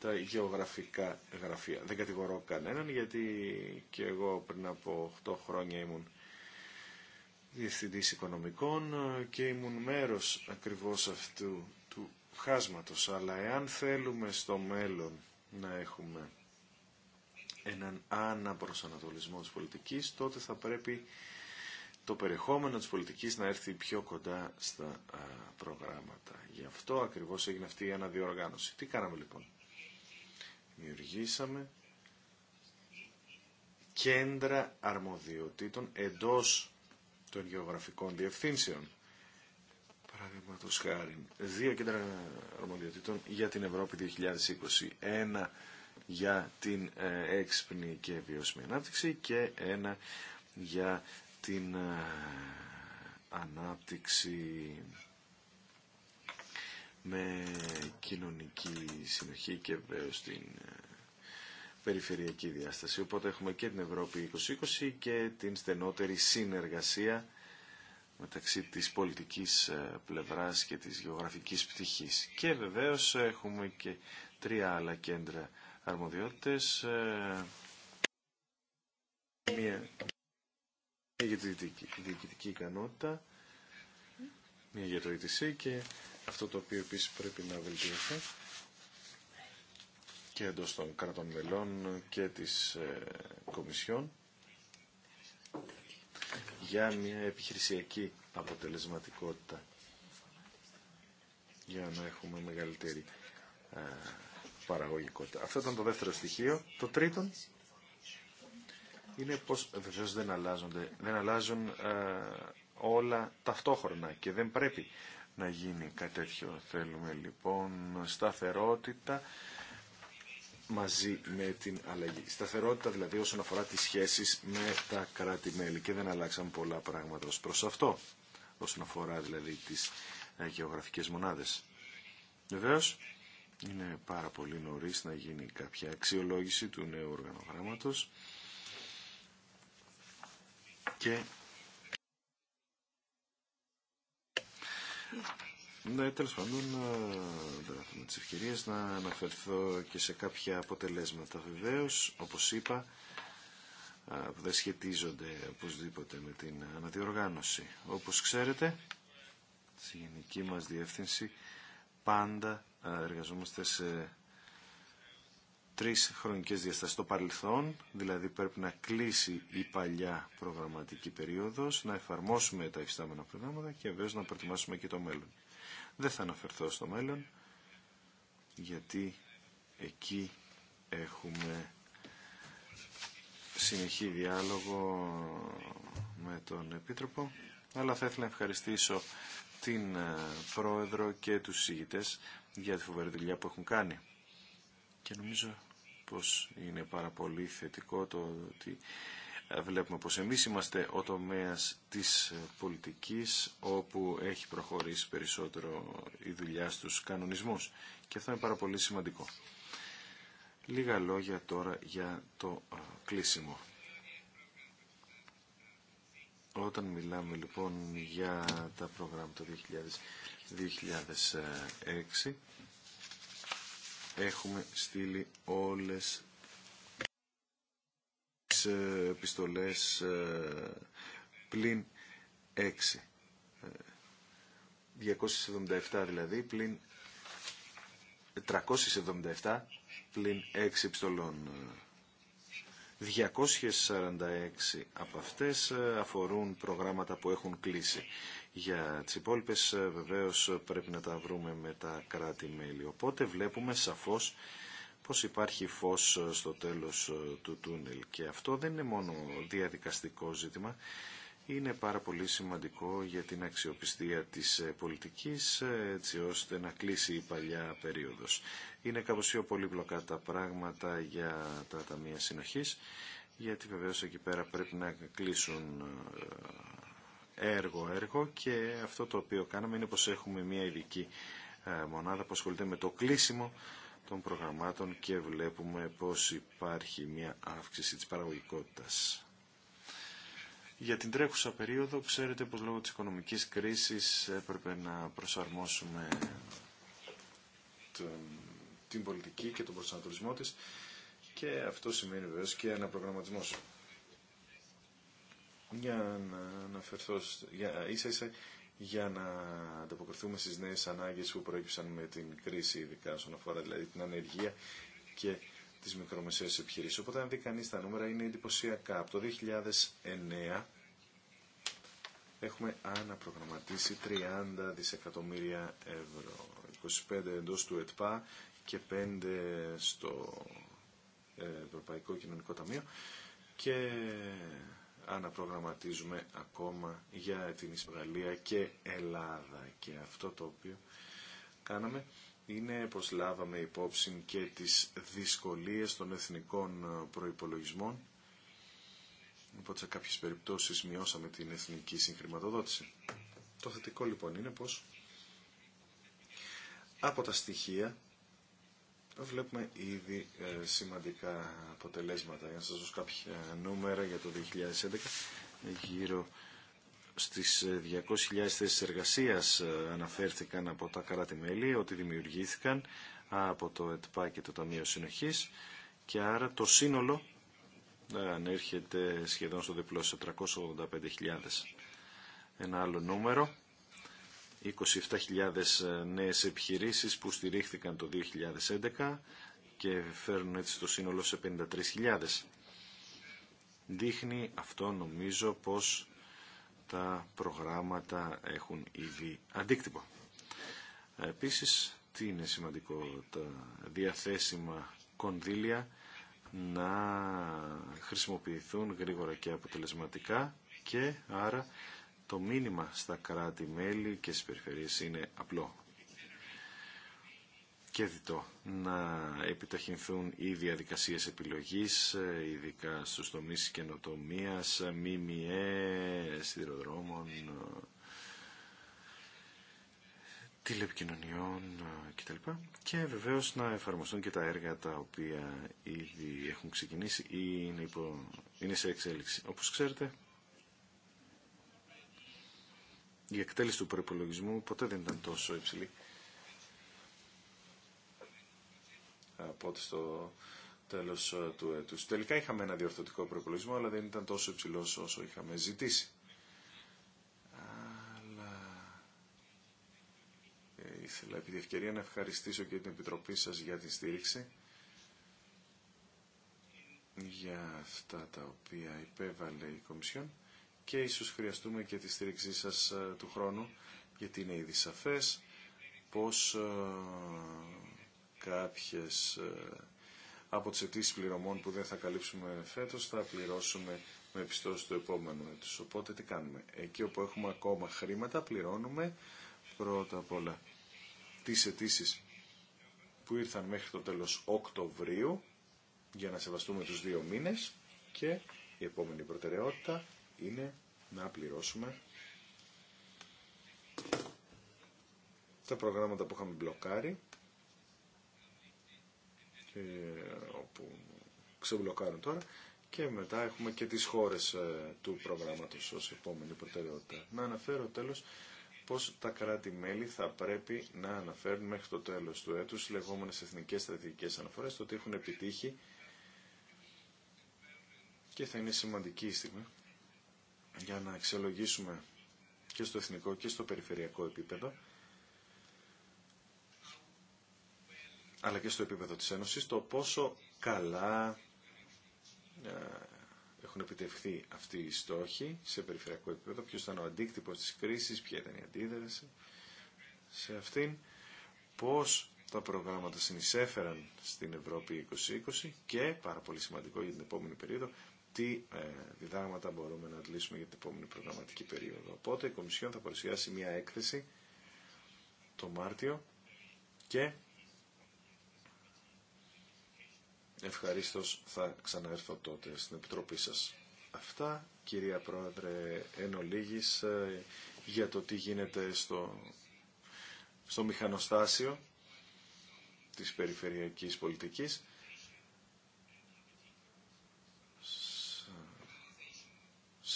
τα γεωγραφικά γραφεία. Δεν κατηγορώ κανέναν γιατί και εγώ πριν από 8 χρόνια ήμουν διευθυντής οικονομικών και ήμουν μέρος ακριβώς αυτού του χάσματος. Αλλά εάν θέλουμε στο μέλλον να έχουμε έναν αναπροσανατολισμό της πολιτικής, τότε θα πρέπει το περιεχόμενο της πολιτικής να έρθει πιο κοντά στα προγράμματα. Γι' αυτό ακριβώς έγινε αυτή η αναδιοργάνωση. Τι κάναμε λοιπόν δημιουργήσαμε κέντρα αρμοδιοτήτων εντός των γεωγραφικών διευθύνσεων. Παραδείγματο χάρη, δύο κέντρα αρμοδιοτήτων για την Ευρώπη 2020. Ένα για την ε, έξυπνη και βιώσιμη ανάπτυξη και ένα για την ε, ανάπτυξη με κοινωνική συνοχή και βέβαια την ε, περιφερειακή διάσταση. Οπότε έχουμε και την Ευρώπη 2020 και την στενότερη συνεργασία μεταξύ της πολιτικής ε, πλευράς και της γεωγραφικής πτυχής. Και βεβαίως έχουμε και τρία άλλα κέντρα αρμοδιότητες. Ε, μία για τη διοικητική ικανότητα, μία για το ETC και αυτό το οποίο επίσης πρέπει να βελτιωθεί και εντός των κρατών μελών και της ε, Κομισιόν για μια επιχειρησιακή αποτελεσματικότητα για να έχουμε μεγαλύτερη ε, παραγωγικότητα. Αυτό ήταν το δεύτερο στοιχείο. Το τρίτο είναι πως βεβαίως δεν αλλάζονται, δεν αλλάζουν ε, όλα ταυτόχρονα και δεν πρέπει να γίνει κάτι τέτοιο. Θέλουμε λοιπόν σταθερότητα μαζί με την αλλαγή. Σταθερότητα δηλαδή όσον αφορά τις σχέσεις με τα κράτη-μέλη και δεν αλλάξαν πολλά πράγματα ως προς αυτό, όσον αφορά δηλαδή τις ε, γεωγραφικές μονάδες. Βεβαίω, είναι πάρα πολύ νωρί να γίνει κάποια αξιολόγηση του νέου οργανογράμματος και Ναι, τέλος πάντων, ε, με τις ευκαιρίες να αναφερθώ και σε κάποια αποτελέσματα. Βεβαίως, όπως είπα, ε, που δεν σχετίζονται οπωσδήποτε με την αναδιοργάνωση. Όπως ξέρετε, στη γενική μας διεύθυνση πάντα ε, εργαζόμαστε σε τρεις χρονικές διαστάσεις στο παρελθόν, δηλαδή πρέπει να κλείσει η παλιά προγραμματική περίοδος, να εφαρμόσουμε τα εφιστάμενα προγράμματα και βέβαια να προετοιμάσουμε και το μέλλον. Δεν θα αναφερθώ στο μέλλον, γιατί εκεί έχουμε συνεχή διάλογο με τον Επίτροπο, αλλά θα ήθελα να ευχαριστήσω την ε, Πρόεδρο και τους συζητητές για τη φοβερή δουλειά που έχουν κάνει. Και νομίζω πως είναι πάρα πολύ θετικό το ότι ε, βλέπουμε πως εμείς είμαστε ο τομέας της ε, πολιτικής όπου έχει προχωρήσει περισσότερο η δουλειά στους κανονισμούς και αυτό είναι πάρα πολύ σημαντικό. Λίγα λόγια τώρα για το ε, κλείσιμο. Όταν μιλάμε λοιπόν για τα προγράμματα 2000, 2006 έχουμε στείλει όλες τις ε, επιστολές ε, πλην 6. 277 ε, δηλαδή, πλην 377 πλην 6 επιστολών. 246 από αυτές αφορούν προγράμματα που έχουν κλείσει για τι υπόλοιπε, ε, βεβαίως ε, πρέπει να τα βρούμε με τα κράτη-μέλη. Οπότε βλέπουμε σαφώς πως υπάρχει φως ε, στο τέλος του τούνελ και αυτό δεν είναι μόνο διαδικαστικό ζήτημα, είναι πάρα πολύ σημαντικό για την αξιοπιστία της πολιτικής έτσι ώστε να κλείσει η παλιά περίοδος. Είναι κάπως πιο πολύπλοκα τα πράγματα για τα ταμεία συνοχής γιατί βεβαίως εκεί πέρα πρέπει να κλείσουν έργο-έργο και αυτό το οποίο κάναμε είναι πως έχουμε μια ειδική ε, μονάδα που ασχολείται με το κλείσιμο των προγραμμάτων και βλέπουμε πως υπάρχει μια αύξηση της παραγωγικότητας. Για την τρέχουσα περίοδο ξέρετε πως λόγω της οικονομικής κρίσης έπρεπε να προσαρμόσουμε την πολιτική και τον προσανατολισμό της και αυτό σημαίνει βεβαίως και ένα προγραμματισμό για να αναφερθώ, για, ίσα ίσα για να ανταποκριθούμε στις νέες ανάγκες που προέκυψαν με την κρίση, ειδικά όσον αφορά δηλαδή την ανεργία και τις μικρομεσαίες επιχειρήσεις. Οπότε αν δει κανείς τα νούμερα είναι εντυπωσιακά. Από το 2009 έχουμε αναπρογραμματίσει 30 δισεκατομμύρια ευρώ, 25 εντός του ΕΤΠΑ και 5 στο ε, Ευρωπαϊκό Κοινωνικό Ταμείο και αναπρογραμματίζουμε ακόμα για την Ισπανία και Ελλάδα. Και αυτό το οποίο κάναμε είναι πως λάβαμε υπόψη και τις δυσκολίες των εθνικών προϋπολογισμών. Οπότε σε κάποιες περιπτώσεις μειώσαμε την εθνική συγχρηματοδότηση. Το θετικό λοιπόν είναι πως από τα στοιχεία ε, βλέπουμε ήδη ε, σημαντικά αποτελέσματα. Για να σας δώσω κάποια νούμερα για το 2011, γύρω στις 200.000 ε, θέσεις εργασίας αναφέρθηκαν από τα κράτη-μέλη ότι δημιουργήθηκαν από το ΕΤΠΑ και το Ταμείο Συνοχής και άρα το σύνολο ανέρχεται σχεδόν στο διπλό σε 385.000. Ένα άλλο νούμερο 27.000 ε, νέες επιχειρήσεις που στηρίχθηκαν το 2011 και φέρνουν έτσι το σύνολο σε 53.000. Δείχνει αυτό νομίζω πως τα προγράμματα έχουν ήδη αντίκτυπο. Επίσης, τι είναι σημαντικό, τα διαθέσιμα κονδύλια να χρησιμοποιηθούν γρήγορα και αποτελεσματικά και άρα το μήνυμα στα κράτη-μέλη και στις περιφερειές είναι απλό και διτό να επιταχυνθούν οι διαδικασίες επιλογής, ειδικά στους τομείς καινοτομίας, ΜΜΕ, σιδηροδρόμων, τηλεπικοινωνιών κτλ. Και βεβαίως να εφαρμοστούν και τα έργα τα οποία ήδη έχουν ξεκινήσει ή είναι, είναι σε εξέλιξη. Όπως ξέρετε, η εκτέλεση του προπολογισμού ποτέ δεν ήταν τόσο υψηλή από ό,τι στο τέλος ε, του έτου. Τελικά είχαμε ένα διορθωτικό προπολογισμό, αλλά δεν ήταν τόσο υψηλό όσο είχαμε ζητήσει. Αλλά ε, ήθελα επί τη ευκαιρία να ευχαριστήσω και την Επιτροπή σας για την στήριξη για αυτά τα οποία υπέβαλε η Κομισιόν και ίσως χρειαστούμε και τη στήριξή σας ε, του χρόνου γιατί είναι ήδη σαφές πως ε, κάποιες ε, από τις αιτήσει πληρωμών που δεν θα καλύψουμε φέτος θα πληρώσουμε με πιστώση του επόμενο έτους. Οπότε τι κάνουμε. Εκεί όπου έχουμε ακόμα χρήματα πληρώνουμε πρώτα απ' όλα τις αιτήσει που ήρθαν μέχρι το τέλος Οκτωβρίου για να σεβαστούμε τους δύο μήνες και η επόμενη προτεραιότητα είναι να πληρώσουμε τα προγράμματα που είχαμε μπλοκάρει και όπου ξεμπλοκάρουν τώρα και μετά έχουμε και τις χώρες ε, του προγράμματος ως επόμενη προτεραιότητα. Να αναφέρω τέλος πως τα κράτη-μέλη θα πρέπει να αναφέρουν μέχρι το τέλος του έτους λεγόμενες εθνικές στρατηγικές αναφορές, το ότι έχουν επιτύχει και θα είναι σημαντική στιγμή για να αξιολογήσουμε και στο εθνικό και στο περιφερειακό επίπεδο αλλά και στο επίπεδο της Ένωσης το πόσο καλά ε, έχουν επιτευχθεί αυτοί οι στόχοι σε περιφερειακό επίπεδο, ποιος ήταν ο αντίκτυπος της κρίσης, ποια ήταν η αντίδραση σε αυτήν, πώς τα προγράμματα συνεισέφεραν στην Ευρώπη 2020 και, πάρα πολύ σημαντικό για την επόμενη περίοδο, τι ε, διδάγματα μπορούμε να αντλήσουμε για την επόμενη προγραμματική περίοδο. Οπότε η Κομισιόν θα παρουσιάσει μια έκθεση το Μάρτιο και ευχαρίστως θα ξαναέρθω τότε στην Επιτροπή σας. Αυτά, κυρία Πρόεδρε, εν ολίγης, ε, για το τι γίνεται στο, στο μηχανοστάσιο της περιφερειακής πολιτικής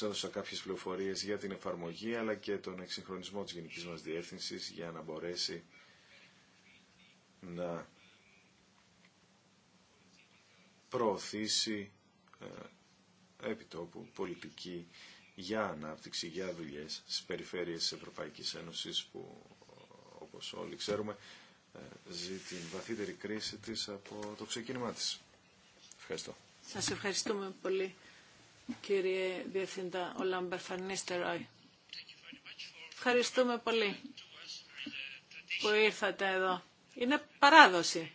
Σας έδωσα κάποιες πληροφορίες για την εφαρμογή αλλά και τον εξυγχρονισμό της γενικής μας διεύθυνσης για να μπορέσει να προωθήσει ε, επιτόπου πολιτική για ανάπτυξη, για δουλειές στις περιφέρειες της Ευρωπαϊκής Ένωσης που όπως όλοι ξέρουμε ε, ζει την βαθύτερη κρίση της από το ξεκίνημά της. Ευχαριστώ. Σας ευχαριστούμε πολύ κύριε Διευθυντά Ολάμπερ Φανίστεροι. Ευχαριστούμε πολύ που ήρθατε εδώ. Είναι παράδοση.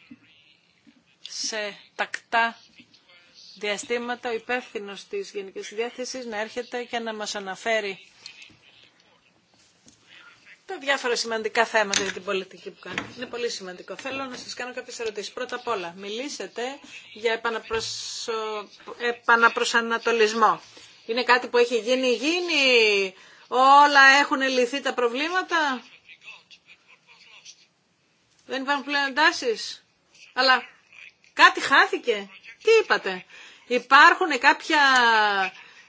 Σε τακτά διαστήματα ο υπεύθυνο της Γενικής διάθεσης να έρχεται και να μας αναφέρει τα διάφορα σημαντικά θέματα για την πολιτική που κάνετε Είναι πολύ σημαντικό. Θέλω να σας κάνω κάποιες ερωτήσεις. Πρώτα απ' όλα, μιλήσετε για επαναπροσω... επαναπροσανατολισμό. Είναι κάτι που έχει γίνει, γίνει, όλα έχουν λυθεί τα προβλήματα. Δεν υπάρχουν πλέον εντάσει. Αλλά κάτι χάθηκε. Τι είπατε. Υπάρχουν κάποια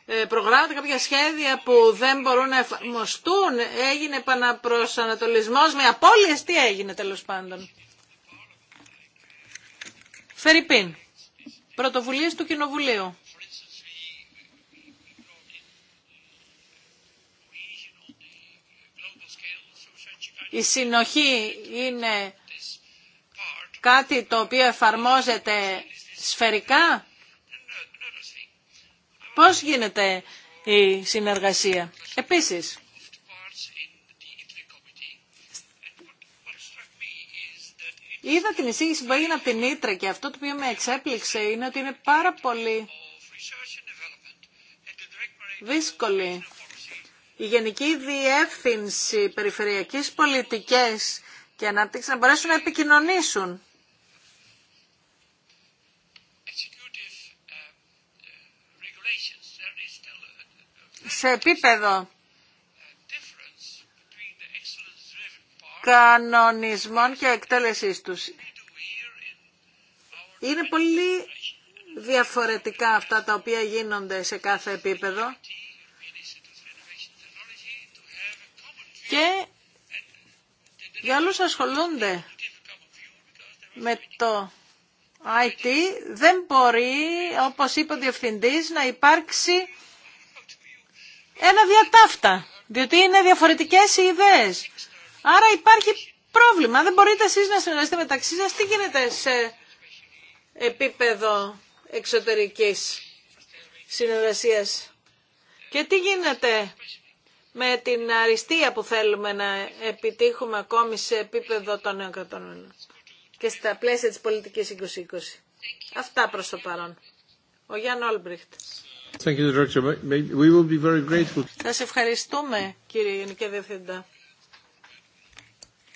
ε, προγράμματα, κάποια σχέδια που δεν μπορούν να εφαρμοστούν. Έγινε επαναπροσανατολισμός με απώλειες. Τι έγινε τέλος πάντων. Φερρυπίν. Πρωτοβουλίες του Κοινοβουλίου. Η συνοχή είναι κάτι το οποίο εφαρμόζεται σφαιρικά Πώς γίνεται η συνεργασία. Επίσης, είδα την εισήγηση που έγινε από την Ήτρα και αυτό το οποίο με εξέπληξε είναι ότι είναι πάρα πολύ δύσκολη η Γενική Διεύθυνση Περιφερειακής Πολιτικές και Ανάπτυξης να μπορέσουν να επικοινωνήσουν σε επίπεδο κανονισμών και εκτέλεσής τους. Είναι πολύ διαφορετικά αυτά τα οποία γίνονται σε κάθε επίπεδο και για όλους ασχολούνται με το IT δεν μπορεί, όπως είπε ο Διευθυντής, να υπάρξει ένα διατάφτα, διότι είναι διαφορετικές οι ιδέες. Άρα υπάρχει πρόβλημα. Δεν μπορείτε εσείς να συνεργαστείτε μεταξύ σας. Τι γίνεται σε επίπεδο εξωτερικής συνεργασίας. Και τι γίνεται με την αριστεία που θέλουμε να επιτύχουμε ακόμη σε επίπεδο των νέων κρατών και στα πλαίσια της πολιτικής 2020. Αυτά προς το παρόν. Ο Γιάνν Όλμπριχτ. Σα ευχαριστούμε, κύριε Γενική Διευθυντά,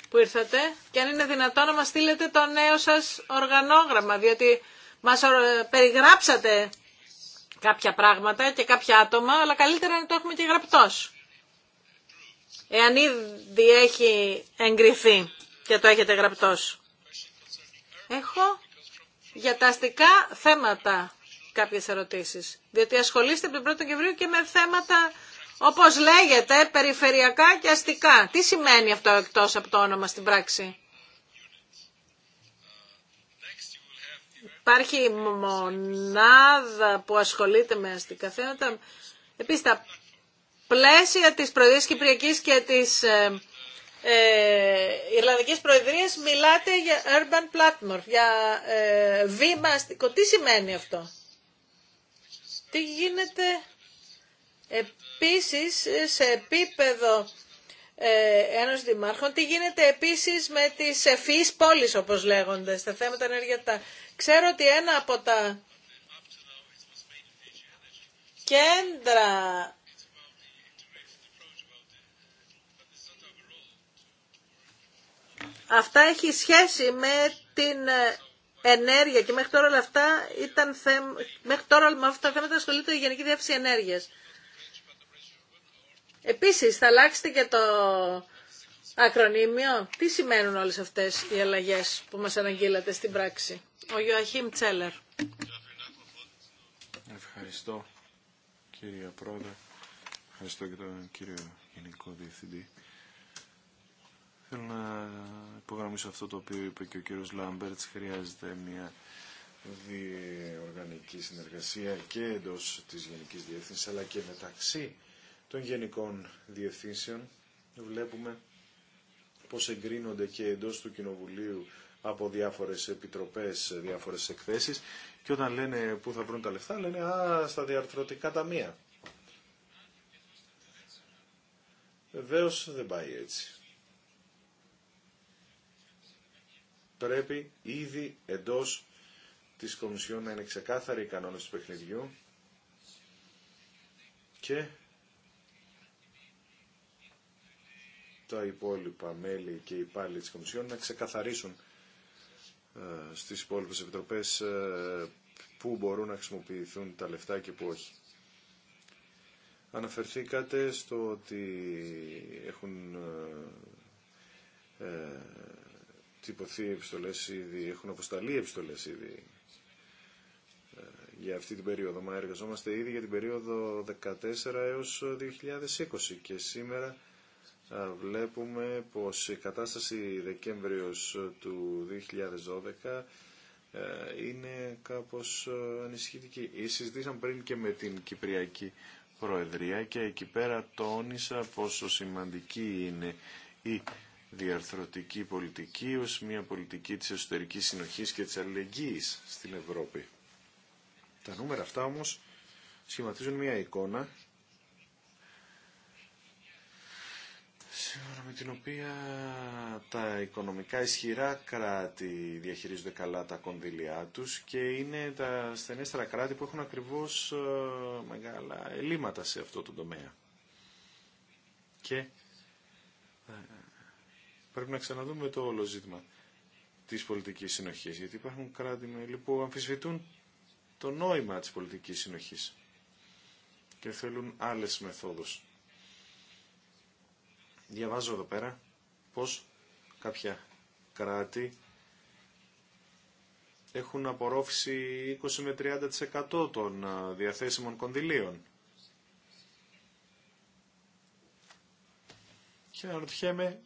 που ήρθατε και αν είναι δυνατόν να μας στείλετε το νέο σας οργανόγραμμα, διότι μας περιγράψατε κάποια πράγματα και κάποια άτομα, αλλά καλύτερα να το έχουμε και γραπτός. Εάν ήδη έχει εγκριθεί και το έχετε γραπτός. Έχω για τα αστικά θέματα κάποιες ερωτήσεις. Διότι ασχολείστε από την 1η Δεκεμβρίου και με θέματα, όπως λέγεται, περιφερειακά και αστικά. Τι σημαίνει αυτό εκτός από το όνομα στην πράξη. Υπάρχει μονάδα που ασχολείται με αστικά θέματα. Επίσης, τα πλαίσια της Προεδρίας Κυπριακής και της ε, ε, Ιρλανδικής Προεδρίας μιλάτε για urban platform, για ε, βήμα αστικό. Τι σημαίνει αυτό. Τι γίνεται επίσης σε επίπεδο ε, ένας Δημάρχων, τι γίνεται επίσης με τις ευφυείς πόλεις όπως λέγονται στα θέματα ενεργειακά. Ξέρω ότι ένα από τα κέντρα αυτά έχει σχέση με την ε, ενέργεια και μέχρι τώρα όλα αυτά ήταν θέμα, μέχρι τώρα με αυτά τα θέματα ασχολείται η Γενική Διεύθυνση Ενέργειας. Επίσης, θα αλλάξετε και το ακρονίμιο. Τι σημαίνουν όλες αυτές οι αλλαγές που μας αναγγείλατε στην πράξη. Ο Ιωαχήμ Τσέλερ. Ευχαριστώ κύριε Πρόεδρε. Ευχαριστώ και τον κύριο Γενικό Διευθυντή. Θέλω να υπογραμμίσω αυτό το οποίο είπε και ο κύριος Λάμπερτς. Χρειάζεται μια διοργανική συνεργασία και εντός της Γενικής Διεύθυνσης αλλά και μεταξύ των Γενικών Διευθύνσεων. Βλέπουμε πως εγκρίνονται και εντός του Κοινοβουλίου από διάφορες επιτροπές, διάφορες εκθέσεις και όταν λένε πού θα βρουν τα λεφτά λένε «Α, στα διαρθρωτικά ταμεία». Βεβαίω δεν πάει έτσι. πρέπει ήδη εντός της Κομισιόν να είναι ξεκάθαροι οι κανόνες του παιχνιδιού και τα υπόλοιπα μέλη και οι υπάλληλοι της Κομισιόν να ξεκαθαρίσουν ε, στις υπόλοιπες επιτροπές ε, πού μπορούν να χρησιμοποιηθούν τα λεφτά και πού όχι. Αναφερθήκατε στο ότι έχουν ε, τυπωθεί επιστολές ήδη, έχουν αποσταλεί επιστολές ήδη ε, για αυτή την περίοδο. Μα εργαζόμαστε ήδη για την περίοδο 14 έως 2020 και σήμερα ε, βλέπουμε πως η κατάσταση Δεκέμβριος ε, του 2012 είναι κάπως ανησυχητική. Συζητήσαμε πριν και με την Κυπριακή Προεδρία και εκεί πέρα τόνισα πόσο σημαντική είναι η διαρθρωτική πολιτική ως μια πολιτική της εσωτερικής συνοχής και της αλληλεγγύης στην Ευρώπη. Τα νούμερα αυτά όμως σχηματίζουν μια εικόνα σύμφωνα με την οποία τα οικονομικά ισχυρά κράτη διαχειρίζονται καλά τα κονδύλια τους και είναι τα στενέστερα κράτη που έχουν ακριβώς ε, μεγάλα ελλείμματα σε αυτό το τομέα. Και ε, πρέπει να ξαναδούμε το όλο ζήτημα της πολιτικής συνοχής, γιατί υπάρχουν κράτη-μέλη που αμφισβητούν το νόημα τη πολιτικής συνοχής και θέλουν άλλε μεθόδους. Διαβάζω εδώ πέρα πως κάποια κράτη έχουν απορρόφηση 20 με 30% των διαθέσιμων κονδυλίων. Και αναρωτιέμαι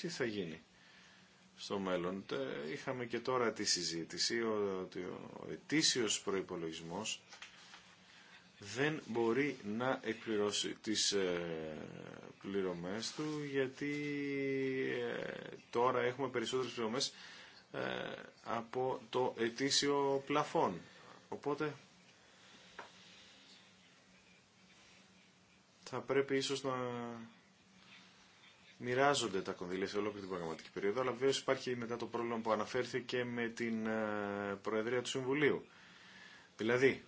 τι θα γίνει στο μέλλον. Είχαμε και τώρα τη συζήτηση ότι ο ετήσιος προϋπολογισμός δεν μπορεί να εκπληρώσει τις ε, πληρωμές του γιατί ε, τώρα έχουμε περισσότερες πληρωμές ε, από το ετήσιο πλαφόν. Οπότε θα πρέπει ίσως να μοιράζονται τα κονδύλια σε ολόκληρη την πραγματική περίοδο, αλλά βέβαια υπάρχει μετά το πρόβλημα που αναφέρθηκε με την ε, Προεδρία του Συμβουλίου. Δηλαδή,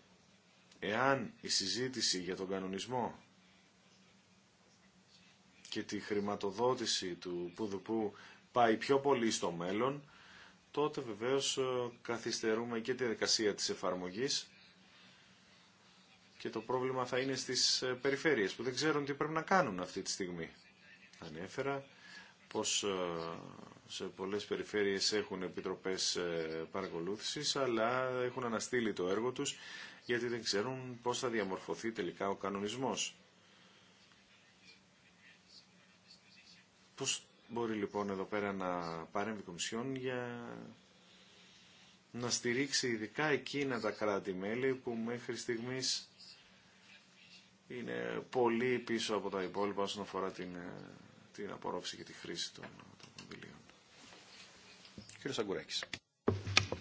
εάν η συζήτηση για τον κανονισμό και τη χρηματοδότηση του Πουδουπού πάει πιο πολύ στο μέλλον, τότε βεβαίως ε, καθυστερούμε και τη διαδικασία της εφαρμογής και το πρόβλημα θα είναι στις ε, περιφέρειες που δεν ξέρουν τι πρέπει να κάνουν αυτή τη στιγμή ανέφερα πως ε, σε πολλές περιφέρειες έχουν επιτροπές ε, παρακολούθησης αλλά έχουν αναστείλει το έργο τους γιατί δεν ξέρουν πώς θα διαμορφωθεί τελικά ο κανονισμός. Πώς μπορεί λοιπόν εδώ πέρα να παρέμβει η Κομισιόν για να στηρίξει ειδικά εκείνα τα κράτη-μέλη που μέχρι στιγμής είναι πολύ πίσω από τα υπόλοιπα όσον αφορά την ε, την απορρόφηση και τη χρήση των, των κονδυλίων. Κύριος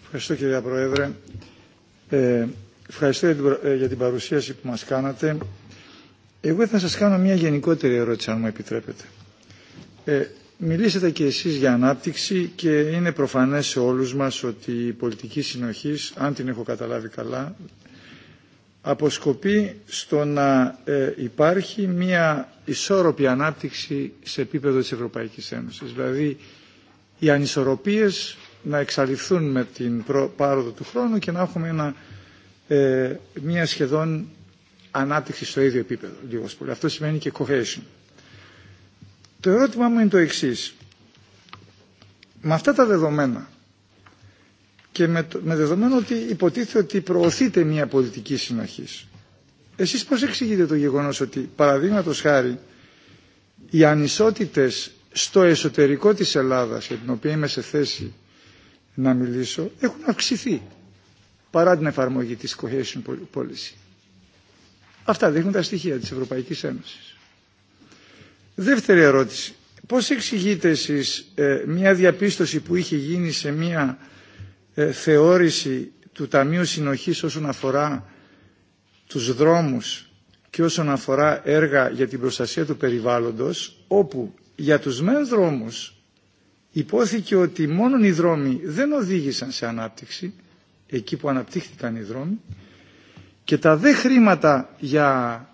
Ευχαριστώ κύριε Πρόεδρε. Ε, ευχαριστώ ε, για την παρουσίαση που μας κάνατε. Εγώ θα σας κάνω μια γενικότερη ερώτηση αν μου επιτρέπετε. Ε, μιλήσατε και εσείς για ανάπτυξη και είναι προφανές σε όλους μας ότι η πολιτική συνοχής, αν την έχω καταλάβει καλά, αποσκοπεί στο να ε, υπάρχει μια ισόρροπη ανάπτυξη σε επίπεδο της Ευρωπαϊκής Ένωσης. Δηλαδή οι ανισορροπίες να εξαλειφθούν με την πάροδο του χρόνου και να έχουμε μια ε, σχεδόν ανάπτυξη στο ίδιο επίπεδο. Λίγο Αυτό σημαίνει και cohesion. Το ερώτημά μου είναι το εξής. Με αυτά τα δεδομένα και με, με δεδομένο ότι υποτίθεται ότι προωθείται μια πολιτική συνοχή. Εσείς πώς εξηγείτε το γεγονός ότι παραδείγματο χάρη οι ανισότητες στο εσωτερικό της Ελλάδας για την οποία είμαι σε θέση να μιλήσω έχουν αυξηθεί παρά την εφαρμογή της cohesion policy. Αυτά δείχνουν τα στοιχεία της Ευρωπαϊκής Ένωσης. Δεύτερη ερώτηση. Πώς εξηγείτε εσείς ε, μια διαπίστωση που είχε γίνει σε μια ε, θεώρηση του Ταμείου Συνοχής όσον αφορά τους δρόμους και όσον αφορά έργα για την προστασία του περιβάλλοντος, όπου για τους μεν δρόμους υπόθηκε ότι μόνο οι δρόμοι δεν οδήγησαν σε ανάπτυξη, εκεί που αναπτύχθηκαν οι δρόμοι, και τα δε χρήματα για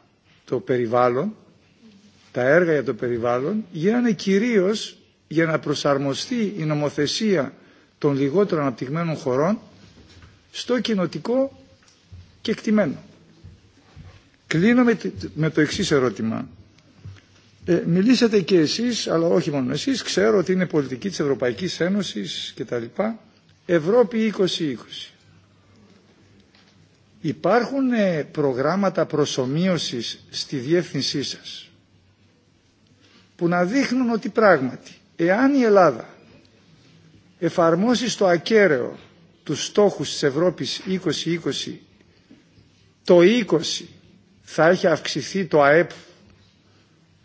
το περιβάλλον, τα έργα για το περιβάλλον, γίνανε κυρίως για να προσαρμοστεί η νομοθεσία των λιγότερων αναπτυγμένων χωρών στο κοινοτικό και εκτιμένο. Κλείνω με το εξής ερώτημα. Ε, μιλήσατε και εσείς, αλλά όχι μόνο εσείς, ξέρω ότι είναι πολιτική της Ευρωπαϊκής Ένωσης και τα λοιπά. Ευρώπη 2020. Υπάρχουν ε, προγράμματα προσωμείωσης στη διεύθυνσή σας που να δείχνουν ότι πράγματι, εάν η Ελλάδα εφαρμόσει στο ακέραιο του στόχου της Ευρώπης 2020 το 20 θα έχει αυξηθεί το ΑΕΠ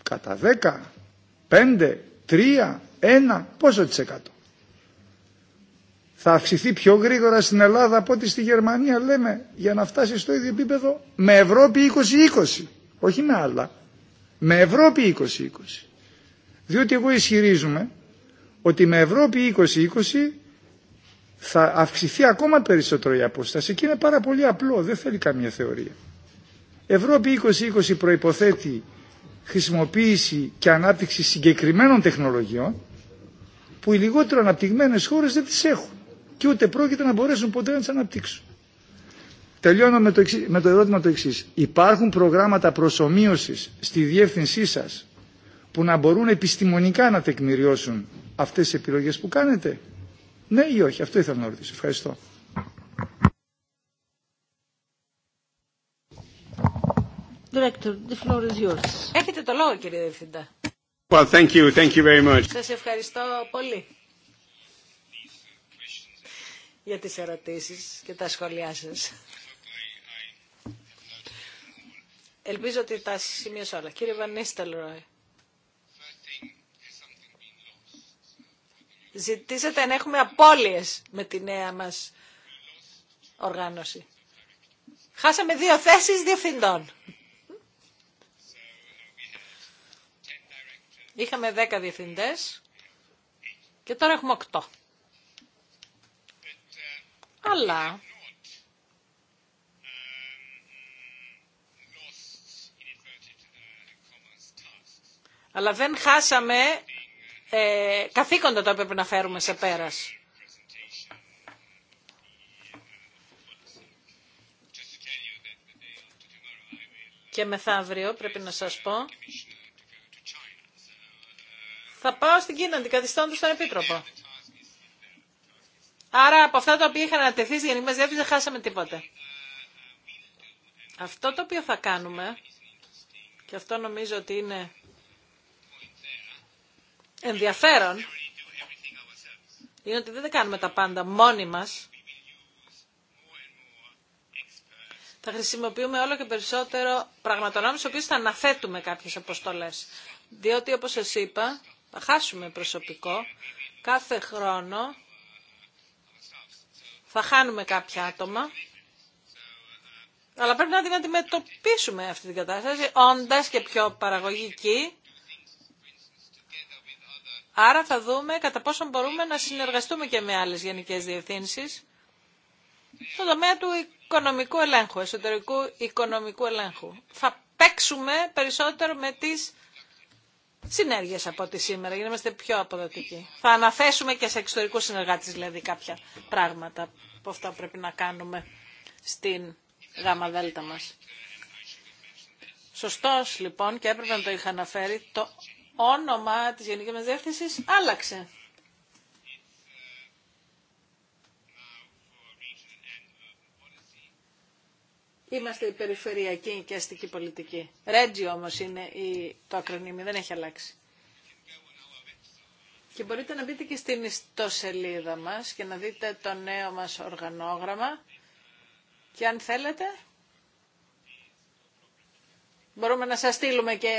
κατά 10, 5, 3, 1, πόσο της εκατό. Θα αυξηθεί πιο γρήγορα στην Ελλάδα από ό,τι στη Γερμανία λέμε για να φτάσει στο ίδιο επίπεδο με Ευρώπη 2020. Όχι με άλλα. Με Ευρώπη 2020. Διότι εγώ ισχυρίζομαι ότι με Ευρώπη 2020 θα αυξηθεί ακόμα περισσότερο η απόσταση και είναι πάρα πολύ απλό, δεν θέλει καμία θεωρία. Ευρώπη 2020 προϋποθέτει χρησιμοποίηση και ανάπτυξη συγκεκριμένων τεχνολογιών που οι λιγότερο αναπτυγμένες χώρες δεν τις έχουν και ούτε πρόκειται να μπορέσουν ποτέ να τις αναπτύξουν. Τελειώνω με το, με το ερώτημα το εξή. Υπάρχουν προγράμματα προσωμείωσης στη διεύθυνσή σας που να μπορούν επιστημονικά να τεκμηριώσουν αυτές τις επιλογές που κάνετε. Ναι ή όχι. Αυτό ήθελα να ρωτήσω. Ευχαριστώ. Director, the floor is yours. Έχετε το λόγο κύριε Δευθυντά. Well, thank you. Thank you very much. Σας ευχαριστώ πολύ για τις ερωτήσεις και τα σχόλιά σας. Ελπίζω ότι τα σημείωσα όλα. Κύριε Βανίστελ Ροϊ, Ζητήσατε να έχουμε απώλειες με τη νέα μας οργάνωση. Χάσαμε δύο θέσεις διευθυντών. Είχαμε δέκα διευθυντές και τώρα έχουμε οκτώ. Αλλά αλλά δεν χάσαμε ε, καθήκοντα το πρέπει να φέρουμε σε πέρας. Και μεθαύριο πρέπει να σας πω θα πάω στην Κίνα αντικαθιστώντας τον Επίτροπο. Άρα από αυτά τα οποία είχαν ανατεθεί στη μας δεν χάσαμε τίποτε. Αυτό το οποίο θα κάνουμε, και αυτό νομίζω ότι είναι ενδιαφέρον είναι ότι δεν κάνουμε τα πάντα μόνοι μας. Θα χρησιμοποιούμε όλο και περισσότερο πραγματονόμους, οποίους θα αναθέτουμε κάποιες αποστολές. Διότι, όπως σας είπα, θα χάσουμε προσωπικό. Κάθε χρόνο θα χάνουμε κάποια άτομα. Αλλά πρέπει να την αντιμετωπίσουμε αυτή την κατάσταση, όντας και πιο παραγωγική Άρα θα δούμε κατά πόσο μπορούμε να συνεργαστούμε και με άλλες γενικές διευθύνσεις στο τομέα του οικονομικού ελέγχου, εσωτερικού οικονομικού ελέγχου. Θα παίξουμε περισσότερο με τις συνέργειες από ό,τι σήμερα, για είμαστε πιο αποδοτικοί. Θα αναθέσουμε και σε εξωτερικούς συνεργάτες δηλαδή κάποια πράγματα από αυτά που πρέπει να κάνουμε στην γάμα δέλτα μας. Σωστός λοιπόν και έπρεπε να το είχα αναφέρει το όνομα της Γενικής μας Διεύθυνσης άλλαξε. Είμαστε η περιφερειακή και αστική πολιτική. Ρέτζι όμως είναι η... το ακρονίμι. δεν έχει αλλάξει. Και μπορείτε να μπείτε και στην ιστοσελίδα μας και να δείτε το νέο μας οργανόγραμμα. Και αν θέλετε, μπορούμε να σας στείλουμε και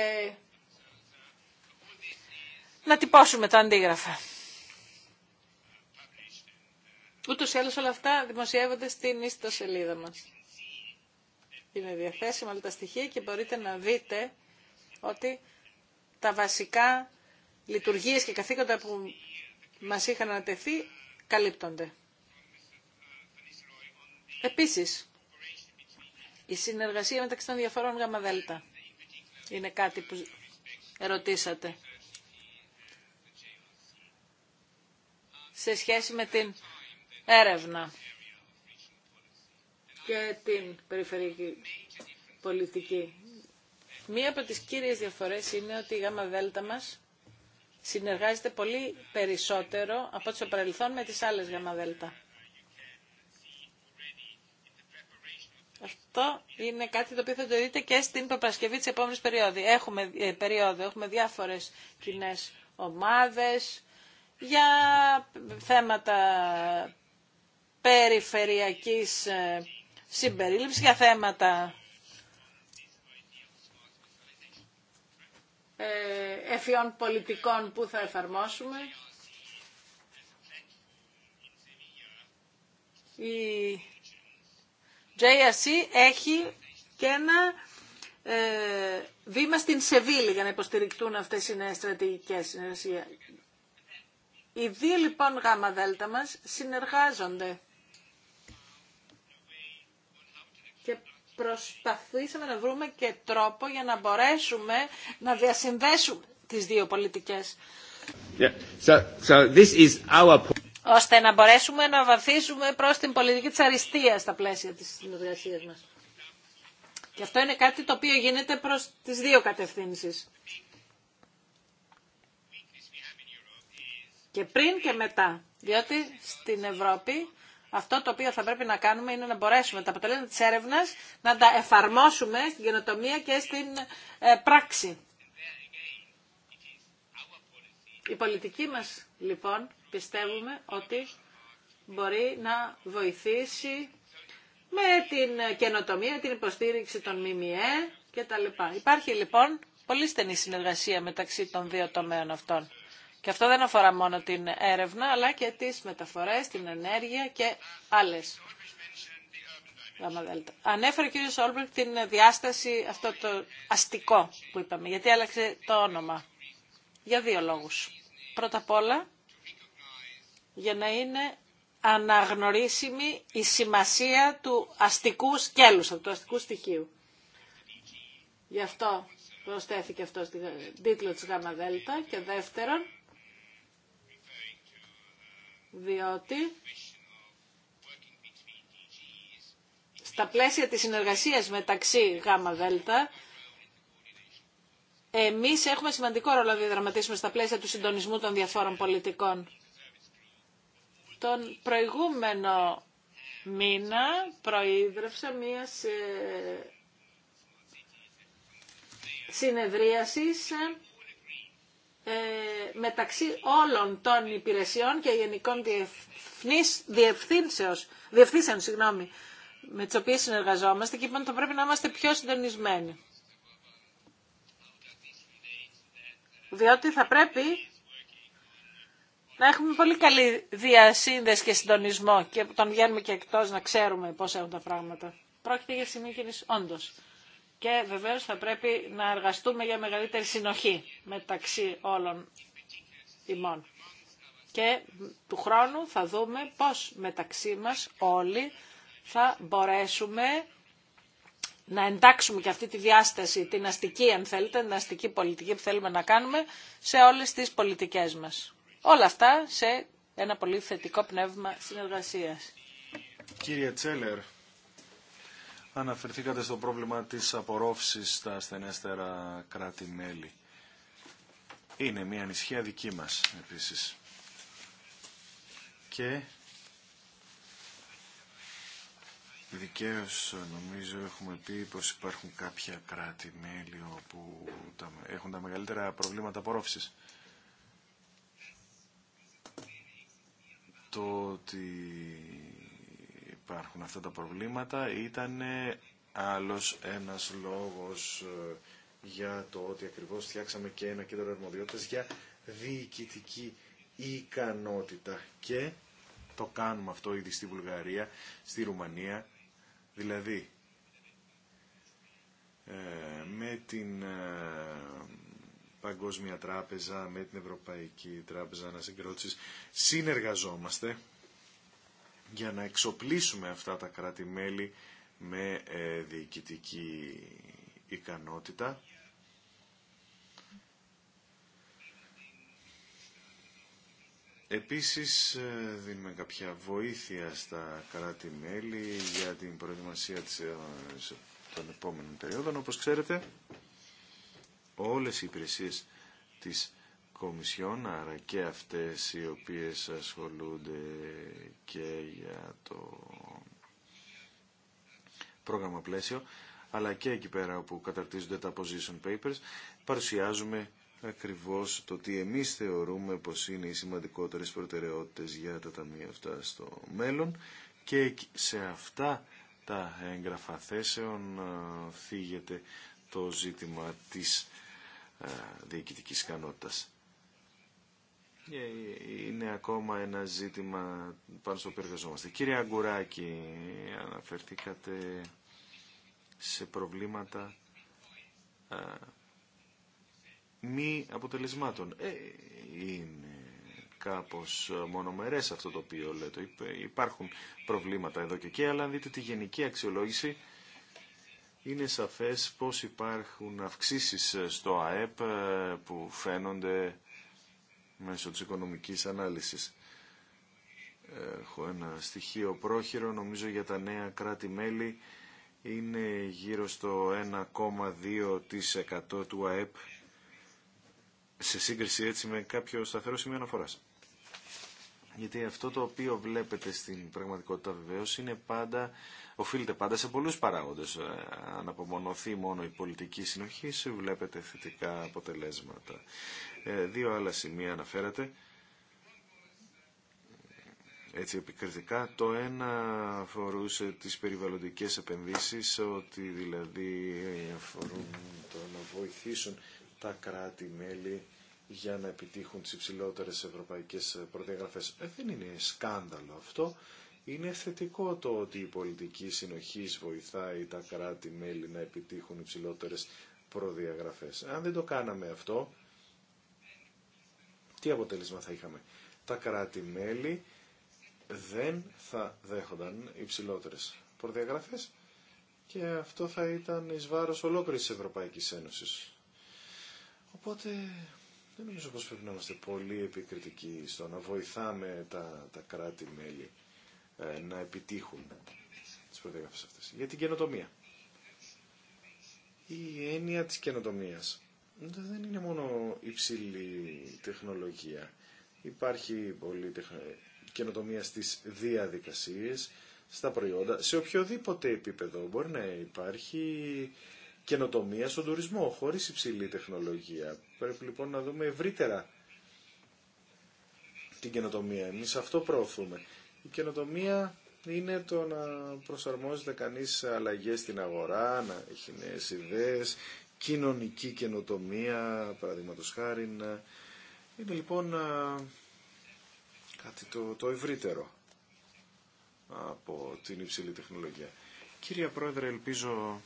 να τυπώσουμε τα αντίγραφα. Ούτως ή όλα αυτά δημοσιεύονται στην ιστοσελίδα μας. Είναι διαθέσιμα όλα τα στοιχεία και μπορείτε να δείτε ότι τα βασικά λειτουργίε και καθήκοντα που μας είχαν ανατεθεί καλύπτονται. Επίση, η συνεργασία μεταξύ των διαφορών γάμα είναι κάτι που ερωτήσατε. σε σχέση με την έρευνα και την περιφερειακή πολιτική. Μία από τις κύριες διαφορές είναι ότι η γάμα δέλτα μας συνεργάζεται πολύ περισσότερο από το παρελθόν με τις άλλες γάμα δέλτα. Αυτό είναι κάτι το οποίο θα το δείτε και στην Παπασκευή της επόμενης περίοδου. Έχουμε, ε, περίοδο, έχουμε διάφορες κοινέ ομάδες, για θέματα περιφερειακής ε, συμπερίληψης, για θέματα ε, εφιών πολιτικών που θα εφαρμόσουμε. Η JRC έχει και ένα ε, βήμα στην Σεβίλη για να υποστηριχτούν αυτές οι νέες στρατηγικές οι δύο λοιπόν γάμα δέλτα μας συνεργάζονται και προσπαθήσαμε να βρούμε και τρόπο για να μπορέσουμε να διασυνδέσουμε τις δύο πολιτικές. Yeah. So, ώστε να μπορέσουμε να βαθίσουμε προς την πολιτική της αριστείας στα πλαίσια της συνεργασίας μας. Και αυτό είναι κάτι το οποίο γίνεται προς τις δύο κατευθύνσεις. Και πριν και μετά. Διότι στην Ευρώπη αυτό το οποίο θα πρέπει να κάνουμε είναι να μπορέσουμε τα αποτελέσματα της έρευνας να τα εφαρμόσουμε στην καινοτομία και στην ε, πράξη. Η πολιτική μας, λοιπόν, πιστεύουμε ότι μπορεί να βοηθήσει με την καινοτομία, την υποστήριξη των ΜΜΕ και τα λοιπά. Υπάρχει, λοιπόν, πολύ στενή συνεργασία μεταξύ των δύο τομέων αυτών. Και αυτό δεν αφορά μόνο την έρευνα, αλλά και τις μεταφορές, την ενέργεια και άλλες. Ανέφερε ο κ. Σόλμπρικ την διάσταση αυτό το αστικό που είπαμε, γιατί άλλαξε το όνομα. Για δύο λόγους. Πρώτα απ' όλα, για να είναι αναγνωρίσιμη η σημασία του αστικού σκέλους, του αστικού στοιχείου. Γι' αυτό προσθέθηκε αυτό στην τίτλο της ΓΔ και δεύτερον, διότι στα πλαίσια της συνεργασίας μεταξύ ΓΑΜΑ ΔΕΛΤΑ εμείς έχουμε σημαντικό ρόλο να διαδραματίσουμε στα πλαίσια του συντονισμού των διαφόρων πολιτικών. Τον προηγούμενο μήνα προείδρευσα μία συνεδρίαση ε, μεταξύ όλων των υπηρεσιών και γενικών διευθύνσεων συγγνώμη, με τις οποίες συνεργαζόμαστε και είπαν ότι πρέπει να είμαστε πιο συντονισμένοι. Διότι θα πρέπει να έχουμε πολύ καλή διασύνδεση και συντονισμό και τον βγαίνουμε και εκτός να ξέρουμε πώς έχουν τα πράγματα. Πρόκειται για σημείο όντως και βεβαίως θα πρέπει να εργαστούμε για μεγαλύτερη συνοχή μεταξύ όλων ημών. Και του χρόνου θα δούμε πώς μεταξύ μας όλοι θα μπορέσουμε να εντάξουμε και αυτή τη διάσταση, την αστική αν θέλετε, την αστική πολιτική που θέλουμε να κάνουμε σε όλες τις πολιτικές μας. Όλα αυτά σε ένα πολύ θετικό πνεύμα συνεργασίας. Κύριε Τσέλερ, αναφερθήκατε στο πρόβλημα της απορρόφησης στα ασθενέστερα κράτη-μέλη. Είναι μια ανησυχία δική μας επίσης. Και δικαίως νομίζω έχουμε πει πως υπάρχουν κάποια κράτη-μέλη όπου έχουν τα μεγαλύτερα προβλήματα απορρόφησης. Το ότι υπάρχουν αυτά τα προβλήματα ήταν άλλος ένας λόγος ε, για το ότι ακριβώς φτιάξαμε και ένα κέντρο αρμοδιότητας για διοικητική ικανότητα και το κάνουμε αυτό ήδη στη Βουλγαρία, στη Ρουμανία, δηλαδή ε, με την ε, Παγκόσμια Τράπεζα, με την Ευρωπαϊκή Τράπεζα Ανασυγκρότησης συνεργαζόμαστε για να εξοπλίσουμε αυτά τα κράτη-μέλη με ε, διοικητική ικανότητα. Επίσης ε, δίνουμε κάποια βοήθεια στα κράτη-μέλη για την προετοιμασία ε, των επόμενων περίοδων. Όπως ξέρετε, όλες οι υπηρεσίες της Κομισιόν, άρα και αυτές οι οποίες ασχολούνται και για το πρόγραμμα πλαίσιο, αλλά και εκεί πέρα όπου καταρτίζονται τα position papers, παρουσιάζουμε ακριβώς το τι εμείς θεωρούμε πως είναι οι σημαντικότερες προτεραιότητες για τα ταμεία αυτά στο μέλλον και σε αυτά τα έγγραφα θέσεων ε, φύγεται το ζήτημα της ε, διοικητικής ικανότητας. Ε, είναι ακόμα ένα ζήτημα πάνω στο οποίο εργαζόμαστε. Κύριε Αγκουράκη, αναφερθήκατε σε προβλήματα μη αποτελεσμάτων. Ε, είναι κάπως μονομερές αυτό το οποίο λέτε. Υπάρχουν προβλήματα εδώ και εκεί, αλλά αν δείτε τη γενική αξιολόγηση, είναι σαφές πως υπάρχουν αυξήσεις στο ΑΕΠ ε, που φαίνονται μέσω της οικονομικής ανάλυσης. Έχω ένα στοιχείο πρόχειρο, νομίζω για τα νέα κράτη-μέλη είναι γύρω στο 1,2% του ΑΕΠ σε σύγκριση έτσι με κάποιο σταθερό σημείο αναφοράς. Γιατί αυτό το οποίο βλέπετε στην πραγματικότητα βεβαίω είναι πάντα, οφείλεται πάντα σε πολλούς παράγοντες. Ε, αν απομονωθεί μόνο η πολιτική συνοχή, βλέπετε θετικά αποτελέσματα. Ε, δύο άλλα σημεία αναφέρατε. Έτσι επικριτικά. Το ένα αφορούσε τις περιβαλλοντικές επενδύσεις, ότι δηλαδή αφορούν το να βοηθήσουν τα κράτη-μέλη για να επιτύχουν τις υψηλότερες ευρωπαϊκές προδιαγραφές. Ε, δεν είναι σκάνδαλο αυτό. Είναι θετικό το ότι η πολιτική συνοχής βοηθάει τα κράτη-μέλη να επιτύχουν υψηλότερες προδιαγραφές. Αν δεν το κάναμε αυτό, τι αποτέλεσμα θα είχαμε. Τα κράτη-μέλη δεν θα δέχονταν υψηλότερες προδιαγραφές και αυτό θα ήταν εις βάρος ολόκληρης της Ευρωπαϊκής Ένωσης. Οπότε δεν νομίζω πως πρέπει να είμαστε πολύ επικριτικοί στο να βοηθάμε τα, τα κράτη-μέλη ε, να επιτύχουν τις προδιαγραφές αυτές. Για την καινοτομία. Η έννοια της καινοτομίας δεν είναι μόνο υψηλή τεχνολογία. Υπάρχει πολύ καινοτομία στις διαδικασίες, στα προϊόντα, σε οποιοδήποτε επίπεδο μπορεί να υπάρχει καινοτομία στον τουρισμό, χωρίς υψηλή τεχνολογία. Πρέπει λοιπόν να δούμε ευρύτερα την καινοτομία. Εμείς αυτό προωθούμε. Η καινοτομία είναι το να προσαρμόζεται κανείς αλλαγές στην αγορά, να έχει νέες ιδέες, κοινωνική καινοτομία, παραδείγματο χάρη. Ναι. Είναι λοιπόν κάτι το, το ευρύτερο από την υψηλή τεχνολογία. Κύριε Πρόεδρε, ελπίζω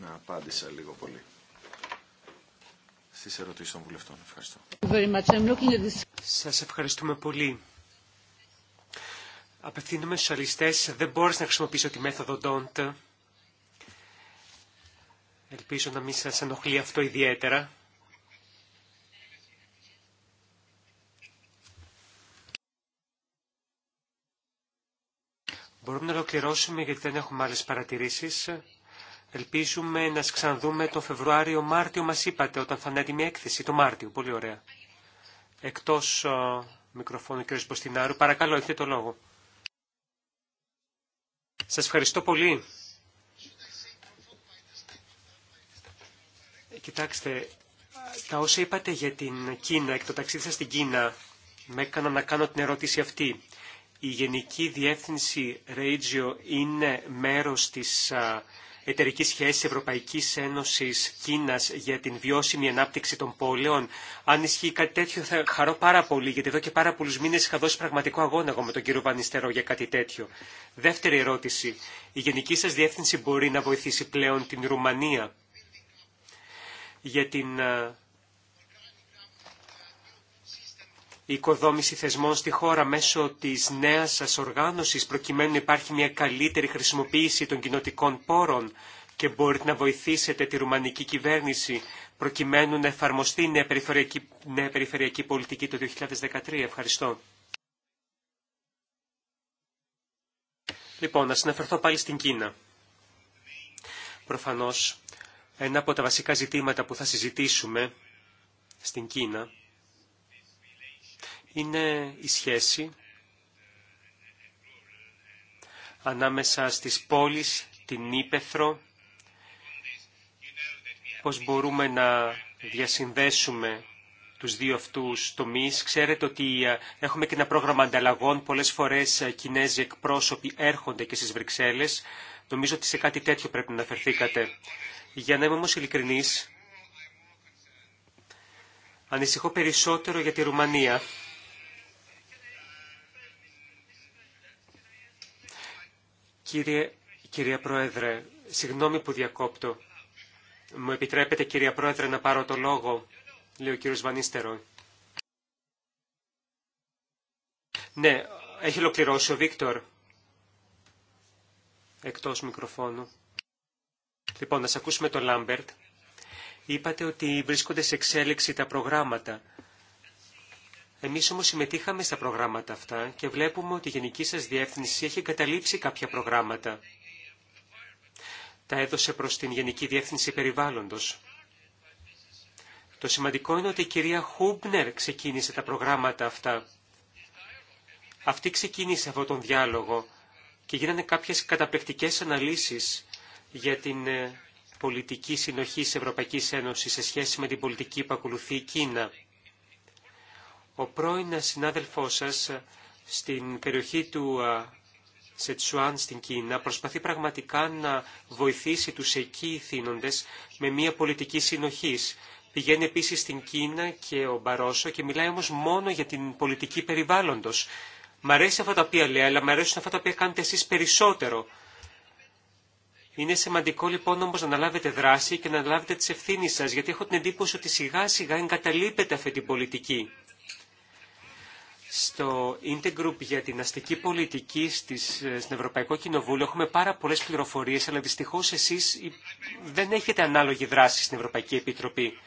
να απάντησα λίγο πολύ στις ερωτήσεις των βουλευτών. Ευχαριστώ. Σας ευχαριστούμε πολύ. Απευθύνομαι στους αριστές. Δεν μπορείς να χρησιμοποιήσω τη μέθοδο DONT. Ελπίζω να μην σας ενοχλεί αυτό ιδιαίτερα. Μπορούμε να ολοκληρώσουμε γιατί δεν έχουμε άλλες παρατηρήσεις. Ελπίζουμε να ξαναδούμε το Φεβρουάριο-Μάρτιο, μας είπατε, όταν θα είναι έτοιμη έκθεση, το Μάρτιο. Πολύ ωραία. Εκτός ο, μικροφώνου κ. Μποστινάρου, παρακαλώ, έχετε το λόγο. Σας ευχαριστώ πολύ. Κοιτάξτε, τα όσα είπατε για την Κίνα εκ το ταξίδι σας στην Κίνα με έκανα να κάνω την ερώτηση αυτή. Η Γενική Διεύθυνση Ρέιτζιο είναι μέρος της εταιρικής σχέσης Ευρωπαϊκής Ένωσης Κίνας για την βιώσιμη ανάπτυξη των πόλεων. Αν ισχύει κάτι τέτοιο θα χαρώ πάρα πολύ, γιατί εδώ και πάρα πολλούς μήνες είχα δώσει πραγματικό αγώνα εγώ με τον κύριο Βανιστερό για κάτι τέτοιο. Δεύτερη ερώτηση. Η Γενική σας Διεύθυνση μπορεί να βοηθήσει πλέον την Ρουμανία για την ε, οικοδόμηση θεσμών στη χώρα μέσω της νέας σας οργάνωσης προκειμένου να υπάρχει μια καλύτερη χρησιμοποίηση των κοινοτικών πόρων και μπορείτε να βοηθήσετε τη ρουμανική κυβέρνηση προκειμένου να εφαρμοστεί η περιφερειακή, νέα περιφερειακή πολιτική το 2013. Ευχαριστώ. Λοιπόν, να συναφερθώ πάλι στην Κίνα. Προφανώς ένα από τα βασικά ζητήματα που θα συζητήσουμε στην Κίνα είναι η σχέση ανάμεσα στις πόλεις, την Ήπεθρο, πώς μπορούμε να διασυνδέσουμε τους δύο αυτούς τομείς. Ξέρετε ότι ε, έχουμε και ένα πρόγραμμα ανταλλαγών. Πολλές φορές ε, Κινέζοι εκπρόσωποι έρχονται και στις Βρυξέλλες. Νομίζω ότι σε κάτι τέτοιο πρέπει να αναφερθήκατε. Για να είμαι όμως ειλικρινής, ανησυχώ περισσότερο για τη Ρουμανία. Κύριε, κυρία Πρόεδρε, συγγνώμη που διακόπτω. Μου επιτρέπετε, κυρία Πρόεδρε, να πάρω το λόγο, λέει ο κύριος Βανίστερο. Ναι, έχει ολοκληρώσει ο Βίκτορ. Εκτός μικροφώνου. Λοιπόν, να σας ακούσουμε τον Λάμπερτ. Είπατε ότι βρίσκονται σε εξέλιξη τα προγράμματα. Εμείς όμως συμμετείχαμε στα προγράμματα αυτά και βλέπουμε ότι η Γενική σας Διεύθυνση έχει εγκαταλείψει κάποια προγράμματα. Τα έδωσε προς την Γενική Διεύθυνση Περιβάλλοντος. Το σημαντικό είναι ότι η κυρία Χούμπνερ ξεκίνησε τα προγράμματα αυτά. Αυτή ξεκίνησε αυτόν τον διάλογο και γίνανε κάποιες καταπληκτικές αναλύσεις για την ε, πολιτική συνοχή της Ευρωπαϊκής Ένωσης σε σχέση με την πολιτική που ακολουθεί η Κίνα. Ο πρώην συνάδελφός σας ε, στην περιοχή του ε, Σετσουάν στην Κίνα προσπαθεί πραγματικά να βοηθήσει τους εκεί θύνοντες με μια πολιτική συνοχής. Πηγαίνει επίσης στην Κίνα και ο Μπαρόσο και μιλάει όμως μόνο για την πολιτική περιβάλλοντος. Μ' αρέσει αυτά τα οποία λέει, αλλά μ' αρέσουν αυτά τα οποία κάνετε εσείς περισσότερο. Είναι σημαντικό λοιπόν όμως να αναλάβετε δράση και να αναλάβετε τις ευθύνες σας, γιατί έχω την εντύπωση ότι σιγά σιγά εγκαταλείπεται αυτή την πολιτική. Στο Intergroup για την αστική πολιτική στις, στην Ευρωπαϊκό Κοινοβούλιο έχουμε πάρα πολλές πληροφορίες, αλλά δυστυχώς εσείς δεν έχετε ανάλογη δράση στην Ευρωπαϊκή Επιτροπή.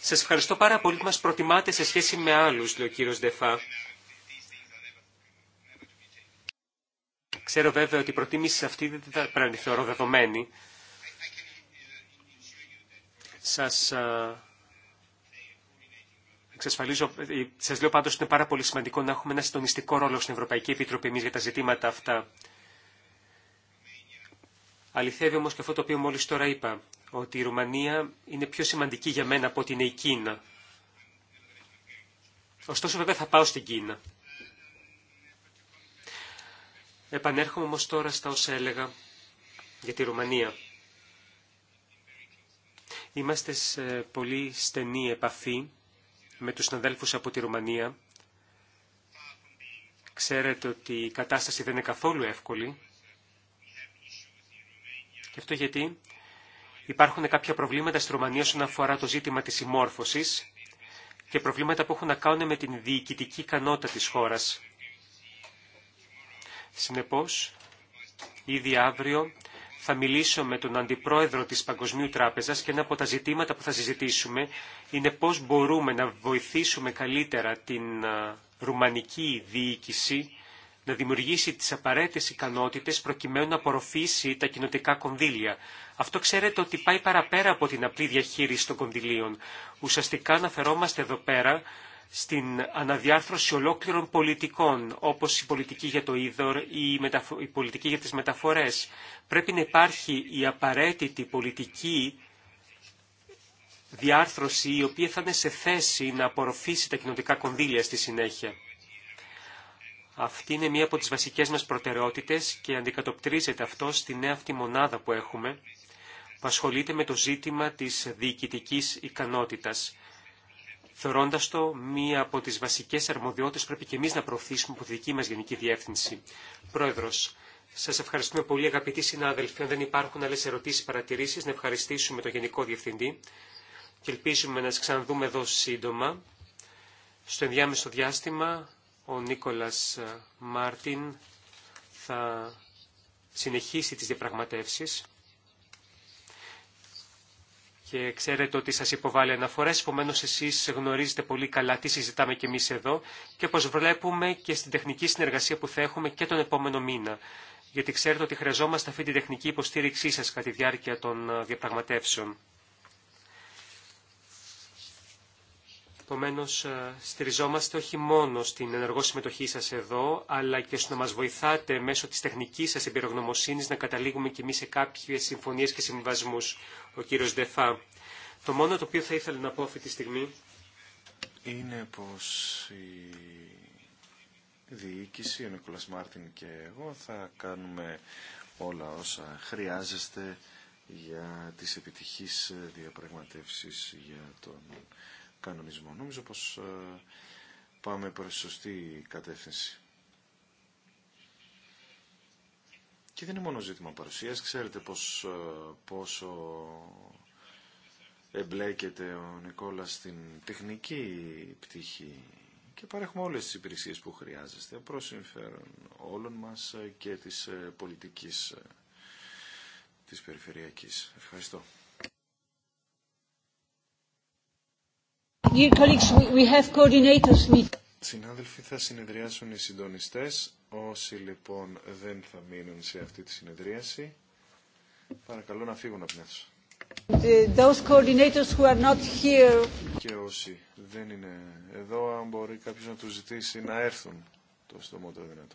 Σας ευχαριστώ πάρα πολύ που μας προτιμάτε σε σχέση με άλλους, λέει ο κύριος Δεφά. Ξέρω βέβαια ότι η προτίμηση αυτή δεν θα πρέπει να θεωρώ δεδομένη. Σας εξασφαλίζω, ε, σας λέω πάντως ότι είναι πάρα πολύ σημαντικό να έχουμε ένα συντονιστικό ρόλο στην Ευρωπαϊκή Επιτροπή εμείς για τα ζητήματα αυτά. Αληθεύει όμως και αυτό το οποίο μόλις τώρα είπα, ότι η Ρουμανία είναι πιο σημαντική για μένα από ότι είναι η Κίνα. Ωστόσο βέβαια θα πάω στην Κίνα. Επανέρχομαι όμως τώρα στα όσα έλεγα για τη Ρουμανία. Είμαστε σε πολύ στενή επαφή με τους συναδέλφους από τη Ρουμανία. Ξέρετε ότι η κατάσταση δεν είναι καθόλου εύκολη. Και αυτό γιατί υπάρχουν κάποια προβλήματα στη Ρουμανία όσον αφορά το ζήτημα της συμμόρφωσης και προβλήματα που έχουν να κάνουν με την διοικητική ικανότητα της χώρας. Συνεπώς, ήδη αύριο θα μιλήσω με τον Αντιπρόεδρο της Παγκοσμίου Τράπεζας και ένα από τα ζητήματα που θα συζητήσουμε είναι πώς μπορούμε να βοηθήσουμε καλύτερα την ρουμανική διοίκηση να δημιουργήσει τις απαραίτητες ικανότητες προκειμένου να απορροφήσει τα κοινοτικά κονδύλια. Αυτό ξέρετε ότι πάει παραπέρα από την απλή διαχείριση των κονδυλίων. Ουσιαστικά αναφερόμαστε εδώ πέρα στην αναδιάρθρωση ολόκληρων πολιτικών, όπως η πολιτική για το είδωρ ή η πολιτική για τις μεταφορές. Πρέπει να υπάρχει η απαραίτητη πολιτική διάρθρωση, η οποία θα είναι σε θέση να απορροφήσει τα κοινωτικά κονδύλια στη συνέχεια. Αυτή είναι μία από τις βασικές μας προτεραιότητες και αντικατοπτρίζεται αυτό στη νέα αυτή μονάδα που έχουμε, που ασχολείται με το ζήτημα της διοικητικής ικανότητας θεωρώντα το μία από τι βασικέ αρμοδιότητε πρέπει και εμεί να προωθήσουμε από τη δική μα Γενική Διεύθυνση. Πρόεδρο, σα ευχαριστούμε πολύ αγαπητοί συνάδελφοι. Αν δεν υπάρχουν άλλε ερωτήσει παρατηρήσει, να ευχαριστήσουμε τον Γενικό Διευθυντή και ελπίζουμε να σα ξαναδούμε εδώ σύντομα. Στο ενδιάμεσο διάστημα, ο Νίκολα ε, Μάρτιν θα συνεχίσει τις διαπραγματεύσεις και ξέρετε ότι σας υποβάλλει αναφορές, επομένως εσείς γνωρίζετε πολύ καλά τι συζητάμε και εμείς εδώ και όπως βλέπουμε και στην τεχνική συνεργασία που θα έχουμε και τον επόμενο μήνα. Γιατί ξέρετε ότι χρειαζόμαστε αυτή την τεχνική υποστήριξή σας κατά τη διάρκεια των διαπραγματεύσεων. Επομένω, ε, στηριζόμαστε όχι μόνο στην ενεργό συμμετοχή σα εδώ, αλλά και στο να μα βοηθάτε μέσω τη τεχνική σα εμπειρογνωμοσύνη να καταλήγουμε και εμεί σε κάποιε συμφωνίε και συμβασμού. Ο κύριο Ντεφά. Το μόνο το οποίο θα ήθελα να πω αυτή τη στιγμή είναι πως η διοίκηση, ο Νικολάς Μάρτιν και εγώ θα κάνουμε όλα όσα χρειάζεστε για τις επιτυχείς διαπραγματεύσεις για τον κανονισμό. Νομίζω πως ε, πάμε προς σωστή κατεύθυνση. Και δεν είναι μόνο ζήτημα παρουσίας. Ξέρετε πως, ε, πόσο εμπλέκεται ο Νικόλας στην τεχνική πτυχή και παρέχουμε όλες τις υπηρεσίες που χρειάζεστε προς συμφέρον όλων μας και της ε, πολιτικής της περιφερειακής. Ευχαριστώ. Συνάδελφοι, θα συνεδριάσουν οι συντονιστές. Όσοι λοιπόν δεν θα μείνουν σε αυτή τη συνεδρίαση, παρακαλώ να φύγουν από την αίθουσα. Ε, Και όσοι δεν είναι εδώ, αν μπορεί κάποιος να τους ζητήσει να έρθουν το στομό το δυνατό.